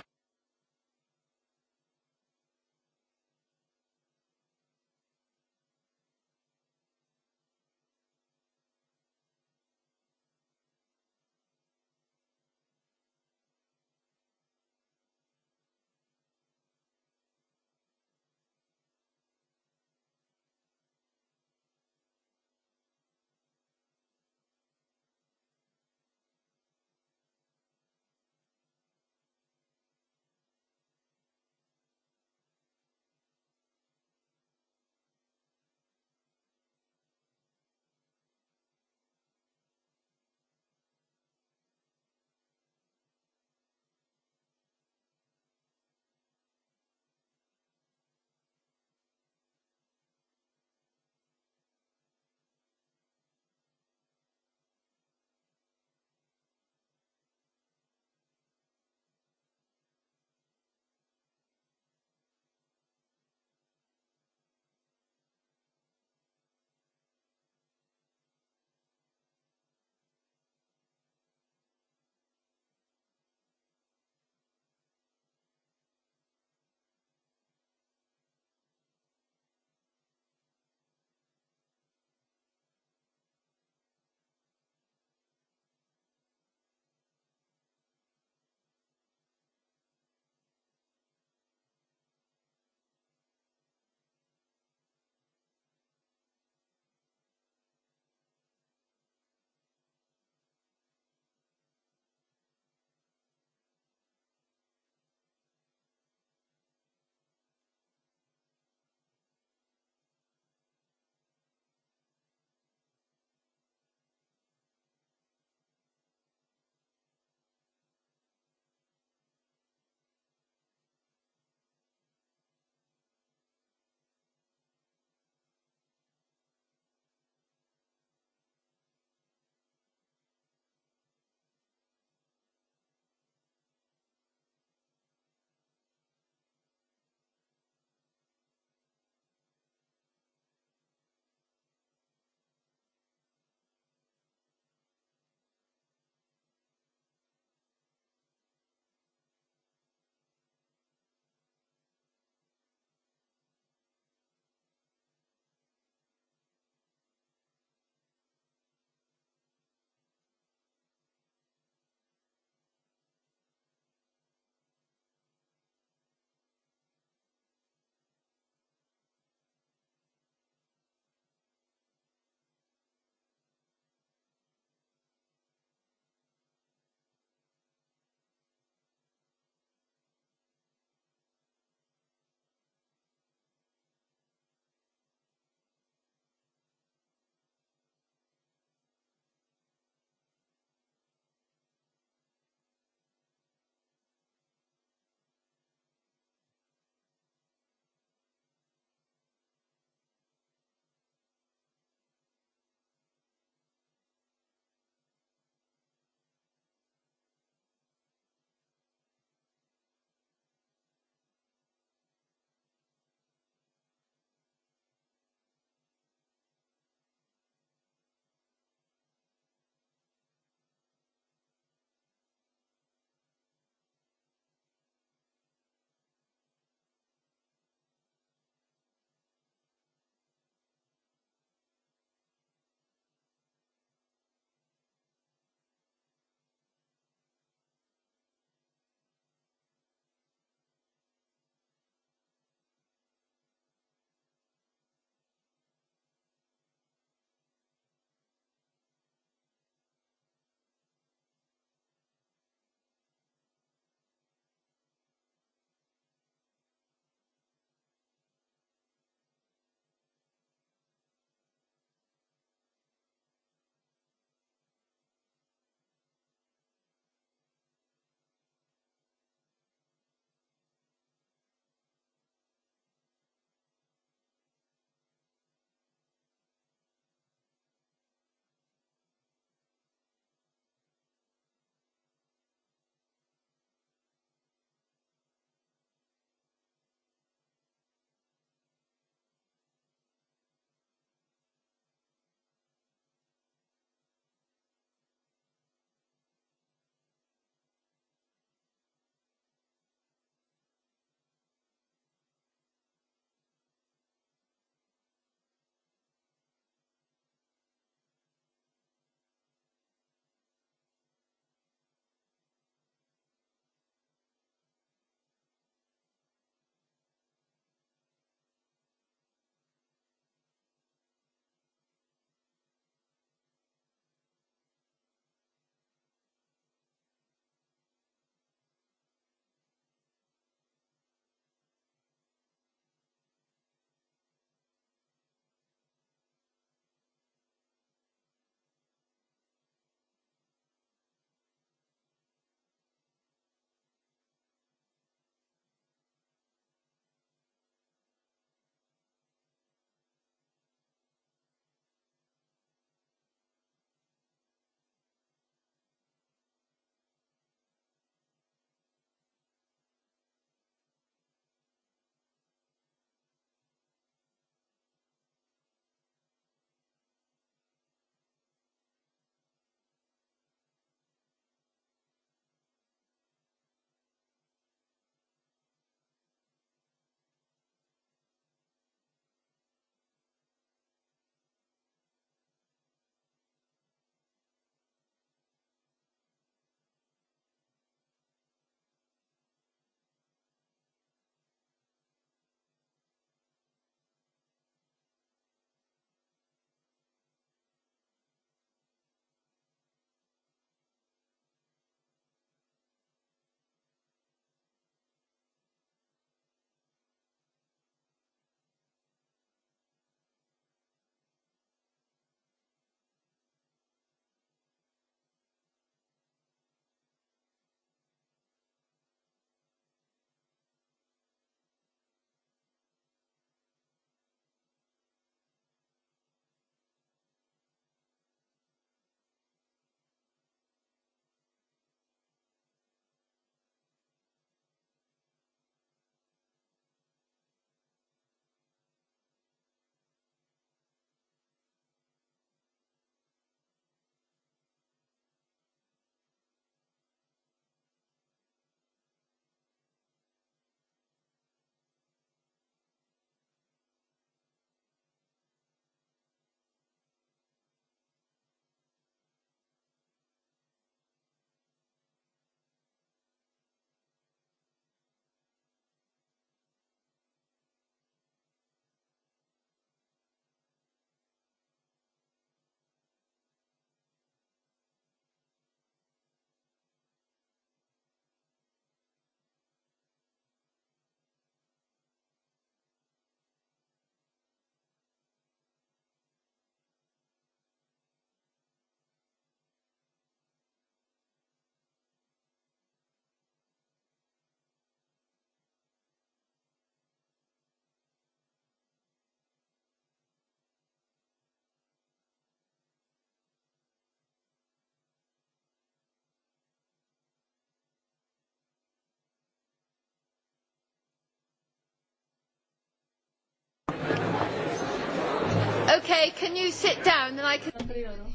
Okay, can you sit down and I can...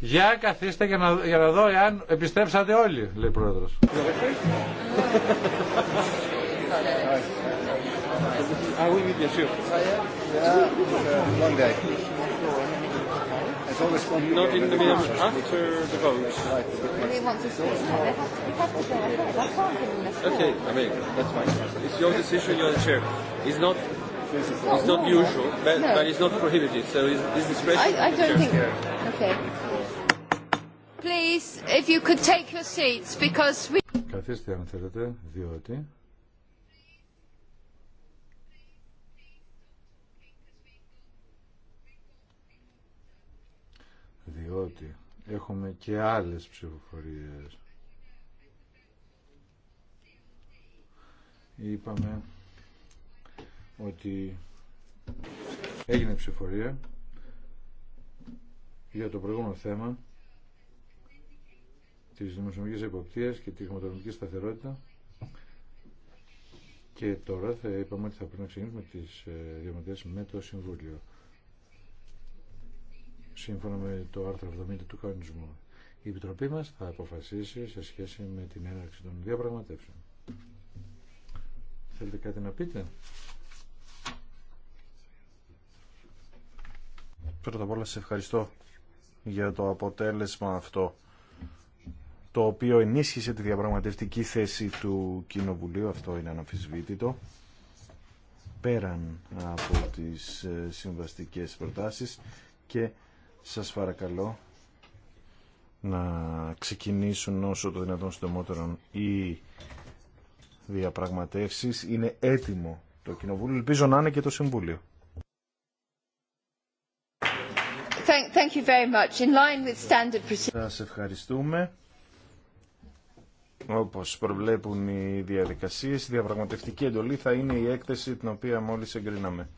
Για καθίστε για να, για να δω εάν επιστρέψατε όλοι, λέει ο πρόεδρος. Ah oui, oui, bien sûr. One day. As not in the middle after the vote. Okay, I mean, that's fine. It's your decision, you're the chair. It's not It's not usual, but, no. but it's not prohibited, so it's, it's discretion. I, I don't think. Okay. Please, if you could take your seats, because we. Καθίστε αν θέλετε, διότι. Διότι έχουμε και άλλες ψηφοφορίες. Είπαμε ότι έγινε ψηφορία για το προηγούμενο θέμα της δημοσιονομικής εποπτείας και τη χρηματοδομική σταθερότητα και τώρα θα είπαμε ότι θα πρέπει να ξεκινήσουμε τις ε, διαμετές με το Συμβούλιο σύμφωνα με το άρθρο 70 του κανονισμού. Η Επιτροπή μας θα αποφασίσει σε σχέση με την έναρξη των διαπραγματεύσεων. Θέλετε κάτι να πείτε? Πρώτα απ' όλα σε ευχαριστώ για το αποτέλεσμα αυτό το οποίο ενίσχυσε τη διαπραγματευτική θέση του Κοινοβουλίου, αυτό είναι αναμφισβήτητο, πέραν από τις ε, συμβαστικές προτάσεις και σας παρακαλώ να ξεκινήσουν όσο το δυνατόν συντομότερον οι διαπραγματεύσεις. Είναι έτοιμο το Κοινοβούλιο, ελπίζω να είναι και το Συμβούλιο. Thank Σας ευχαριστούμε. Όπως προβλέπουν οι διαδικασίες, η διαπραγματευτική εντολή θα είναι η έκθεση την οποία μόλις εγκρίναμε.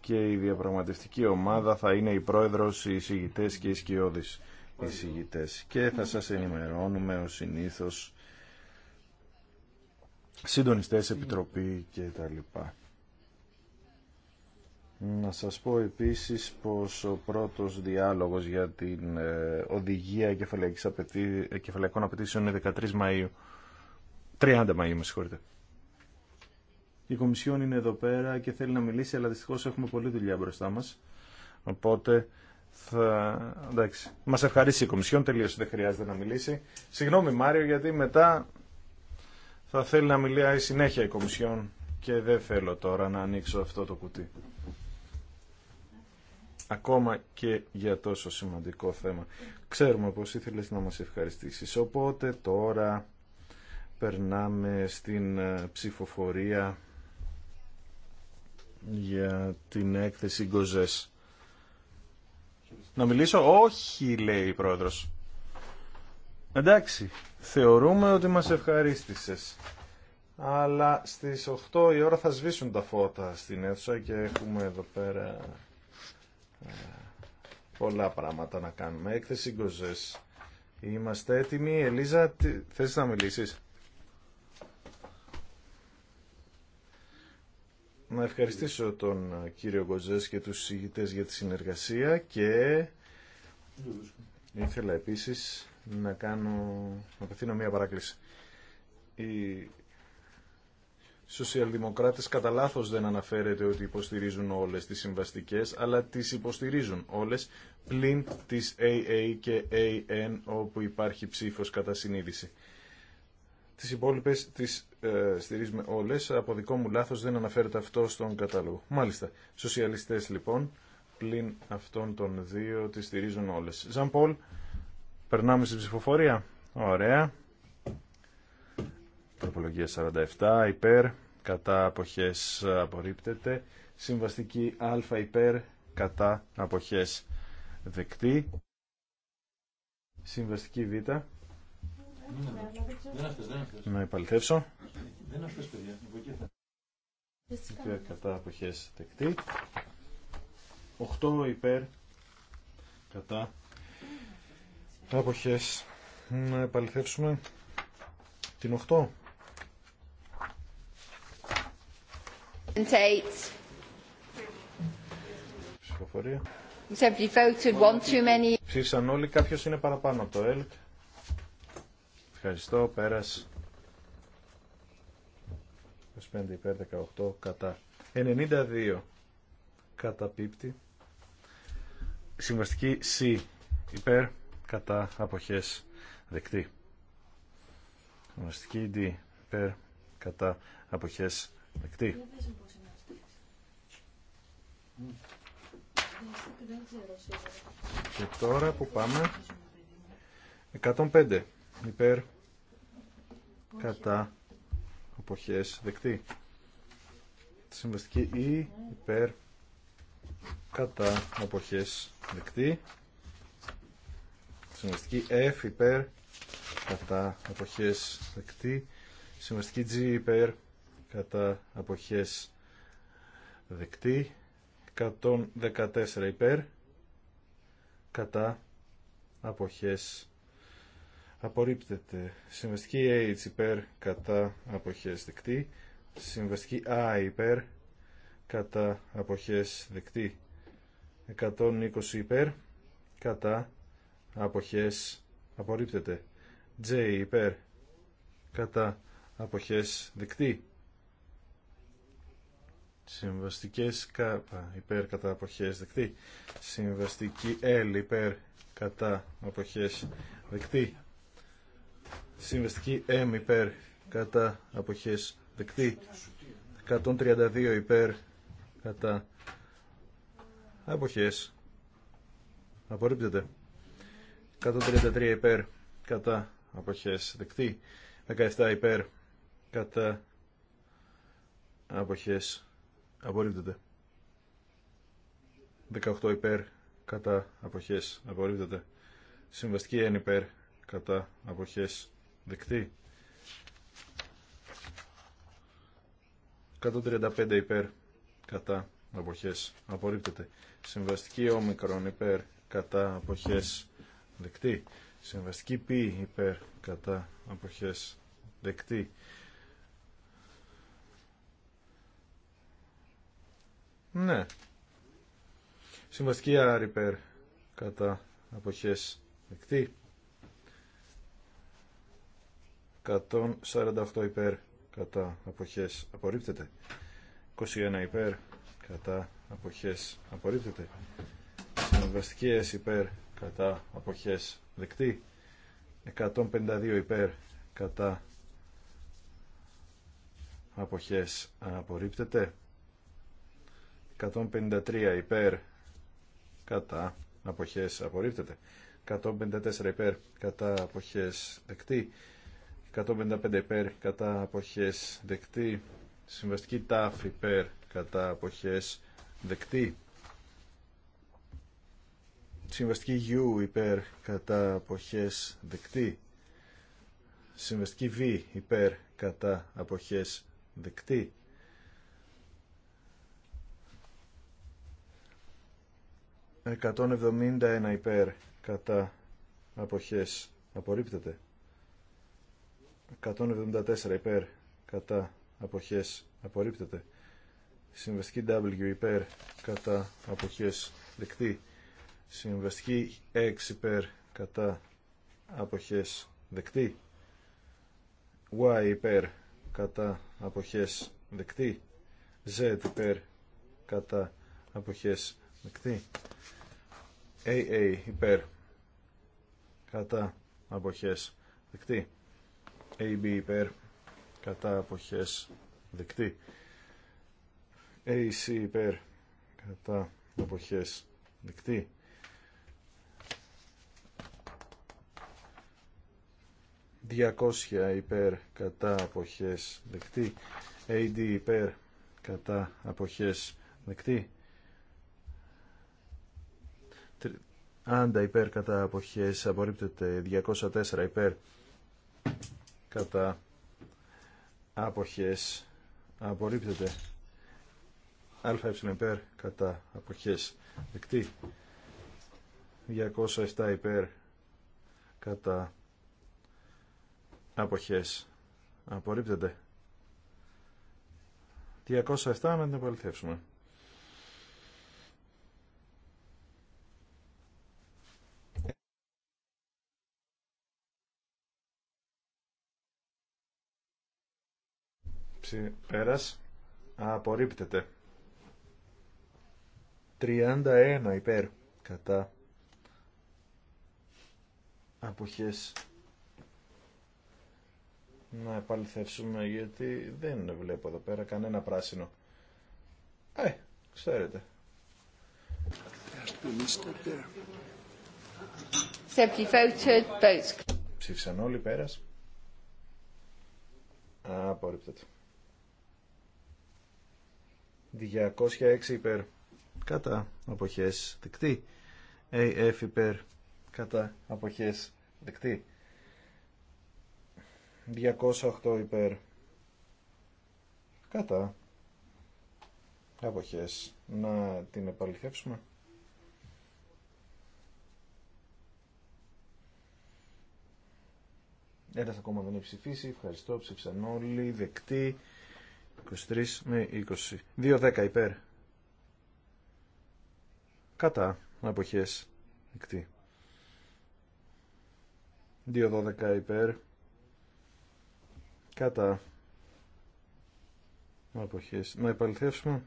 Και η διαπραγματευτική ομάδα θα είναι η πρόεδρος, οι εισηγητές και οι σκιώδεις εισηγητές. Και θα σας ενημερώνουμε ως συνήθως συντονιστές, επιτροπή και τα λοιπά. Να σας πω επίσης πως ο πρώτος διάλογος για την ε, οδηγία ε, κεφαλαϊκών απαιτήσεων είναι 13 Μαΐου. 30 Μαΐου, με συγχωρείτε. Η Κομισιόν είναι εδώ πέρα και θέλει να μιλήσει, αλλά δυστυχώς έχουμε πολλή δουλειά μπροστά μας. Οπότε θα... Εντάξει. Μας ευχαρίσει η Κομισιόν, τελείωσε, δεν χρειάζεται να μιλήσει. Συγγνώμη Μάριο, γιατί μετά θα θέλει να μιλάει συνέχεια η Κομισιόν και δεν θέλω τώρα να ανοίξω αυτό το κουτί ακόμα και για τόσο σημαντικό θέμα. Ξέρουμε πως ήθελες να μας ευχαριστήσεις. Οπότε τώρα περνάμε στην ε, ψηφοφορία για την έκθεση Γκοζές. Να μιλήσω. Όχι, λέει η πρόεδρος. Εντάξει, θεωρούμε ότι μας ευχαρίστησες. Αλλά στις 8 η ώρα θα σβήσουν τα φώτα στην αίθουσα και έχουμε εδώ πέρα ε, πολλά πράγματα να κάνουμε. Έκθεση Γκοζές. Είμαστε έτοιμοι. Ελίζα, θες να μιλήσεις. Να ευχαριστήσω τον κύριο Γκοζές και τους συγητές για τη συνεργασία και ήθελα επίσης να κάνω, να πεθύνω μία παράκληση. Η σοσιαλδημοκράτες κατά λάθο δεν αναφέρεται ότι υποστηρίζουν όλες τις συμβαστικές, αλλά τις υποστηρίζουν όλες, πλην της AA και AN, όπου υπάρχει ψήφος κατά συνείδηση. Τις υπόλοιπες τις ε, στηρίζουμε όλες, από δικό μου λάθος δεν αναφέρεται αυτό στον κατάλογο. Μάλιστα, σοσιαλιστές λοιπόν, πλην αυτών των δύο, τις στηρίζουν όλες. Ζαν Πολ, περνάμε στην ψηφοφορία. Ωραία. Τροπολογία 47 υπέρ, κατά αποχές απορρίπτεται. Συμβαστική α υπέρ, κατά αποχές δεκτή. Συμβαστική β. Δεν δεν Να επαληθεύσω. Δεν Υπέρ κατά αποχές δεκτή. 8 υπέρ κατά αποχές. Να επαληθεύσουμε την 8. Ψηφοφορία. Ψήφισαν όλοι, κάποιος είναι παραπάνω από το ΕΛΚ. Ευχαριστώ, πέρας. 25 υπέρ 18 κατά. 92 καταπίπτει. Συμβαστική C υπέρ κατά αποχές δεκτή. Συμβαστική D υπέρ κατά αποχές δεκτή. Και τώρα που πάμε 105 υπέρ κατά αποχές δεκτή συμβαστική ή e, υπέρ κατά αποχές δεκτή συμβαστική F υπέρ κατά αποχές δεκτή συμβαστική G υπέρ κατά αποχές δεκτή 114 υπέρ κατά αποχές απορρίπτεται συμβαστική H υπέρ κατά αποχές δεκτή συμβαστική A υπέρ κατά αποχές δεκτή 120 υπέρ κατά αποχές απορρίπτεται J υπέρ κατά αποχές δεκτή Συμβαστικές κάπα υπέρ κατά αποχές δεκτή. Συμβαστική L υπέρ κατά αποχές δεκτή. Συμβαστική M υπέρ κατά αποχές δεκτή. 132 υπέρ κατά αποχές απορρίπτεται 133 υπέρ κατά αποχές δεκτή 17 υπέρ κατά αποχές απορρίπτεται. 18 υπέρ κατά αποχές απορρίπτεται. Συμβαστική εν υπέρ κατά αποχές δεκτή. 135 υπέρ κατά αποχές απορρίπτεται. Συμβαστική όμικρον υπέρ κατά αποχές δεκτή. Συμβαστική π υπέρ κατά αποχές δεκτή. Ναι. Συμβαστική R κατά αποχές δεκτή. 148 υπέρ κατά αποχές απορρίπτεται. 21 υπέρ κατά αποχές απορρίπτεται. Συμβαστική υπέρ κατά αποχές δεκτή. 152 υπέρ κατά αποχές απορρίπτεται. 153 υπέρ κατά αποχές απορρίπτεται 154 υπέρ κατά αποχές δεκτή 155 υπέρ κατά αποχές δεκτή συμβαστική τάφ υπέρ κατά αποχές δεκτή συμβαστική γιού υπέρ κατά αποχές δεκτή συμβαστική ΒΙ υπέρ κατά αποχές δεκτή 171 υπέρ κατά αποχές απορρίπτεται 174 υπέρ κατά αποχές απορρίπτεται συμβαστική W υπέρ κατά αποχές δεκτή συμβαστική X υπέρ κατά αποχές δεκτή Y υπέρ κατά αποχές δεκτή Z υπέρ κατά αποχές Δεκτή. AA υπέρ. Κατά αποχές. Δεκτή. AB υπέρ. Κατά αποχές. Δεκτή. AC υπέρ. Κατά αποχές. Δεκτή. Διακόσια υπέρ κατά αποχές δεκτή. AD υπέρ κατά αποχές δεκτή. Άντα υπέρ κατά αποχές απορρίπτεται 204 υπέρ κατά αποχές απορρίπτεται ΑΕ υπέρ κατά αποχές δεκτή 207 υπέρ κατά αποχές απορρίπτεται 207 να την επαληθεύσουμε. Ψη... Πέρας. Απορρίπτεται. 31 υπέρ. Κατά. Αποχές. Να επαληθεύσουμε γιατί δεν βλέπω εδώ πέρα κανένα πράσινο. Ε, ξέρετε. Ψήφισαν όλοι πέρας. Απορρίπτεται. 206 υπέρ κατά αποχές δεκτή. AF ε, υπέρ κατά αποχές δεκτή. 208 υπέρ κατά αποχές. Να την επαληθεύσουμε. Ένας ακόμα δεν έχει ψηφίσει. Ευχαριστώ. Ψήφισαν όλοι. Δεκτή. 23 με 20. 2-10 υπέρ. Κατά αποχές δεκτή. 2-12 υπέρ. Κατά αποχές. Να επαληθεύσουμε.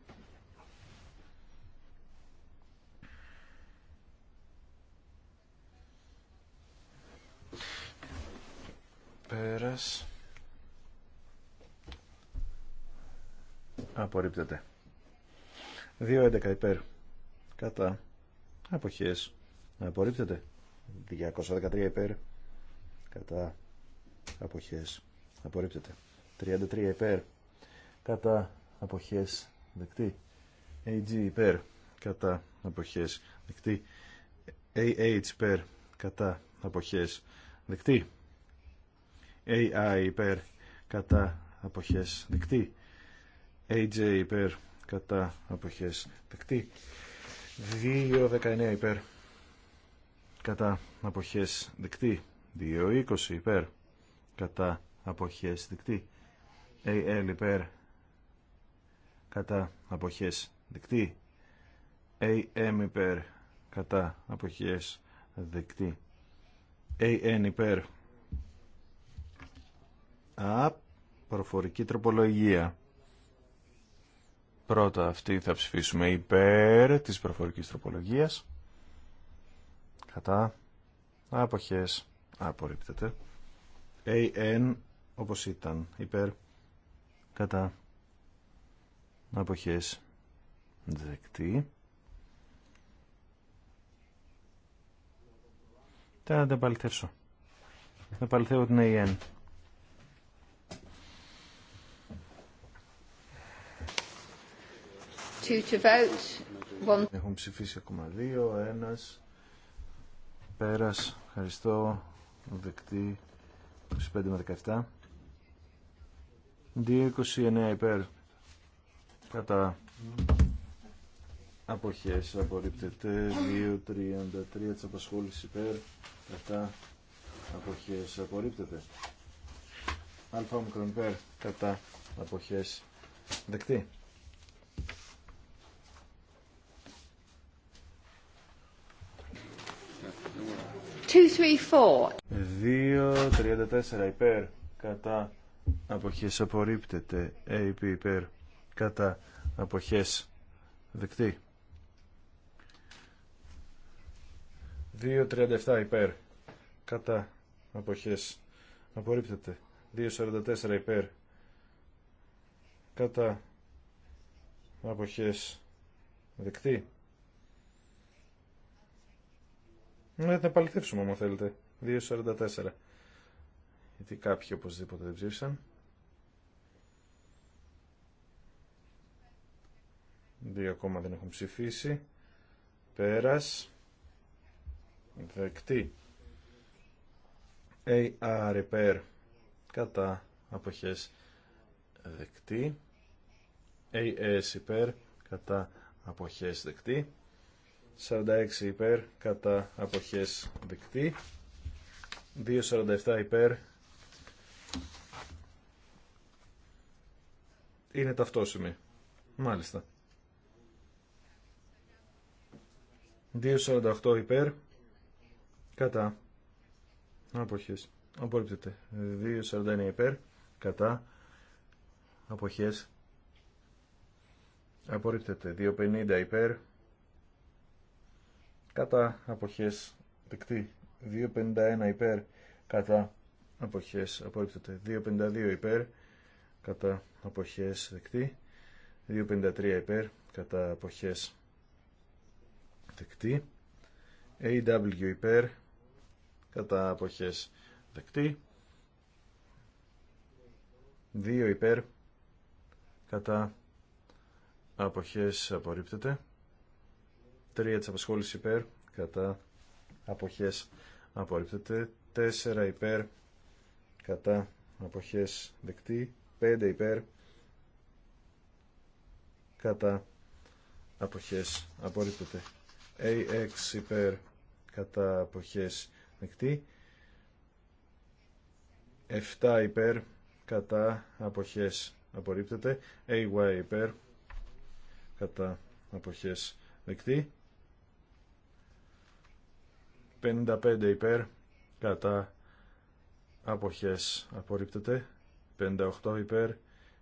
Πέρας. απορρίπτεται. 2.11 υπέρ κατά αποχές απορρίπτεται. 213 υπέρ κατά αποχές απορρίπτεται. 33 υπέρ κατά αποχές δεκτή. AG υπέρ κατά αποχές δεκτή. AH υπέρ κατά αποχές δεκτή. AI υπέρ κατά αποχές δεκτή. AJ υπέρ κατά αποχές δεκτή 2.19 υπέρ κατά αποχές δεκτή 2.20 υπέρ κατά αποχές δεκτή AL υπέρ κατά αποχές δεκτή AM υπέρ κατά αποχές δεκτή AN υπέρ Α, προφορική τροπολογία Πρώτα αυτή θα ψηφίσουμε υπέρ της προφορικής τροπολογίας. Κατά. Αποχές. Απορρίπτεται. AN όπως ήταν. Υπέρ. Κατά. Αποχές. Δεκτή. Θα Δεν Επαληθεύω την AN. Έχουν ψηφίσει ακόμα δύο, ένας. Πέρας, ευχαριστώ. Δεκτή, 25 με 17. 2,29 υπέρ. Κατά. Αποχές απορρίπτεται 2.33 της απασχόλησης υπέρ κατά αποχές απορρίπτεται α υπέρ κατά αποχές δεκτή 2.34 υπέρ κατά αποχές απορρίπτεται. AP ε, υπέρ κατά αποχές δεκτή. 2.37 υπέρ κατά αποχές απορρίπτεται. 2.44 υπέρ κατά αποχές δεκτή. Να την επαληθεύσουμε όμως θέλετε. 2.44. Γιατί κάποιοι οπωσδήποτε δεν ψήφισαν. Δύο ακόμα δεν έχουν ψηφίσει. Πέρας. Δεκτή. AR ε, repair. Κατά αποχές δεκτή. Ε, AS υπέρ. Κατά αποχές δεκτή. 46 υπέρ κατά αποχές δεκτή 2.47 υπέρ είναι ταυτόσιμη μάλιστα 2.48 υπέρ κατά αποχές απορρίπτεται 2.49 υπέρ κατά αποχές απορρίπτεται 2.50 υπέρ κατά αποχές δεκτή 2.51 υπέρ κατά αποχές απορρίπτεται 2.52 υπέρ κατά αποχές δεκτή 2.53 υπέρ κατά αποχές δεκτή AW υπέρ κατά αποχές δεκτή 2 υπέρ κατά αποχές απορρίπτεται 3 τη απασχόληση υπέρ, κατά αποχές απορρίπτεται, 4 υπέρ, κατά αποχές δεκτή, 5 υπέρ, κατά αποχές απορρίπτεται, AX υπέρ, κατά αποχές δεκτή, 7 υπέρ, κατά αποχές απορρίπτεται, AY υπέρ, κατά αποχές δεκτή, 55 υπέρ κατά αποχές απορρίπτεται 58 υπέρ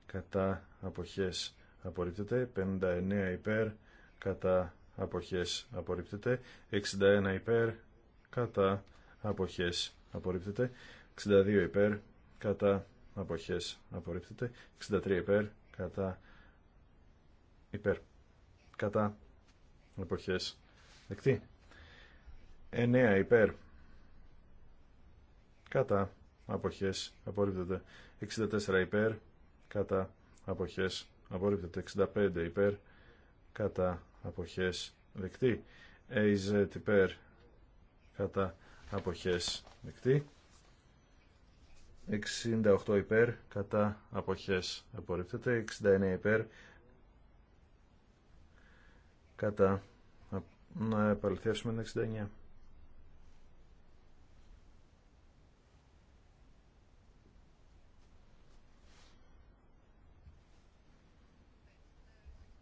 κατά αποχές απορρίπτεται 59 υπέρ κατά αποχές απορρίπτεται 61 υπέρ κατά αποχές απορρίπτεται 62 υπέρ κατά αποχές απορρίπτεται 63 υπέρ κατά υπέρ κατά αποχές δεκτή 9 υπέρ κατά αποχές απορρίπτεται 64 υπέρ κατά αποχές απορρίπτεται 65 υπέρ κατά αποχές δεκτή AZ ε, υπέρ κατά αποχές δεκτή 68 υπέρ κατά αποχές απορρίπτεται 69 υπέρ κατά να επαληθεύσουμε 69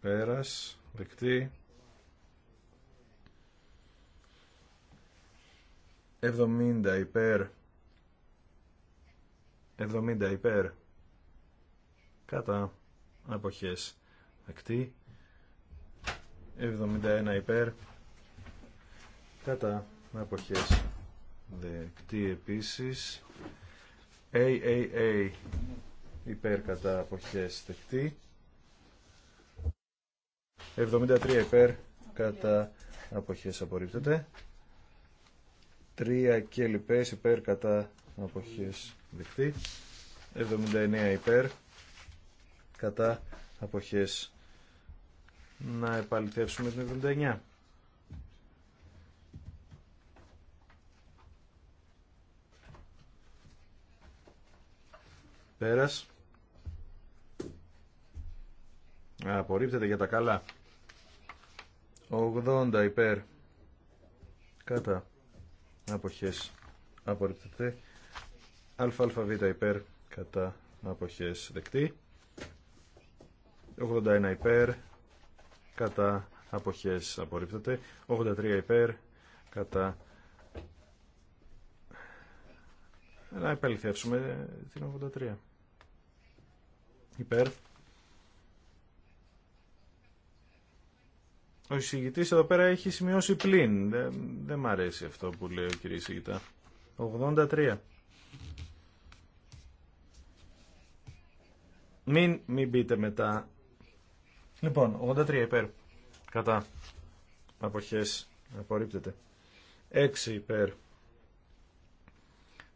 Πέρας. Δεκτή. 70 υπέρ. 70 υπέρ. Κατά. Αποχές. Δεκτή. 71 υπέρ. Κατά. Αποχές. Δεκτή επίσης. AAA υπέρ κατά αποχές δεκτή 73 υπέρ κατά αποχές απορρίπτεται. 3 και λοιπές υπέρ κατά αποχές δεχτεί. 79 υπέρ κατά αποχές να επαληθεύσουμε την 79. Πέρας. Απορρίπτεται για τα καλά. 80 υπέρ κατά αποχές απορριπτεται αβ υπέρ κατά αποχές δεκτή 81 υπέρ κατά αποχές απορρίπτεται 83 υπέρ κατά να επαληθεύσουμε την 83 υπέρ ο εισηγητή εδώ πέρα έχει σημειώσει πλήν. Δεν, δεν μ' αρέσει αυτό που λέει ο κύριο εισηγητά. 83. Μην, μην μπείτε μετά. Λοιπόν, 83 υπέρ. Κατά. Αποχές. Απορρίπτεται. 6 υπέρ.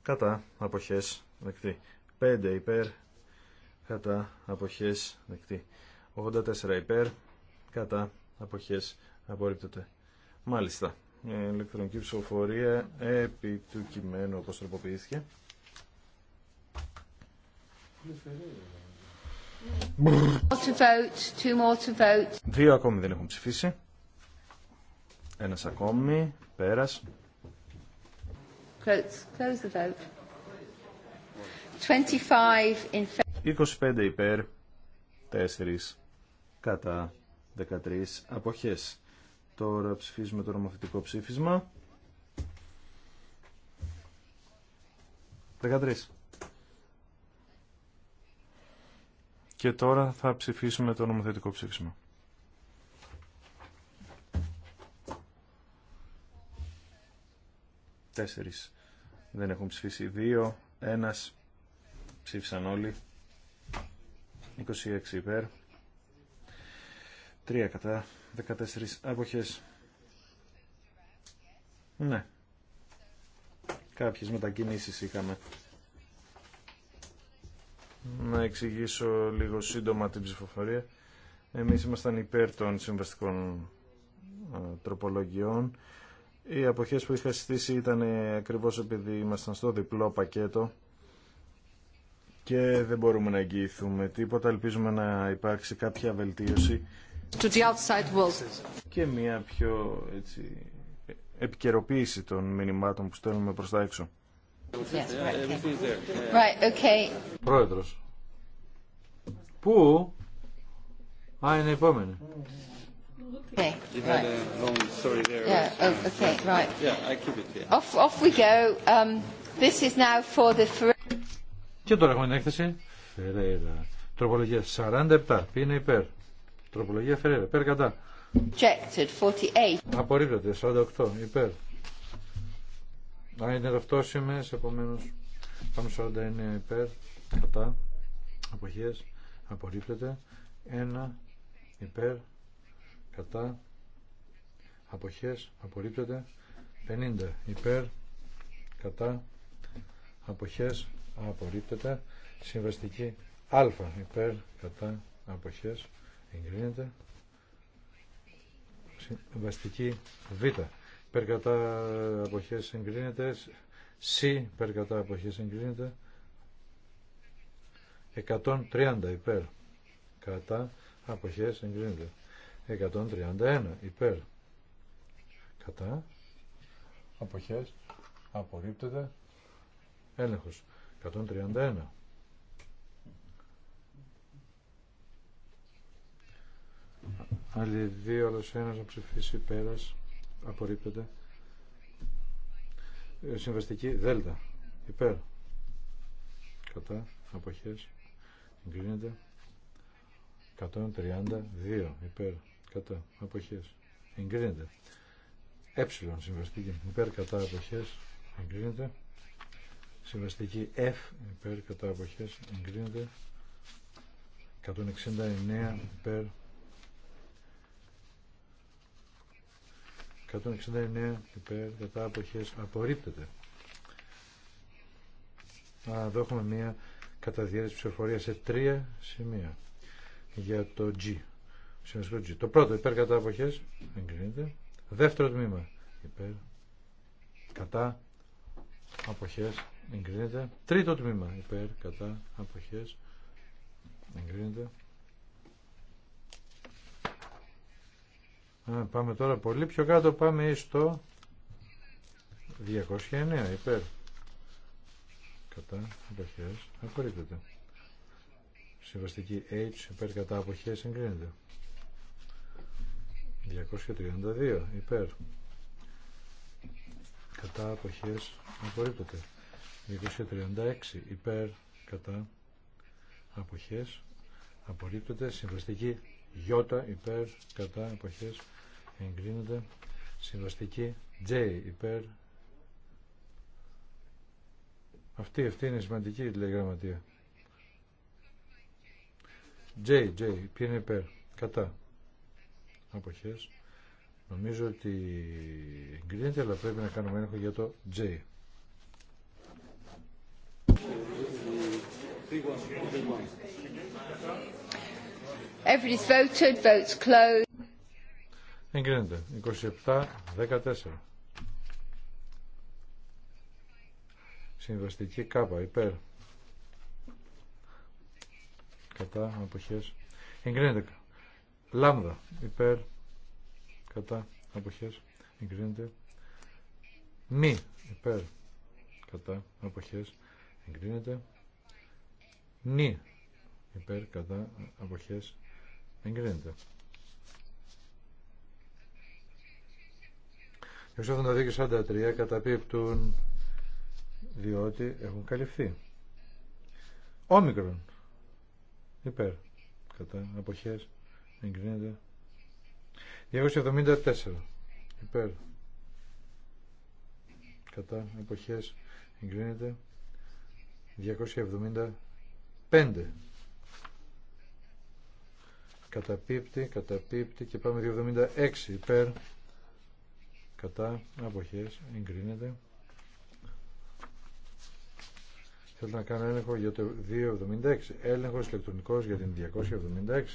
Κατά. Αποχές. Δεκτή. 5 υπέρ. Κατά. Αποχές. Δεκτή. 84 υπέρ. Κατά αποχές απορρίπτεται. Μάλιστα, η ηλεκτρονική ψηφοφορία επί του κειμένου όπω τροποποιήθηκε. Δύο ακόμη δεν έχουν ψηφίσει. Ένας ακόμη, πέρας. 25 υπέρ, 4 κατά 13 αποχές. Τώρα ψηφίζουμε το νομοθετικό ψήφισμα. 13. Και τώρα θα ψηφίσουμε το νομοθετικό ψήφισμα. 4. Δεν έχουν ψηφίσει 2, Ένας. Ψήφισαν όλοι. 26 υπέρ. 3 κατά 14 αποχές. Ναι. Κάποιες μετακινήσεις είχαμε. Να εξηγήσω λίγο σύντομα την ψηφοφορία. Εμείς ήμασταν υπέρ των συμβαστικών τροπολογιών. Οι αποχές που είχα συστήσει ήταν ακριβώς επειδή ήμασταν στο διπλό πακέτο και δεν μπορούμε να εγγυηθούμε τίποτα. Ελπίζουμε να υπάρξει κάποια βελτίωση To the outside world. Και μια πιο έτσι, επικαιροποίηση των μηνυμάτων που στέλνουμε προς τα έξω. Yes, right, okay. Right, okay. Πρόεδρος. Πού? Α, είναι επόμενη. Okay. You Yeah. Oh, okay. Right. Yeah, I keep it. here. Off, off we go. Um, this is now for the. Και τώρα έχουμε την έκθεση. Φερέρα. Τροπολογία 47. Ποιο είναι υπέρ. Τροπολογία Φεραίρα. Υπέρ κατά. Απορρίπτεται. 48. Υπέρ. Α, είναι ταυτόσημε. Επομένω πάμε 49. Υπέρ. Κατά. Αποχέ. Απορρίπτεται. 1. Υπέρ. Κατά. Αποχέ. Απορρίπτεται. 50. Υπέρ. Κατά. Αποχέ. Απορρίπτεται. Συμβαστική. Α. Υπέρ. Κατά. Αποχές εγκρίνεται. Βαστική Β περκατά κατά αποχές εγκρίνεται. Σ Περκατά κατά αποχές εγκρίνεται. 130 υπέρ κατά αποχές εγκρίνεται. 131 υπέρ κατά αποχές απορρίπτεται έλεγχος 131 Άλλοι δύο, άλλο ένα να ψηφίσει πέρα. Απορρίπτεται. Ε, συμβαστική Δέλτα. Υπέρ. Κατά. Αποχέ. Εγκρίνεται. 132. Υπέρ. Κατά. Αποχέ. Εγκρίνεται. Ε. Συμβαστική. Υπέρ. Κατά. Αποχέ. Εγκρίνεται. Συμβαστική F. Υπέρ. Κατά. Αποχέ. Εγκρίνεται. 169. Υπέρ 169 υπέρ κατά αποχές απορρίπτεται. Α, εδώ έχουμε μία κατά ψηφοφορία σε τρία σημεία για το G. G. Το πρώτο υπέρ κατά αποχές εγκρίνεται. Δεύτερο τμήμα υπέρ κατά αποχές εγκρίνεται. Τρίτο τμήμα υπέρ κατά αποχές εγκρίνεται. Πάμε τώρα πολύ πιο κάτω. Πάμε στο 209 υπέρ. Κατά αποχές. Απορρίπτεται. Συμβαστική H υπέρ κατά αποχές εγκρίνεται. 232 υπέρ. Κατά αποχές απορρίπτεται. 236 υπέρ κατά αποχές απορρίπτεται. Συμβαστική Ι υπέρ κατά αποχές Εγκρίνονται. συμβαστική J υπέρ αυτή, αυτή είναι σημαντική η γραμματεία J, J, ποιο είναι υπέρ κατά αποχές νομίζω ότι εγκρίνεται αλλά πρέπει να κάνουμε έλεγχο για το J Everybody's voted, votes closed. Εγκρίνεται. 27, 14. Συμβαστική κάπα, υπέρ. Κατά, αποχές. Εγκρίνεται. Λάμδα, υπέρ. Κατά, αποχές. Εγκρίνεται. Μη, υπέρ. Κατά, αποχές. Εγκρίνεται. Νη, υπέρ. Κατά, αποχές. Εγκρίνεται. να και 43 καταπίπτουν διότι έχουν καλυφθεί. Όμικρον. Υπέρ. Κατά αποχές. Εγκρίνεται. 274. Υπέρ. Κατά αποχές. Εγκρίνεται. 275. Καταπίπτει, καταπίπτει και πάμε 276 υπέρ κατά αποχές εγκρίνεται θέλω να κάνω έλεγχο για το 276 έλεγχος ηλεκτρονικός για την 276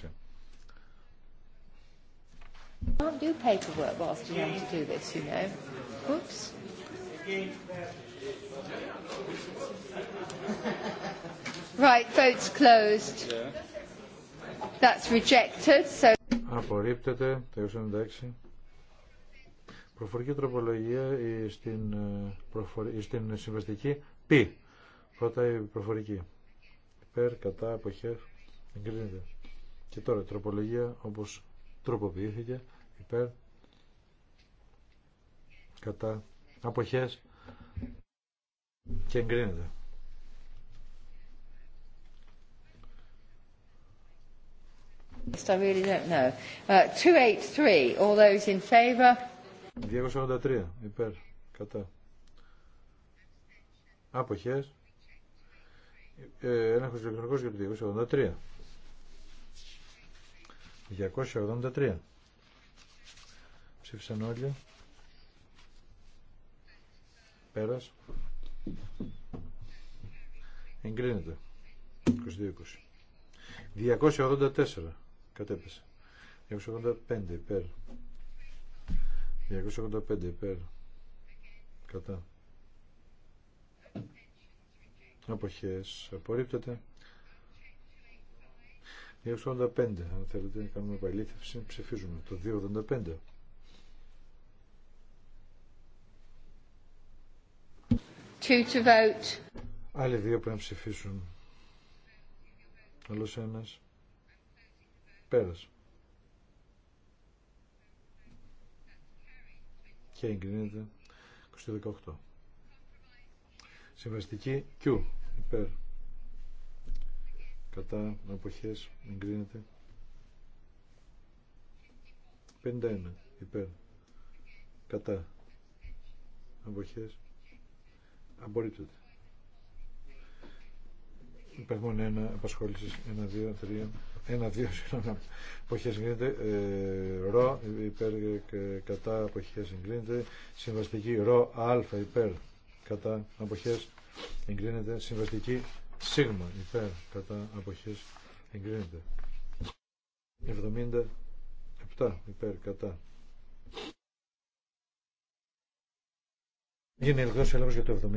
Right, vote's closed. That's rejected, so... Απορρίπτεται, το 276. Προφορική τροπολογία ε, στην, ε, ε, στην συμβαστική π. Πρώτα η προφορική. Υπέρ, κατά, αποχες εγκρίνεται. Και τώρα η τροπολογία όπως τροποποιήθηκε, υπέρ, κατά, αποχές και εγκρίνεται. 283, uh, all in 283 υπέρ κατά άποχες ένα ε, έλεγχος για το 283 283 ψήφισαν όλοι πέρας εγκρίνεται 22-20 284 κατέπεσε 285 υπέρ 285 υπέρ κατά αποχές απορρίπτεται 285 αν θέλετε να κάνουμε επαλήθευση ψηφίζουμε το 285 Άλλοι δύο πρέπει να ψηφίσουν. Άλλος ένας. Πέρασε. και εγκρίνεται 2018. Συμβαστική Q υπέρ κατά αποχές εγκρίνεται 51 υπέρ κατά αποχές απορρίπτεται. μόνο ένα απασχόλησης 1, 2, 3 ένα-δύο συγγνώμη αποχέ εγκρίνεται. Ε, ρο υπέρ κατά αποχέ εγκρίνεται. Συμβαστική ρο α υπέρ κατά αποχέ εγκρίνεται. Συμβαστική σίγμα υπέρ κατά αποχέ εγκρίνεται. 77 υπέρ κατά. Γίνει ελεγχός έλεγχο για το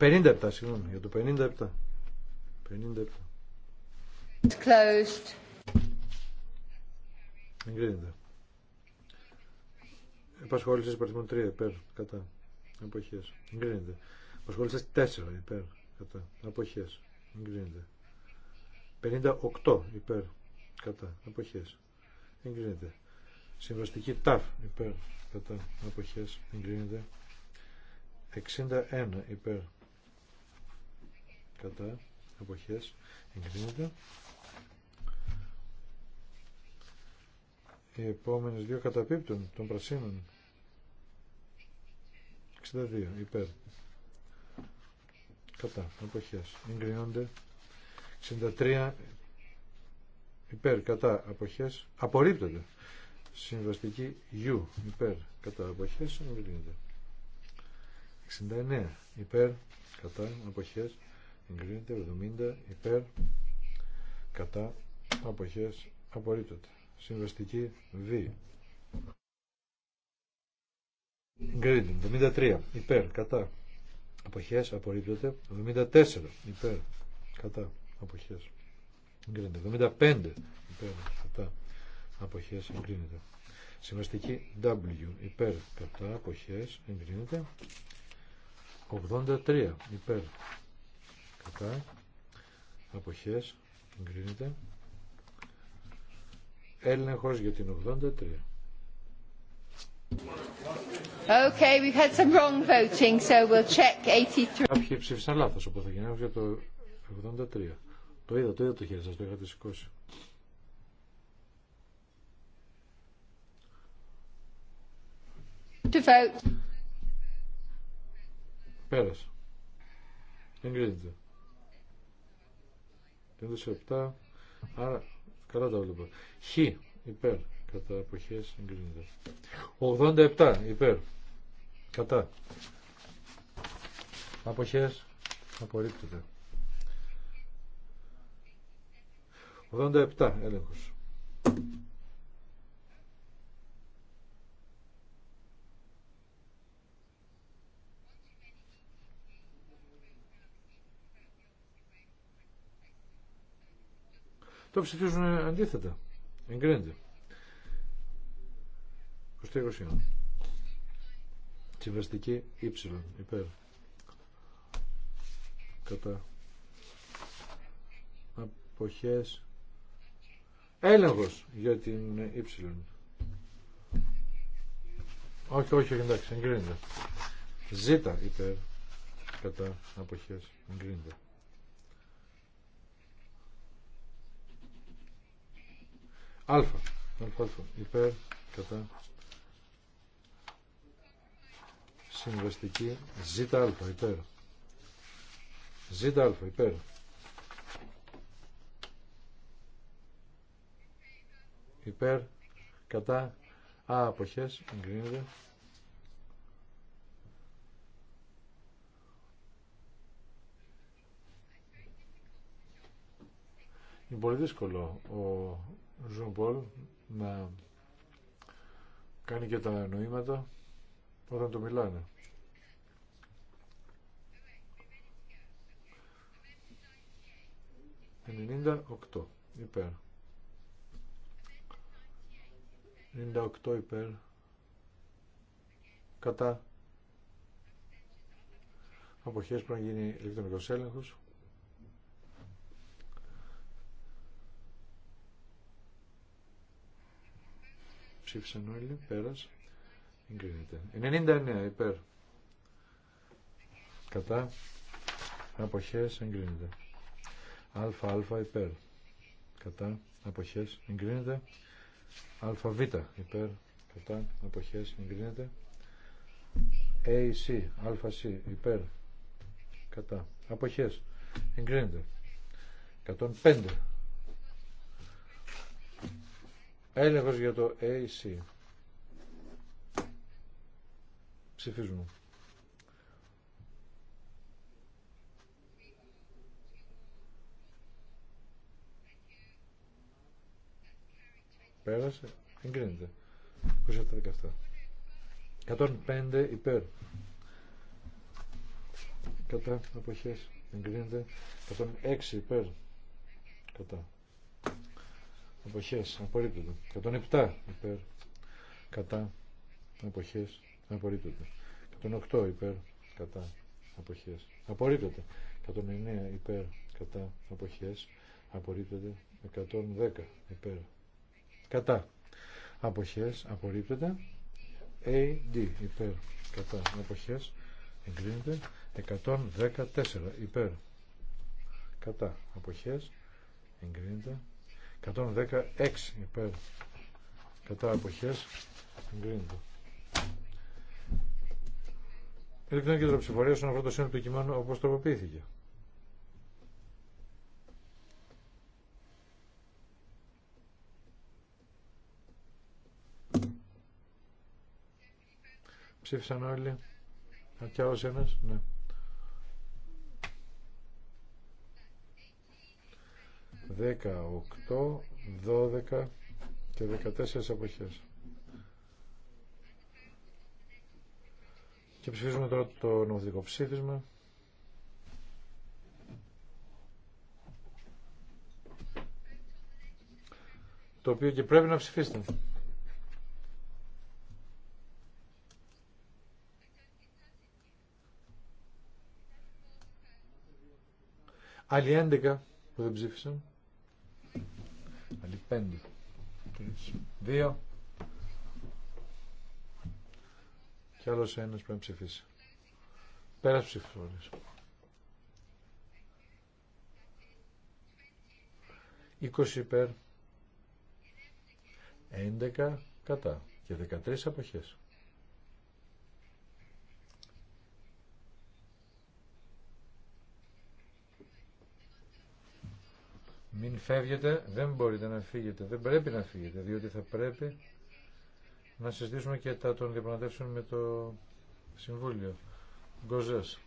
77. 57, συγγνώμη, για το 57. 57. Closed. Εγκρίνεται. Επασχόληση υπαριθμών 3 υπέρ κατά αποχέ. Εγκρίνεται. Επασχόληση 4 υπέρ κατά αποχέ. Εγκρίνεται. 58 υπέρ κατά αποχέ. Εγκρίνεται. Συμβαστική ΤΑΦ υπέρ κατά αποχέ. Εγκρίνεται. 61 υπέρ κατά εποχέ, Εγκρίνεται. Οι επόμενες δύο καταπίπτουν των πρασίνων. 62 υπέρ. Κατά. Αποχές. Εγκρινώνται. 63 υπέρ. Κατά. Αποχές. Απορρίπτονται. Συμβαστική U υπέρ. Κατά. Αποχές. Εγκρινώνται. 69 υπέρ. Κατά. Αποχές. Εγκρινώνται. 70 υπέρ κατά αποχές απορρίπτονται. Συμβαστική V. Γκρίντιν. 73. Υπέρ. Κατά. Αποχές. Απορρίπτεται. 74. Υπέρ. Κατά. Αποχές. Εγκρίνεται. 75. Υπέρ. Κατά. Αποχές. Εγκρίνεται. Συμβαστική W. Υπέρ. Κατά. Αποχές. Εγκρίνεται. 83. Υπέρ. Κατά. Αποχές. Εγκρίνεται. Έλεγχος για την 83. Okay, we've had some wrong voting, so we'll check 83. Κάποιοι ψήφισαν λάθος, οπότε θα γίνει για το 83. Το είδα, το είδα το χέρι σας, το είχατε σηκώσει. To vote. Πέρασε. Εγκρίνεται. 27. Άρα Κατά τα βλέπω. Χ. Υπέρ. Κατά αποχές εγκρίνεται. 87. Υπέρ. Κατά. Αποχές απορρίπτεται. 87. Έλεγχος. Το ψηφίζουν αντίθετα. Εγκρίνεται. 20-21. Συμβαστική ύψιλον. Υπέρ. Κατά. Αποχές. Έλεγχος για την ύψιλον. Όχι, όχι, εντάξει, εγκρίνεται. Ζήτα υπέρ κατά αποχές εγκρίνεται. Α. Α, υπέρ, κατά. Συμβαστική ζ α, υπέρ. Ζ α, υπέρ. Υπέρ, κατά. Α, αποχές, εγκρίνεται. Είναι πολύ δύσκολο ο Ζων Πολ να κάνει και τα νοήματα όταν το μιλάνε. 98 υπέρ. 98 υπέρ κατά αποχές που να γίνει ηλεκτρονικός έλεγχος Ψήφισαν όλοι. Πέρας. Εγκρίνεται. 99 υπέρ. Κατά. Αποχές. Εγκρίνεται. Αλφα αλφα υπέρ. Κατά. Αποχές. Εγκρίνεται. Αλφα β υπέρ. Κατά. Αποχές. Εγκρίνεται. AC, ε, ΑΣ, υπέρ, κατά, αποχές, εγκρίνεται, 105 Έλεγχος για το AC. Ψηφίζουμε. Πέρασε. Εγκρίνεται. 27-17. 105 υπέρ. Κατά αποχές. Εγκρίνεται. 106 υπέρ. Κατά εποχές απορρίπτονται 107 υπέρ κατά εποχές απορρίπτονται 108 υπέρ κατά εποχές απορρίπτονται 109 υπέρ κατά εποχές απορρίπτονται 110 υπέρ κατά εποχές, απορρίπτονται. AD υπέρ κατά εποχές, εγκρίνεται 114 υπέρ κατά αποχές εγκρίνεται 116 υπέρ κατά εποχές εγκρίνεται. Ελεκτρονική κέντρο ψηφορία στον αυτό το σύνολο του κειμένου όπω τροποποιήθηκε. Ψήφισαν όλοι. Και ένα, ναι. 18, 12 και 14 εποχές. Και ψηφίζουμε τώρα το νομοθετικό ψήφισμα. Το οποίο και πρέπει να ψηφίσετε. Άλλοι 11 που δεν ψήφισαν πέντε, 3, 2. και άλλος ένας πρέπει να ψηφίσει. Πέρα ψηφοφορία. 20 υπέρ, 11 κατά και 13 αποχές. Μην φεύγετε, δεν μπορείτε να φύγετε, δεν πρέπει να φύγετε, διότι θα πρέπει να συζητήσουμε και τα των διαπραγματεύσεων με το Συμβούλιο. Γκοζές.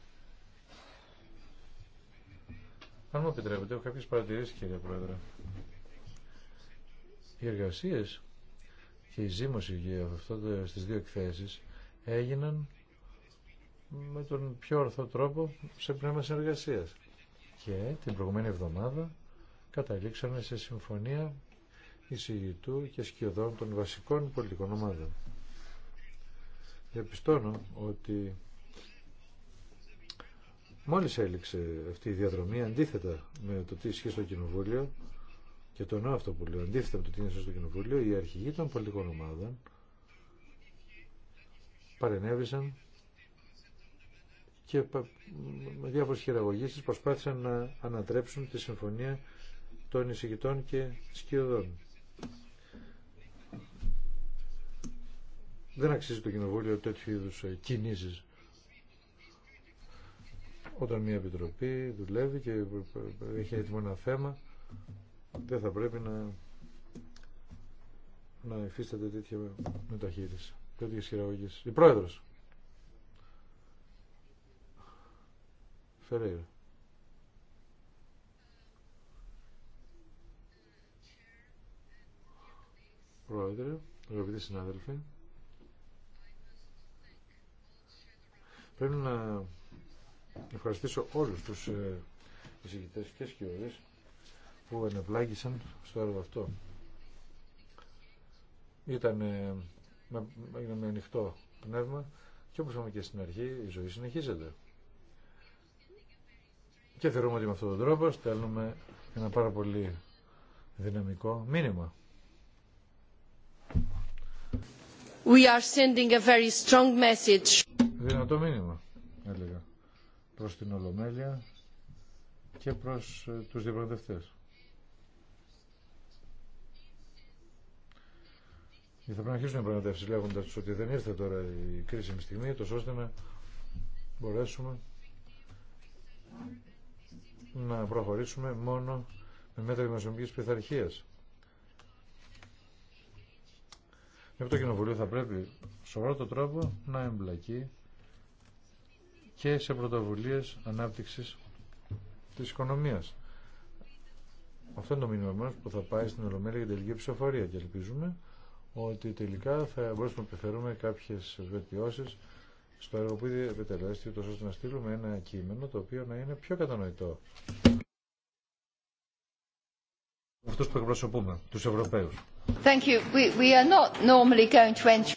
Αν μου επιτρέπετε, έχω κάποιες παρατηρήσεις, κύριε Πρόεδρε. Οι εργασίες και η ζήμωση για αυτό το, στις δύο εκθέσεις έγιναν με τον πιο ορθό τρόπο σε πνεύμα συνεργασίας. Και την προηγούμενη εβδομάδα καταλήξαμε σε συμφωνία εισηγητού και σκιωδών των βασικών πολιτικών ομάδων. Διαπιστώνω ότι μόλις έληξε αυτή η διαδρομή αντίθετα με το τι ισχύει στο Κοινοβούλιο και το νέο αυτό που λέω αντίθετα με το τι ισχύει στο Κοινοβούλιο οι αρχηγοί των πολιτικών ομάδων παρενέβησαν και με διάφορες χειραγωγήσεις προσπάθησαν να ανατρέψουν τη συμφωνία των εισηγητών και σκιωδών. Δεν αξίζει το κοινοβούλιο τέτοιου είδου ε, κινήσει. Όταν μια επιτροπή δουλεύει και ε, ε, έχει έτοιμο ένα θέμα, δεν θα πρέπει να, να υφίσταται τέτοια μεταχείριση. Τέτοιε χειραγωγέ. Η πρόεδρο. Φεραίρα. Πρόεδρε, αγαπητοί συνάδελφοι, πρέπει να ευχαριστήσω όλους τους ε, εισηγητές και σκιωρές που ενευλάγησαν στο έργο αυτό. Ήταν ε, με, με ανοιχτό πνεύμα και όπως είπαμε και στην αρχή η ζωή συνεχίζεται. Και θεωρούμε ότι με αυτόν τον τρόπο στέλνουμε ένα πάρα πολύ δυναμικό μήνυμα. We are sending Δυνατό μήνυμα, έλεγα, προς την Ολομέλεια και προς ε, τους διαπραγματευτές. θα πρέπει να αρχίσουν οι διαπραγματεύσεις λέγοντας ότι δεν ήρθε τώρα η κρίσιμη στιγμή, τόσο ώστε να μπορέσουμε να προχωρήσουμε μόνο με μέτρα δημοσιονομικής πειθαρχίας. Γι' αυτό το Κοινοβουλίο θα πρέπει σοβαρό το τρόπο να εμπλακεί και σε πρωτοβουλίες ανάπτυξης της οικονομίας. Αυτό είναι το μήνυμα μας που θα πάει στην Ολομέλεια για τελική ψηφοφορία και ελπίζουμε ότι τελικά θα μπορέσουμε να επιφέρουμε κάποιες βελτιώσεις στο έργο που ήδη επιτελέστηκε τόσο ώστε να στείλουμε ένα κείμενο το οποίο να είναι πιο κατανοητό. Αυτούς που εκπροσωπούμε, τους Ευρωπαίους. Thank you. We, we are not normally going to enter...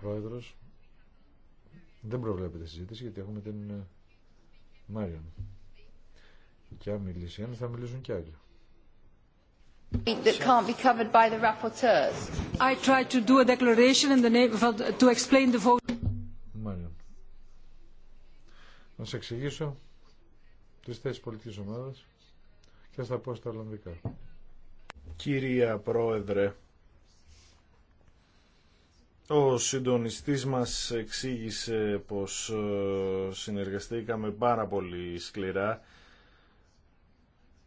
Πρόεδρος, δεν προβλέπεται συζήτηση γιατί έχουμε την ε, Μάριον. Και αν μιλήσει ένα, θα μιλήσουν κι άλλοι. That can't be covered by the rapporteurs. I tried to do a declaration in the name of, to explain the vote. Μάριον. Να σε εξηγήσω τις θέσεις πολιτικής ομάδας και θα πω στα Ολλανδικά. Κυρία Πρόεδρε, ο συντονιστής μας εξήγησε πως ε, συνεργαστήκαμε πάρα πολύ σκληρά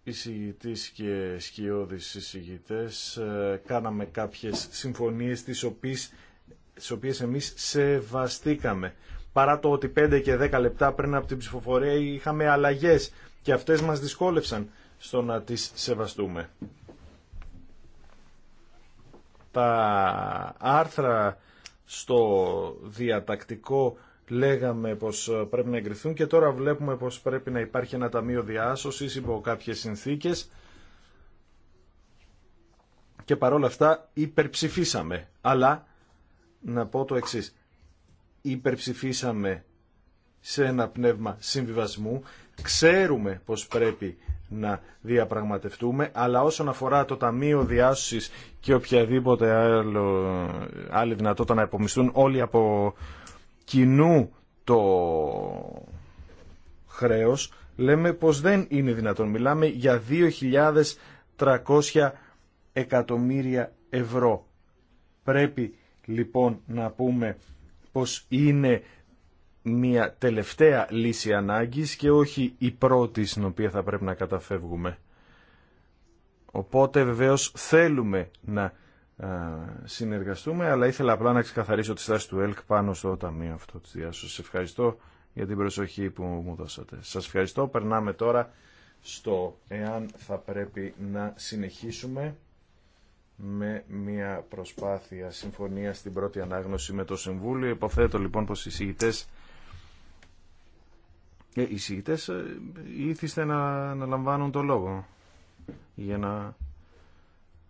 εισηγητής και σκιώδης εισηγητές. Ε, κάναμε κάποιες συμφωνίες τις οποίες, τις οποίες εμείς σεβαστήκαμε. Παρά το ότι 5 και 10 λεπτά πριν από την ψηφοφορία είχαμε αλλαγές και αυτές μας δυσκόλευσαν στο να τις σεβαστούμε. Τα άρθρα στο διατακτικό λέγαμε πως ε, πρέπει να εγκριθούν και τώρα βλέπουμε πως πρέπει να υπάρχει ένα ταμείο διάσωσης υπό κάποιες συνθήκες και παρόλα αυτά υπερψηφίσαμε. Αλλά να πω το εξής, υπερψηφίσαμε σε ένα πνεύμα συμβιβασμού, ξέρουμε πως πρέπει να διαπραγματευτούμε, αλλά όσον αφορά το Ταμείο Διάσωση και οποιαδήποτε άλλο, άλλη δυνατότητα να υπομισθούν όλοι από κοινού το χρέος, λέμε πως δεν είναι δυνατόν. Μιλάμε για 2.300 εκατομμύρια ευρώ. Πρέπει λοιπόν να πούμε πως είναι μια τελευταία λύση ανάγκης και όχι η πρώτη στην οποία θα πρέπει να καταφεύγουμε. Οπότε βεβαίως θέλουμε να συνεργαστούμε, αλλά ήθελα απλά να ξεκαθαρίσω τη στάση του ΕΛΚ πάνω στο ταμείο αυτό της διάσωσης. Ευχαριστώ για την προσοχή που μου δώσατε. Σας ευχαριστώ. Περνάμε τώρα στο εάν θα πρέπει να συνεχίσουμε με μια προσπάθεια συμφωνία στην πρώτη ανάγνωση με το Συμβούλιο. Υποθέτω λοιπόν πως οι συγητές ε, οι συγητές ε, ήθιστε να, λαμβάνουν το λόγο για να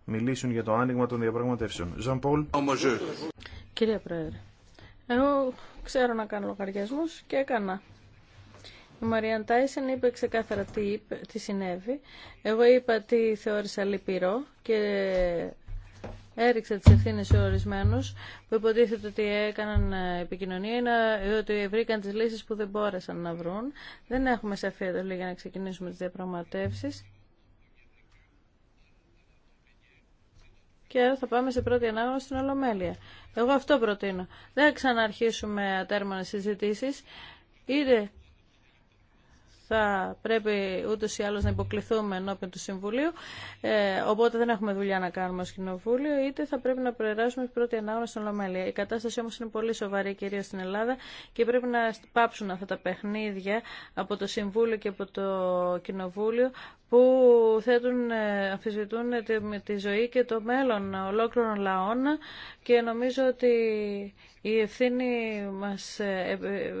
μιλήσουν για το άνοιγμα των διαπραγματεύσεων. Ζαν Πολ. Κύριε Πρόεδρε, εγώ ξέρω να κάνω λογαριασμού και έκανα. Η Μαριάν Τάισεν είπε ξεκάθαρα τι, είπε, τι συνέβη. Εγώ είπα τι θεώρησα λυπηρό και έριξε τις ευθύνες σε ορισμένους που υποτίθεται ότι έκαναν ε, επικοινωνία ή ότι βρήκαν τις λύσεις που δεν μπόρεσαν να βρουν. Δεν έχουμε σαφή εδώ για να ξεκινήσουμε τις διαπραγματεύσεις. Και άρα θα πάμε σε πρώτη ανάγνωση στην Ολομέλεια. Εγώ αυτό προτείνω. Δεν ξαναρχίσουμε ατέρμονες συζητήσεις. Είτε θα πρέπει ούτως ή άλλως να υποκληθούμε ενώπιον του Συμβουλίου, ε, οπότε δεν έχουμε δουλειά να κάνουμε ως Κοινοβούλιο, είτε θα πρέπει να προεράσουμε την πρώτη ανάγνωση στον Λομέλια. Η κατάσταση όμως είναι πολύ σοβαρή, κυρίως στην Ελλάδα, και πρέπει να πάψουν αυτά τα παιχνίδια πρωτη αναγνωση στην ολομελεια το Συμβούλιο και από το Κοινοβούλιο, που θέτουν, ε, αμφισβητούν τη, τη ζωή και το μέλλον ολόκληρων λαών και νομίζω ότι η ευθύνη μας ε, ε,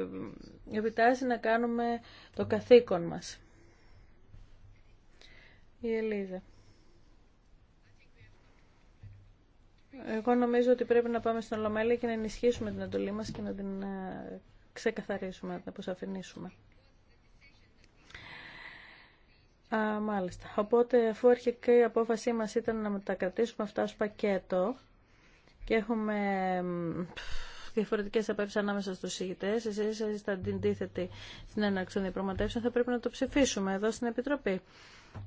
επιτάσσει να κάνουμε το καθήκον μας. Η Ελίζα. Εγώ νομίζω ότι πρέπει να πάμε στον Λομέλη και να ενισχύσουμε την εντολή μας και να την ε, ξεκαθαρίσουμε, να την αποσαφηνίσουμε. Α, μάλιστα. Οπότε, αφού αρχικά η απόφασή μας ήταν να μετακρατήσουμε αυτά ως πακέτο και έχουμε διαφορετικέ απέψει ανάμεσα στου ηγητέ. Εσεί είστε αντίθετοι στην έναρξη των διαπραγματεύσεων. Θα πρέπει να το ψηφίσουμε εδώ στην Επιτροπή.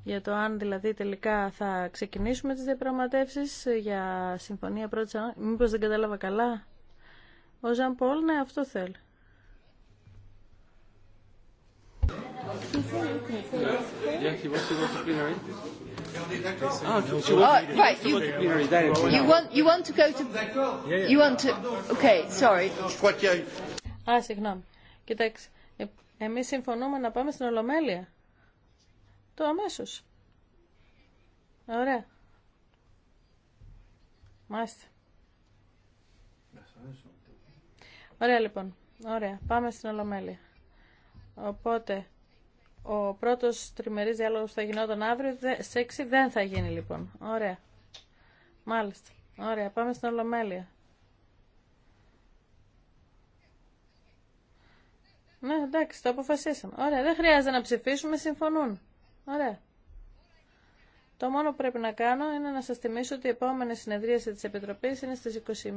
Για το αν δηλαδή τελικά θα ξεκινήσουμε τι διαπραγματεύσει για συμφωνία πρώτη. Μήπω δεν κατάλαβα καλά. Ο Ζαν Πολ, ναι, αυτό θέλει. Ah, right, ah, Α, συγγνώμη. Κοιτάξτε, ε, εμείς συμφωνούμε να πάμε στην Ολομέλεια. Το αμέσως. Ωραία. Μάλιστα. Ωραία λοιπόν. Ωραία. Πάμε στην Ολομέλεια. Οπότε ο πρώτος τριμερής διάλογος θα γινόταν αύριο, σε 6 δεν θα γίνει λοιπόν. Ωραία. Μάλιστα. Ωραία, πάμε στην Ολομέλεια. Ναι, εντάξει, το αποφασίσαμε. Ωραία, δεν χρειάζεται να ψηφίσουμε, συμφωνούν. Ωραία. Το μόνο που πρέπει να κάνω είναι να σας θυμίσω ότι η επόμενη συνεδρίαση της Επιτροπής είναι στις 21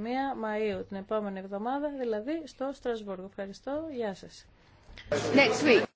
Μαΐου, την επόμενη εβδομάδα, δηλαδή στο Στρασβούργο. Ευχαριστώ, γεια σας. Next week.